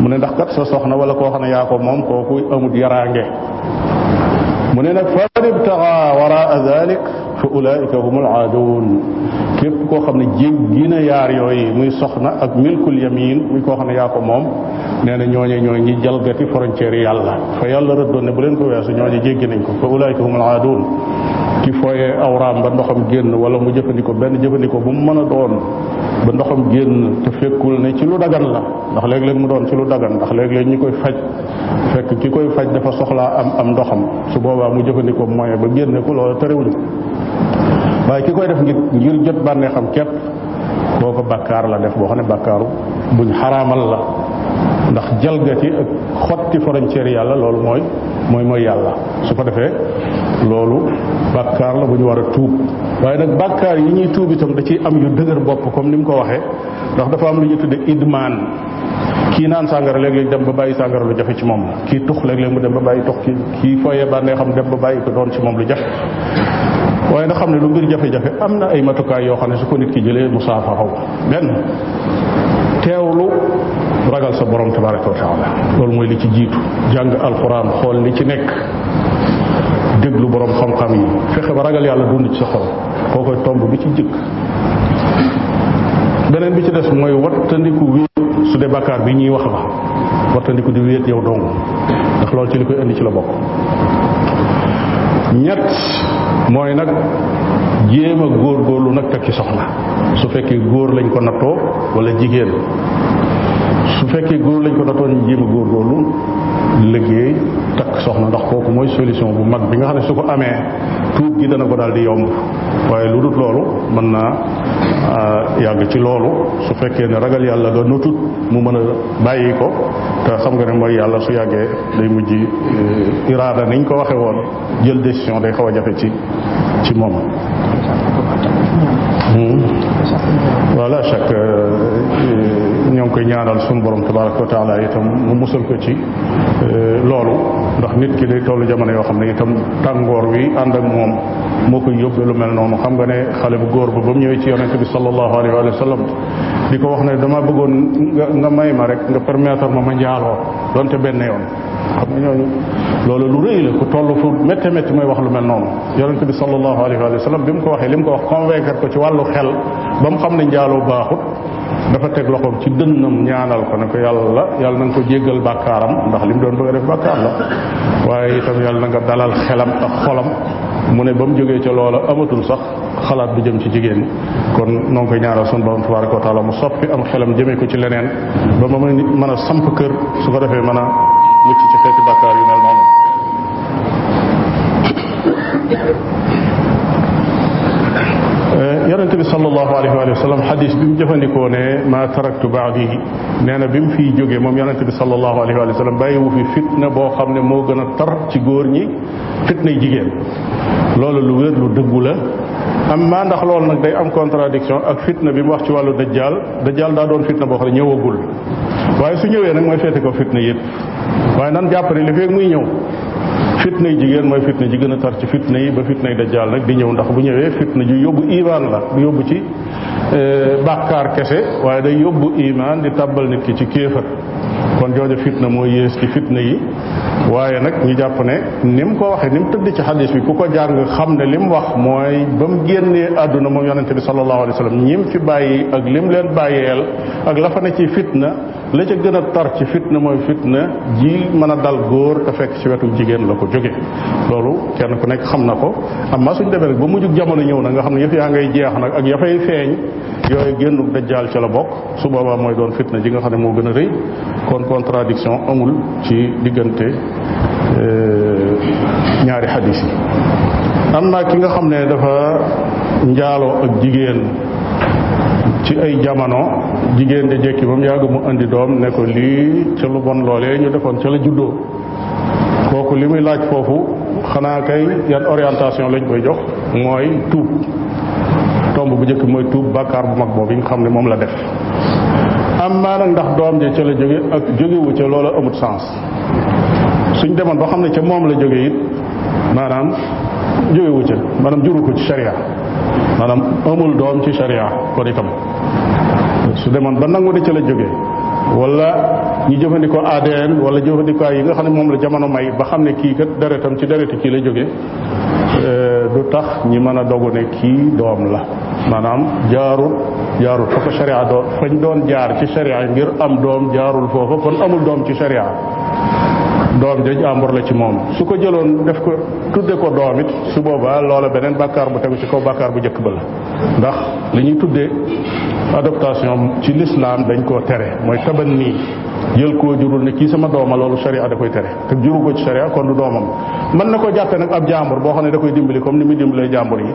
mu ne ndax kat sa soxna wala koo xam ne yaa ko moom kooku amut yaraange mu ne nag fa ibtaxa waraa dalik fa ulaayika humul aadun képp koo xam ne jéggi na yaar yooyu muy soxna ak milkul yamin muy koo xam ne yaa ko moom nee na ñooñe ñooy ñi jalgati frontière yàlla fa yàlla rëddoon ne bu leen ko weesu ñooñe jéggi nañ ko fa ulaayika humul aadun ki fooyee awraam ba ndoxam génn wala mu jëfandikoo benn jëfandikoo bu mu mën a doon ba ndoxam génn te fekkul ne ci lu dagan la ndax léegi léeg mu doon ci lu dagan ndax léeg-léeg ñi koy faj fekk ki koy faj dafa soxlaa am am ndoxam su boobaa mu jëfandikoo moyen ba génne ko loolu terewuñ waaye ki koy def ngir ngir jot bànneexam képp kooko bàkkaar la def boo xam ne bàkkaaru buñ xaraamal la ndax jalgati xotti frontière yàlla loolu mooy mooy mooy yàlla su ko defee loolu bàkkaar la bu ñu war a tuub waaye nag bàkkaar yi ñuy tuub tam da ciy am yu dëgër bopp comme ni mu ko waxee ndax dafa am lu ñu tudde idmaan kii naan sàngara léeg-léeg dem ba bàyyi sàngara lu jafe ci moom la kii tux léeg-léeg mu dem ba bàyyi tux kii kii fooyee bànnee xam dem ba bàyyi ko doon ci moom lu jafe waaye na xam ne lu mbir jafe am na ay matukaay yoo xam ne su ko nit ki jëlee mu saafaraw benn teewlu ragal sa borom tabaraka wa taala loolu mooy li ci jiitu jàng alquran xool li ci nekk déglu borom xam-xam yi fexe ba ragal yàlla dund ci sa xol koo koy tomb bi ci jëkk beneen bi ci des mooy wattandiku wéet su dee bàkkaar ñuy wax la wattandiku di wéet yow dong ndax loolu ci li koy indi ci la bokk ñett mooy nag jéem góor góorlu nag takki soxla su fekkee góor lañ ko nattoo wala jigéen su fekkee góor lañ ko dootoon ñu jéem a góorgóorlu liggéey takk soxna ndax kooku mooy solution bu mag bi nga xam ne su ko amee tuub gi dana ko daal di yomb waaye lu dut loolu mën naa euh, yàgg ci loolu su fekkee ne ragal yàlla ga nutut mu mën a bàyyi ko te xam nga ne mooy yàlla su yàggee day mujj euh, iraada niñ ko waxe woon jël décision day xaw a jafe ci ci moom hmm? voilà chaque euh, ñoo ngi koy ñaanal sunu borom tabaraka wa taala itam mu musal ko ci euh, loolu ndax nit ki day tollu jamono yoo xam ne itam tàngoor wi ànd ak moom moo ko yóbbu lu mel noonu xam nga ne xale bu góor ba ba mu ñëwee ci yonente bi sallallahu alayhi wa sallam di ko wax ne dama bëggoon nga may ma rek nga permettre ma ma njaaloo donte benn yoon xam nga ñooñu loolu lu la ku toll fu métti métti mooy wax lu mel noonu yonente bi sallallahu alayhi wa sallam bi mu ko waxee li mu ko wax convaincre ko ci wàllu xel ba mu xam ne njaaloo baaxut dafa teg loxoom ci dënnam ñaanal ko ne ko yàlla yàlla na nga ko jéggal bàkkaaram ndax li mu doon bëgg a def bàkkaar la waaye itam yàlla na nga dalal xelam ak xolam mu ne ba mu jógee ca loola amatul sax xalaat bu jëm ci jigéen kon noo ngi koy ñaanal sunu borom tabaraka wa taala mu soppi am xelam jëmee ko ci leneen ba ma mën a samp kër su ko defee mën a mucc ci xeeti bàkkaar yu mel noonu sallallahu alayhi wa sallam xadis bi mu jëfandikoo ne ma taraktu baadi nee na bi mu fi jógee moom yonente bi sallallahu alayhi wa sallam bàyyiwu fi fitna boo xam ne moo gën a tar ci góor ñi fitna jigéen loolu lu wér lu dëggu la am maa ndax loolu nag day am contradiction ak fitna bi mu wax ci wàllu dajjal dajjal daa doon fitna boo xam ne ñëwagul waaye su ñëwee nag mooy féete ko fitna yëpp waaye nan jàpp ne li feeg muy ñëw fitna jigéen mooy fitna ji gën a tar ci fitna yi ba fitna yi dajjaal nag di ñëw ndax bu ñëwee fitna ju yóbbu iman la bu yóbbu ci euh, bàkkaar kese waaye day yóbbu iman di tàbbal nit ki ci kéefar kon jooju fitna moo yées ci fitna yi waaye nag ñu jàpp ne ni mu ko waxee ni mu tëdd ci xadis bi ku ko jàng xam ne li mu wax mooy ba mu génnee àdduna moom yonente bi sallallahu alayhi wa sallam ñim fi bàyyi ak lim leen bàyyeel ak la ne ci fitna la gën a tar ci fitna mooy fitna ji mën a dal góor te fekk ci wetu jigéen la ko jóge loolu kenn ku nekk xam na ko amma suñ demee rek ba mujjug jamono ñëw na nga xam ne yëf yaa ngay jeex nag ak yafay feeñ yooyu génnug jaal ca la bokk su boobaa mooy doon fitna ji nga xam ne moo gën a rëy kon contradiction amul ci diggante euh, ñaari xadis yi am na ki nga xam ne dafa njaaloo ak jigéen ci ay jamono jigéen de jekki ba mu yàgg mu indi doom nekkoon lii ca lu bon loolee ñu defoon ca la juddoo kooku li muy laaj foofu xanaa kay yan orientation lañ koy jox mooy tuub tomb bu njëkk mooy tuub bàkkaar bu mag boobu yi nga xam ne moom la def am maa nag ndax doom ja ca la jóge ak jógewu ca loola amut sens suñ demoon ba xam ne ca moom la jóge it maanaam jógewu ca maanaam juru ko ci sharia maanaam amul doom ci sharia kon itam su demoon ba nangu ne ca la jóge wala ñu jëfandikoo ADN wala jëfandikoo yi nga xam ne moom la jamono may ba xam ne kii kat deretam ci dereti kii la jóge du tax ñi mën a dogu ne kii doom la maanaam jaarul jaarul fa ko sharia doon doon jaar ci sharia ngir am doom jaarul foofa kon amul doom ci sharia doom ja jàmbur la ci moom su ko jëloon def ko tudde ko doom it su boobaa loola beneen bàkkaar bu tegu ci kaw bàkkaar bu njëkk ba la ndax li ñuy tudde adoptation ci l'islam dañ koo tere mooy taban nii jël koo jurul ne kii sama dooma loolu sharia da koy tere te juru ko ci sharia kon du doomam mën na ko jàppe nag ab jàmbur boo xam ne da koy dimbali comme ni mu dimbalee jàmbur yi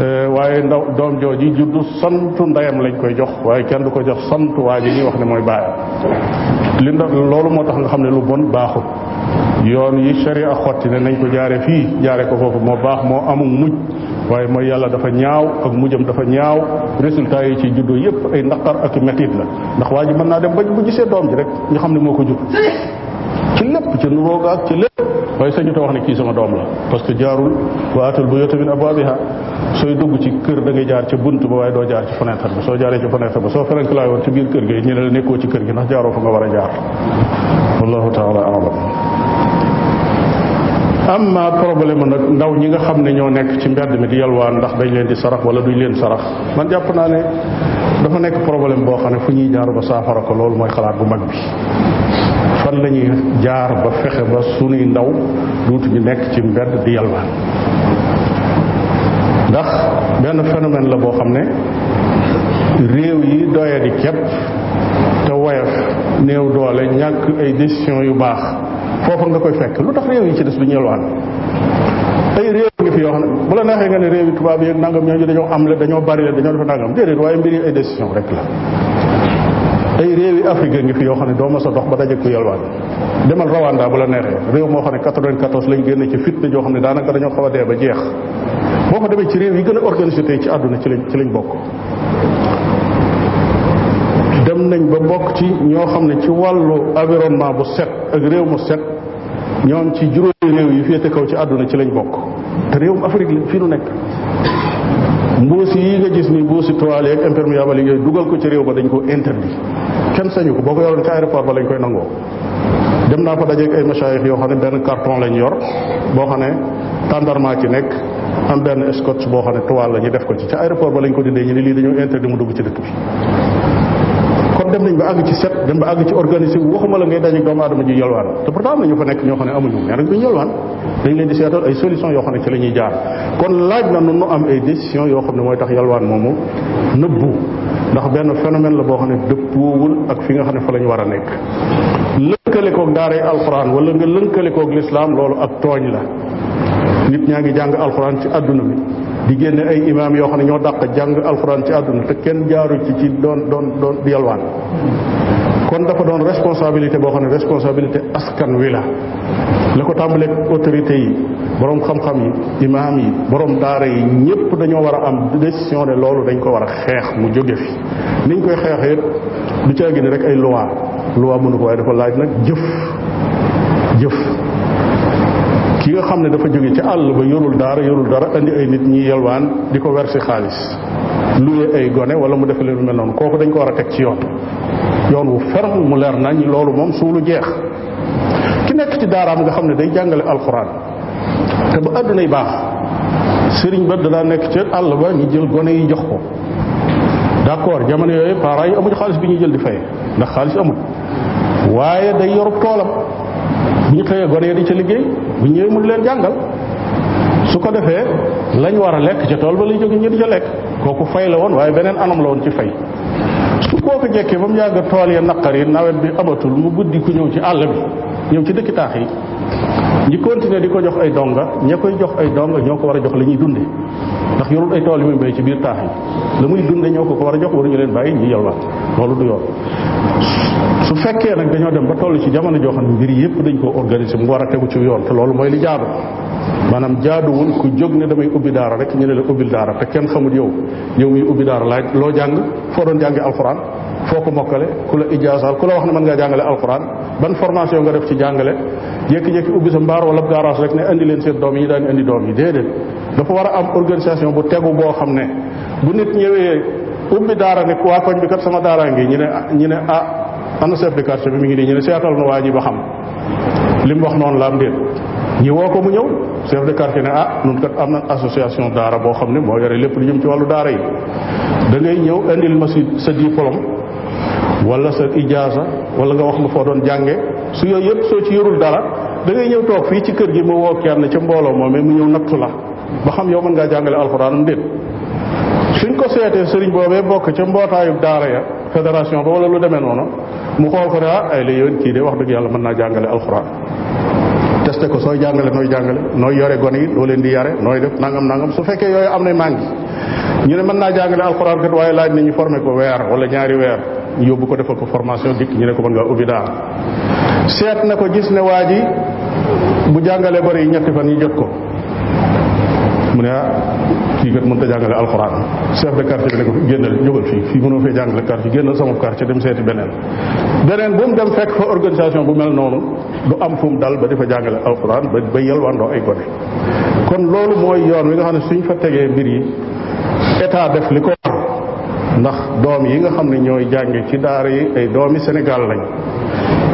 euh, waaye ndaw doom jooji juddu santu ndeyam lañ koy jox waaye kenn du ko jox santu waa ji ñuy wax ne mooy baayam li loolu moo tax nga xam ne lu bon baaxut yoon yi sharia xotti ne nañ ko jaare fii jaare ko foofu moo baax moo amul mujj waaye mooy yàlla dafa ñaaw ak mujjam dafa ñaaw résultat yi ci juddoo yépp ay naqar ak metit la ndax waa ji mën naa dem ba bu gisee doom ji rek ñu xam ne moo ko jur ci lépp ci nuróoga ak ci lépp waaye sañuta wax ne kii sama doom la parce que jaarul wa atal buyuuta min abwaabiha sooy dugg ci kër da ngay jaar ca bunt ba waaye doo jaar ci fenêtre ba soo jaaree ci fenêtre ba soo ferenk laay woon ci biir kër gi ñu ne la nekkoo ci gi ndax jaaroo fa nga war a jaar wallahu taala alam am na problème nag ndaw ñi nga xam ne ñoo nekk ci mbedd mi di yalwaan ndax dañ leen di sarax wala duñ leen sarax man jàpp naa ne dafa nekk problème boo xam ne fu ñuy jaar ba saafara ko loolu mooy xalaat bu mag bi la ñuy jaar ba fexe ba sunuy ndaw ñu nekk ci mbedd di yalwaan ndax benn phénomène la boo xam ne réew yi doya di képp te woyof néew doole ñàkk ay décision yu baax foofa nga koy fekk lu tax réew yi ci des du ñu yelwaan ay réew ngi fi yoo xam ne bu la neexee nga ne réew yi tubaab yi ak nangam ñooñu am la dañoo bari la dañoo def nangam déedéet waaye mbir yi la ay réew yi Afrique ngi fi yoo xam ne doo ma sa dox ba daje ku yelwaan demal Rwanda bu la neexee réew moo xam ne 94 lañ génne ci fitna joo xam ne daanaka dañoo xaw a dee ba jeex boo ko demee ci réew yi gën a organisé ci àdduna ci lañ ci lañ bokk dem nañ ba bokk ci ñoo xam ne ci wàllu environnement bu set ak réew mu set ñoom ci juróomi réew yi féete kaw ci àdduna ci lañ bokk te réewum Afrique la fii nu nekk mbuusi yi nga gis ni mbuusi toile ak imperméable yooyu dugal ko ci réew ba dañ ko interdit kenn sañu ko boo ko yoroon ci aéroport ba lañ koy nangoo dem naa fa dajeeg ay machaayix yoo xam ne benn carton lañ yor boo xam ne tàndarmaa ci nekk am benn scotch boo xam ne toile la ñu def ko ci ca aéroport ba lañ ko dindee ñu ne lii dañoo interdit mu dugg ci dëkk bi kon dem nañ ba àgg ci set dem ba àgg ci organisé wu waxuma la ngay daje doomu aadama ji yalwaan te pourtant fa nekk ñoo xam ne amuñu mais ay solution yoo xam ne ci la kon laaj na nu am ay décision yoo xam ne mooy tax yalwaan moomu nëbbu ndax benn phénomène la boo xam ne dëppoowul ak fi nga xam ne fa la ñu war a nekk lënkale koog daaray alxuraan wala nga lënkale koog lislaam loolu ak tooñ la nit ñaa ngi jàng alxuraan ci adduna bi di génne ay imaam yoo xam ne ñoo dàq jàng alxuraan ci àdduna te kenn jaaru ci ci doon doon doon yalwaan kon dafa doon responsabilité boo xam ne responsabilité askan wi la la ko tàmbalee autorités yi boroom xam-xam yi imaam yi boroom daara yi ñépp dañoo war a am décision ne loolu dañ ko war a xeex mu jóge fi niñ koy xeexee du caagi ni rek ay loi loi mënu ko waaye dafa laaj nag jëf jëf ki nga xam ne dafa jóge ci àll ba yorul daara yorul dara andi ay nit ñi yelwaan di ko wersi xaalis luye ay gone wala mu def leen lu mel noonu kooku dañ ko war a teg ci yoon yoon wu ferme mu leer nañ loolu moom suulu jeex ki nekk ci daaraam nga xam ne day jàngale alxuraan te ba àddunay baax sëriñ ba daa nekk ci àll ba ñu jël gone yi jox ko d'accord jamono yooyu parents yi amuñ xaalis bi ñuy jël di fay ndax xaalis amul waaye day yorub toolam bu ñu xëyee gone yi di ca liggéey bu ñu mu leen jàngal su ko defee lañu war a lekk ca tool ba lay jóge ñu di ca lekk kooku fay la woon waaye beneen anam la woon ci fay su ko jekkee ba mu yàgg tool ya naqari nawet bi amatul mu guddi ku ñëw ci àll bi ñëw ci dëkki taax yi ñi continuer di ko jox ay donga ña koy jox ay donga ñoo ko war a jox li ñuy dunde ndax yorul ay tool yu muy bay ci biir taax yi la muy dunde ñoo ko ko war a jox waruñu leen bàyyi ñi yalwaan loolu du yoon su fekkee nag dañoo dem ba toll ci jamono joo xam ne mbir yépp dañ koo organiser mu war a tegu ci yoon te loolu mooy li jaadu maanaam jaaduwul ku jóg ne damay ubbi daara rek ñu ne la ubbil daara te kenn xamul yow yow muy ubbi daara laaj loo jàng foo doon jànge alxuraan foo ko mokkale ku la ijaasaal ku la wax ne man ngaa jàngale alxuraan ban formation nga def ci jàngale jékki-jékki ubbi sa mbaar wala garage rek ne andi leen seen doom yi daañu andi doom yi déedéet dafa war boo xam ne ubbi daara ne waa koñ bi kat sama daaraa ngi ñu ne ñu ne ah ana chef de quartier bi mi ngi nii ñu ne seetal na waa ji ba xam li mu wax noonu laa am ñi woo ko mu ñëw chef de quartier ne ah nun kat am na association daara boo xam ne moo yore lépp lu jëm ci wàllu daara yi da ñëw indil ma si sa diplôme wala sa ijaasa wala nga wax ma foo doon jànge su yooyu yëpp soo ci yorul dara da ñëw toog fii ci kër gi mu woo kenn ca mbooloo moom mu ñëw nattu la ba xam yow mën ngaa jàngale alxuraanam déet suñ ko seetee sëriñ boobee bokk ca mbootaayub daara ya fédération ba wala lu demee noonu mu xool ko ne ah ay la yoon kii de wax dëgg yàlla mën naa jàngale alxuraan testé ko sooy jàngale nooy jàngale nooy yore gone yi doo leen di yare nooy def nangam nangam su fekkee yooyu am na mangi ñu ne mën naa jàngale alxuraan kat waaye laaj na nañu formé ko weer wala ñaari weer ñu yóbbu ko defal ko formation dikk ñu ne ko mën ngaa ubbi daara seet na ko gis ne waa ji bu jàngalee bari ñetti fan ñu jot ko fii kat mënut a jàngale alxuraan chef de quartier bi ne ko génnal jógal fii fii mënoo fee jàngale quartier génnal sama quartier dem seeti beneen beneen bu mu dem fekk fa organisation bu mel noonu du am fu dal ba di fa jàngale alxuraan ba ba ay gone kon loolu mooy yoon wi nga xam ne suñ fa tegee mbir yi état def li ko war ndax doom yi nga xam ne ñooy jànge ci daar yi ay doomi Sénégal lañ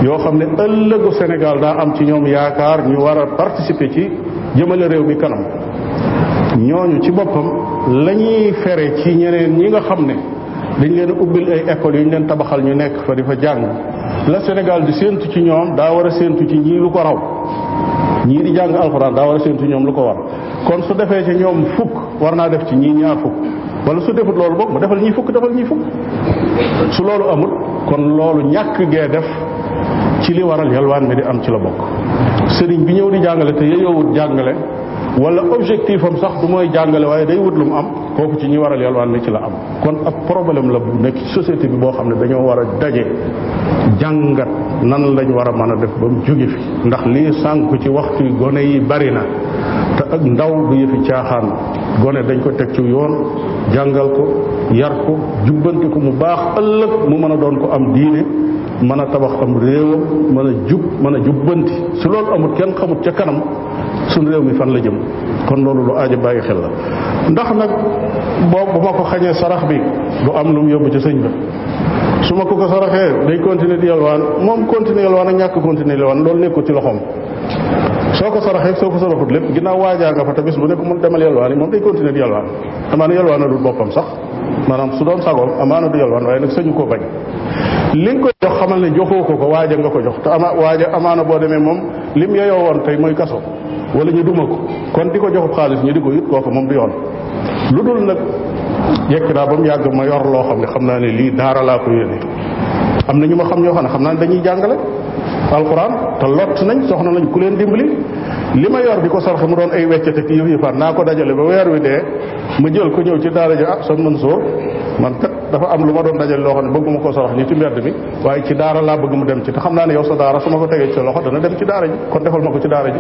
yoo xam ne ëllëgu Sénégal daa am ci ñoom yaakaar ñu war a participer ci jëmale réew mi kanam ñooñu ci boppam lañuy fere ci ñeneen ñi nga xam ne dañ leen ubbil ay écoles yu ñu leen tabaxal ñu nekk fa di fa jàng la Sénégal di séentu ci ñoom daa war a séentu ci ñii lu ko raw ñii di jàng alxuraan daa war a séentu ñoom lu ko war kon defee ci ñoom fukk war naa def ci ñii ñaar wala su defut loolu boog mu defal ñii fukk defal ñii fukk su loolu amul kon loolu ñàkk gee def ci li waral yalwaan mi di am ci la bokk sëriñ bi ñëw di jàngale te yeyoowut jàngale wala objectif am sax du mooy jàngale waaye day wut lu mu am kooku ci ñi waral yalwaan la ci la am kon ab problème la bu nekk société bi boo xam ne dañoo war a daje jàngat nan lañ war a mën a def ba mu jóge fi ndax lii sànk ci waxtu gone yi bari na te ak ndaw du yëfi caaxaan gone dañ ko teg ci yoon jàngal ko yar ko jubbanti ko mu baax ëllëg mu mën a doon ko am diine mën a tabax am réewam man a jub man a jubbanti su loolu amut kenn xamut ca kanam suñ réew mi fan la jëm kon loolu lu aaja bàyyi xel la ndax nag boobu bu ma ko xañee sarax bi du am lu mu yóbbu ci sëñ ba su ma ko ko saraxee day continuer di moom continuer yalwaan ak ñàkk continuer yalwaan loolu nekkul ci loxoom soo ko saraxee soo ko saraxut lépp ginnaaw waajaa nga fa te bis bu nekk mun demal yalwaan yi moom day continuer di yalwaan amaana yalwaanalul boppam sax maanaam su doon sagoom amaana du yalwaan waaye nag sañu koo bañ li nga ko jox xamal ne joxoo ko ko waaja nga ko jox te ama waaja amaana boo demee moom lim yeyoo woon tey mooy kaso wala ñu duma ko kon di ko joxub xaalis ñu di ko koo kooku moom du yoon lu dul nag yekk naa ba mu yàgg ma yor loo xam ne xam naa ne lii daara laa ko yónnee am na ñu ma xam ñoo xam ne xam naa ne dañuy jàngale alxuraan te lott nañ soxna nañ ku leen dimbali li ma yor bi ko sarfe mu doon ay weccate ki yëf yëfaat naa ko dajale ba weer wi dee ma jël ko ñëw ci daara ji ah man soo man kat dafa am lu ma doon dajale loo xam ne bëgguma koo sarax ñu ci mbedd mi waaye ci daara laa bëgg mu dem ci te xam naa ne yow sa daara ma ko tegee ci loxo dana dem ci daara kon defal ma ko ci daara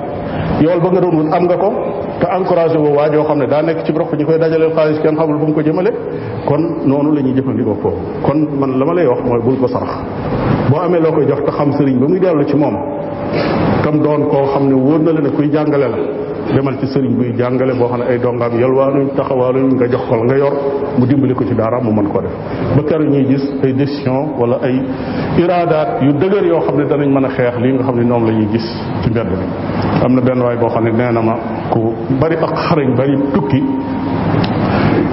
yool ba nga doon am nga ko te encouragé waa joo xam ne daa nekk ci roq ñu koy dajaleel xaalis kenn xamul fu mu ko jëmale kon noonu la ñuy jëfandikoo foofu kon man la ma lay wax mooy bul ko sarax boo amee loo koy jox xam sëriñ ba muy dellu ci moom tam doon koo xam ne wóor na la ne kuy jàngale la demal ci sëriñ buy jàngale boo xam ne ay dongaam yalwaanuñ taxawaanuñ nga jox ko la nga yor mu dimbali ko ci daara mu man koo def ba keroog ñuy gis ay décision wala ay iraadaat yu dëgër yoo xam ne danañ mën a xeex lii nga xam ne ñoom la ñuy gis ci mbedd bi am na benn waay boo xam ne nee na ma ku bari ak xarañ bari tukki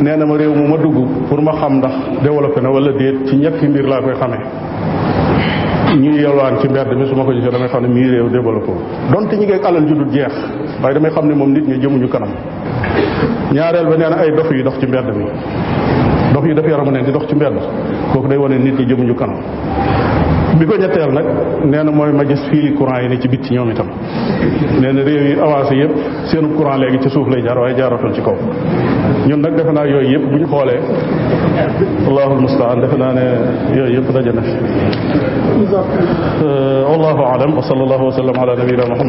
nee na ma réew mu ma dugg pour ma xam ndax développé na wala déet ci ñetti mbir laa koy xamee ñuy yalwaan ci mbedd mi su ma ko gisee damay xam ne mii réew développé donte ñu ngeeg alal ju dul jeex waaye damay xam ne moom nit ñi jëmuñu kanam ñaareel ba nee na ay dof yu dox ci mbedd mi dof yu def yaramu neen di dox ci mbedd kooku day wone nit ñi jëmuñu kanam bi ko ñetteel nag nee na mooy ma gis fii courant yi ne ci bitti ñoom itam nee na réew yi avancé yëpp seenu courant léegi ci suuf lay jaar waaye jaaratul ci kaw ñun nag defe naa yooyu yëpp bu ñu xoolee allahul mustaan defe naa ne yooyu yëpp daje na fi wallahu euh, alam wa sallallahu wa sallam ala nabiyina muhammad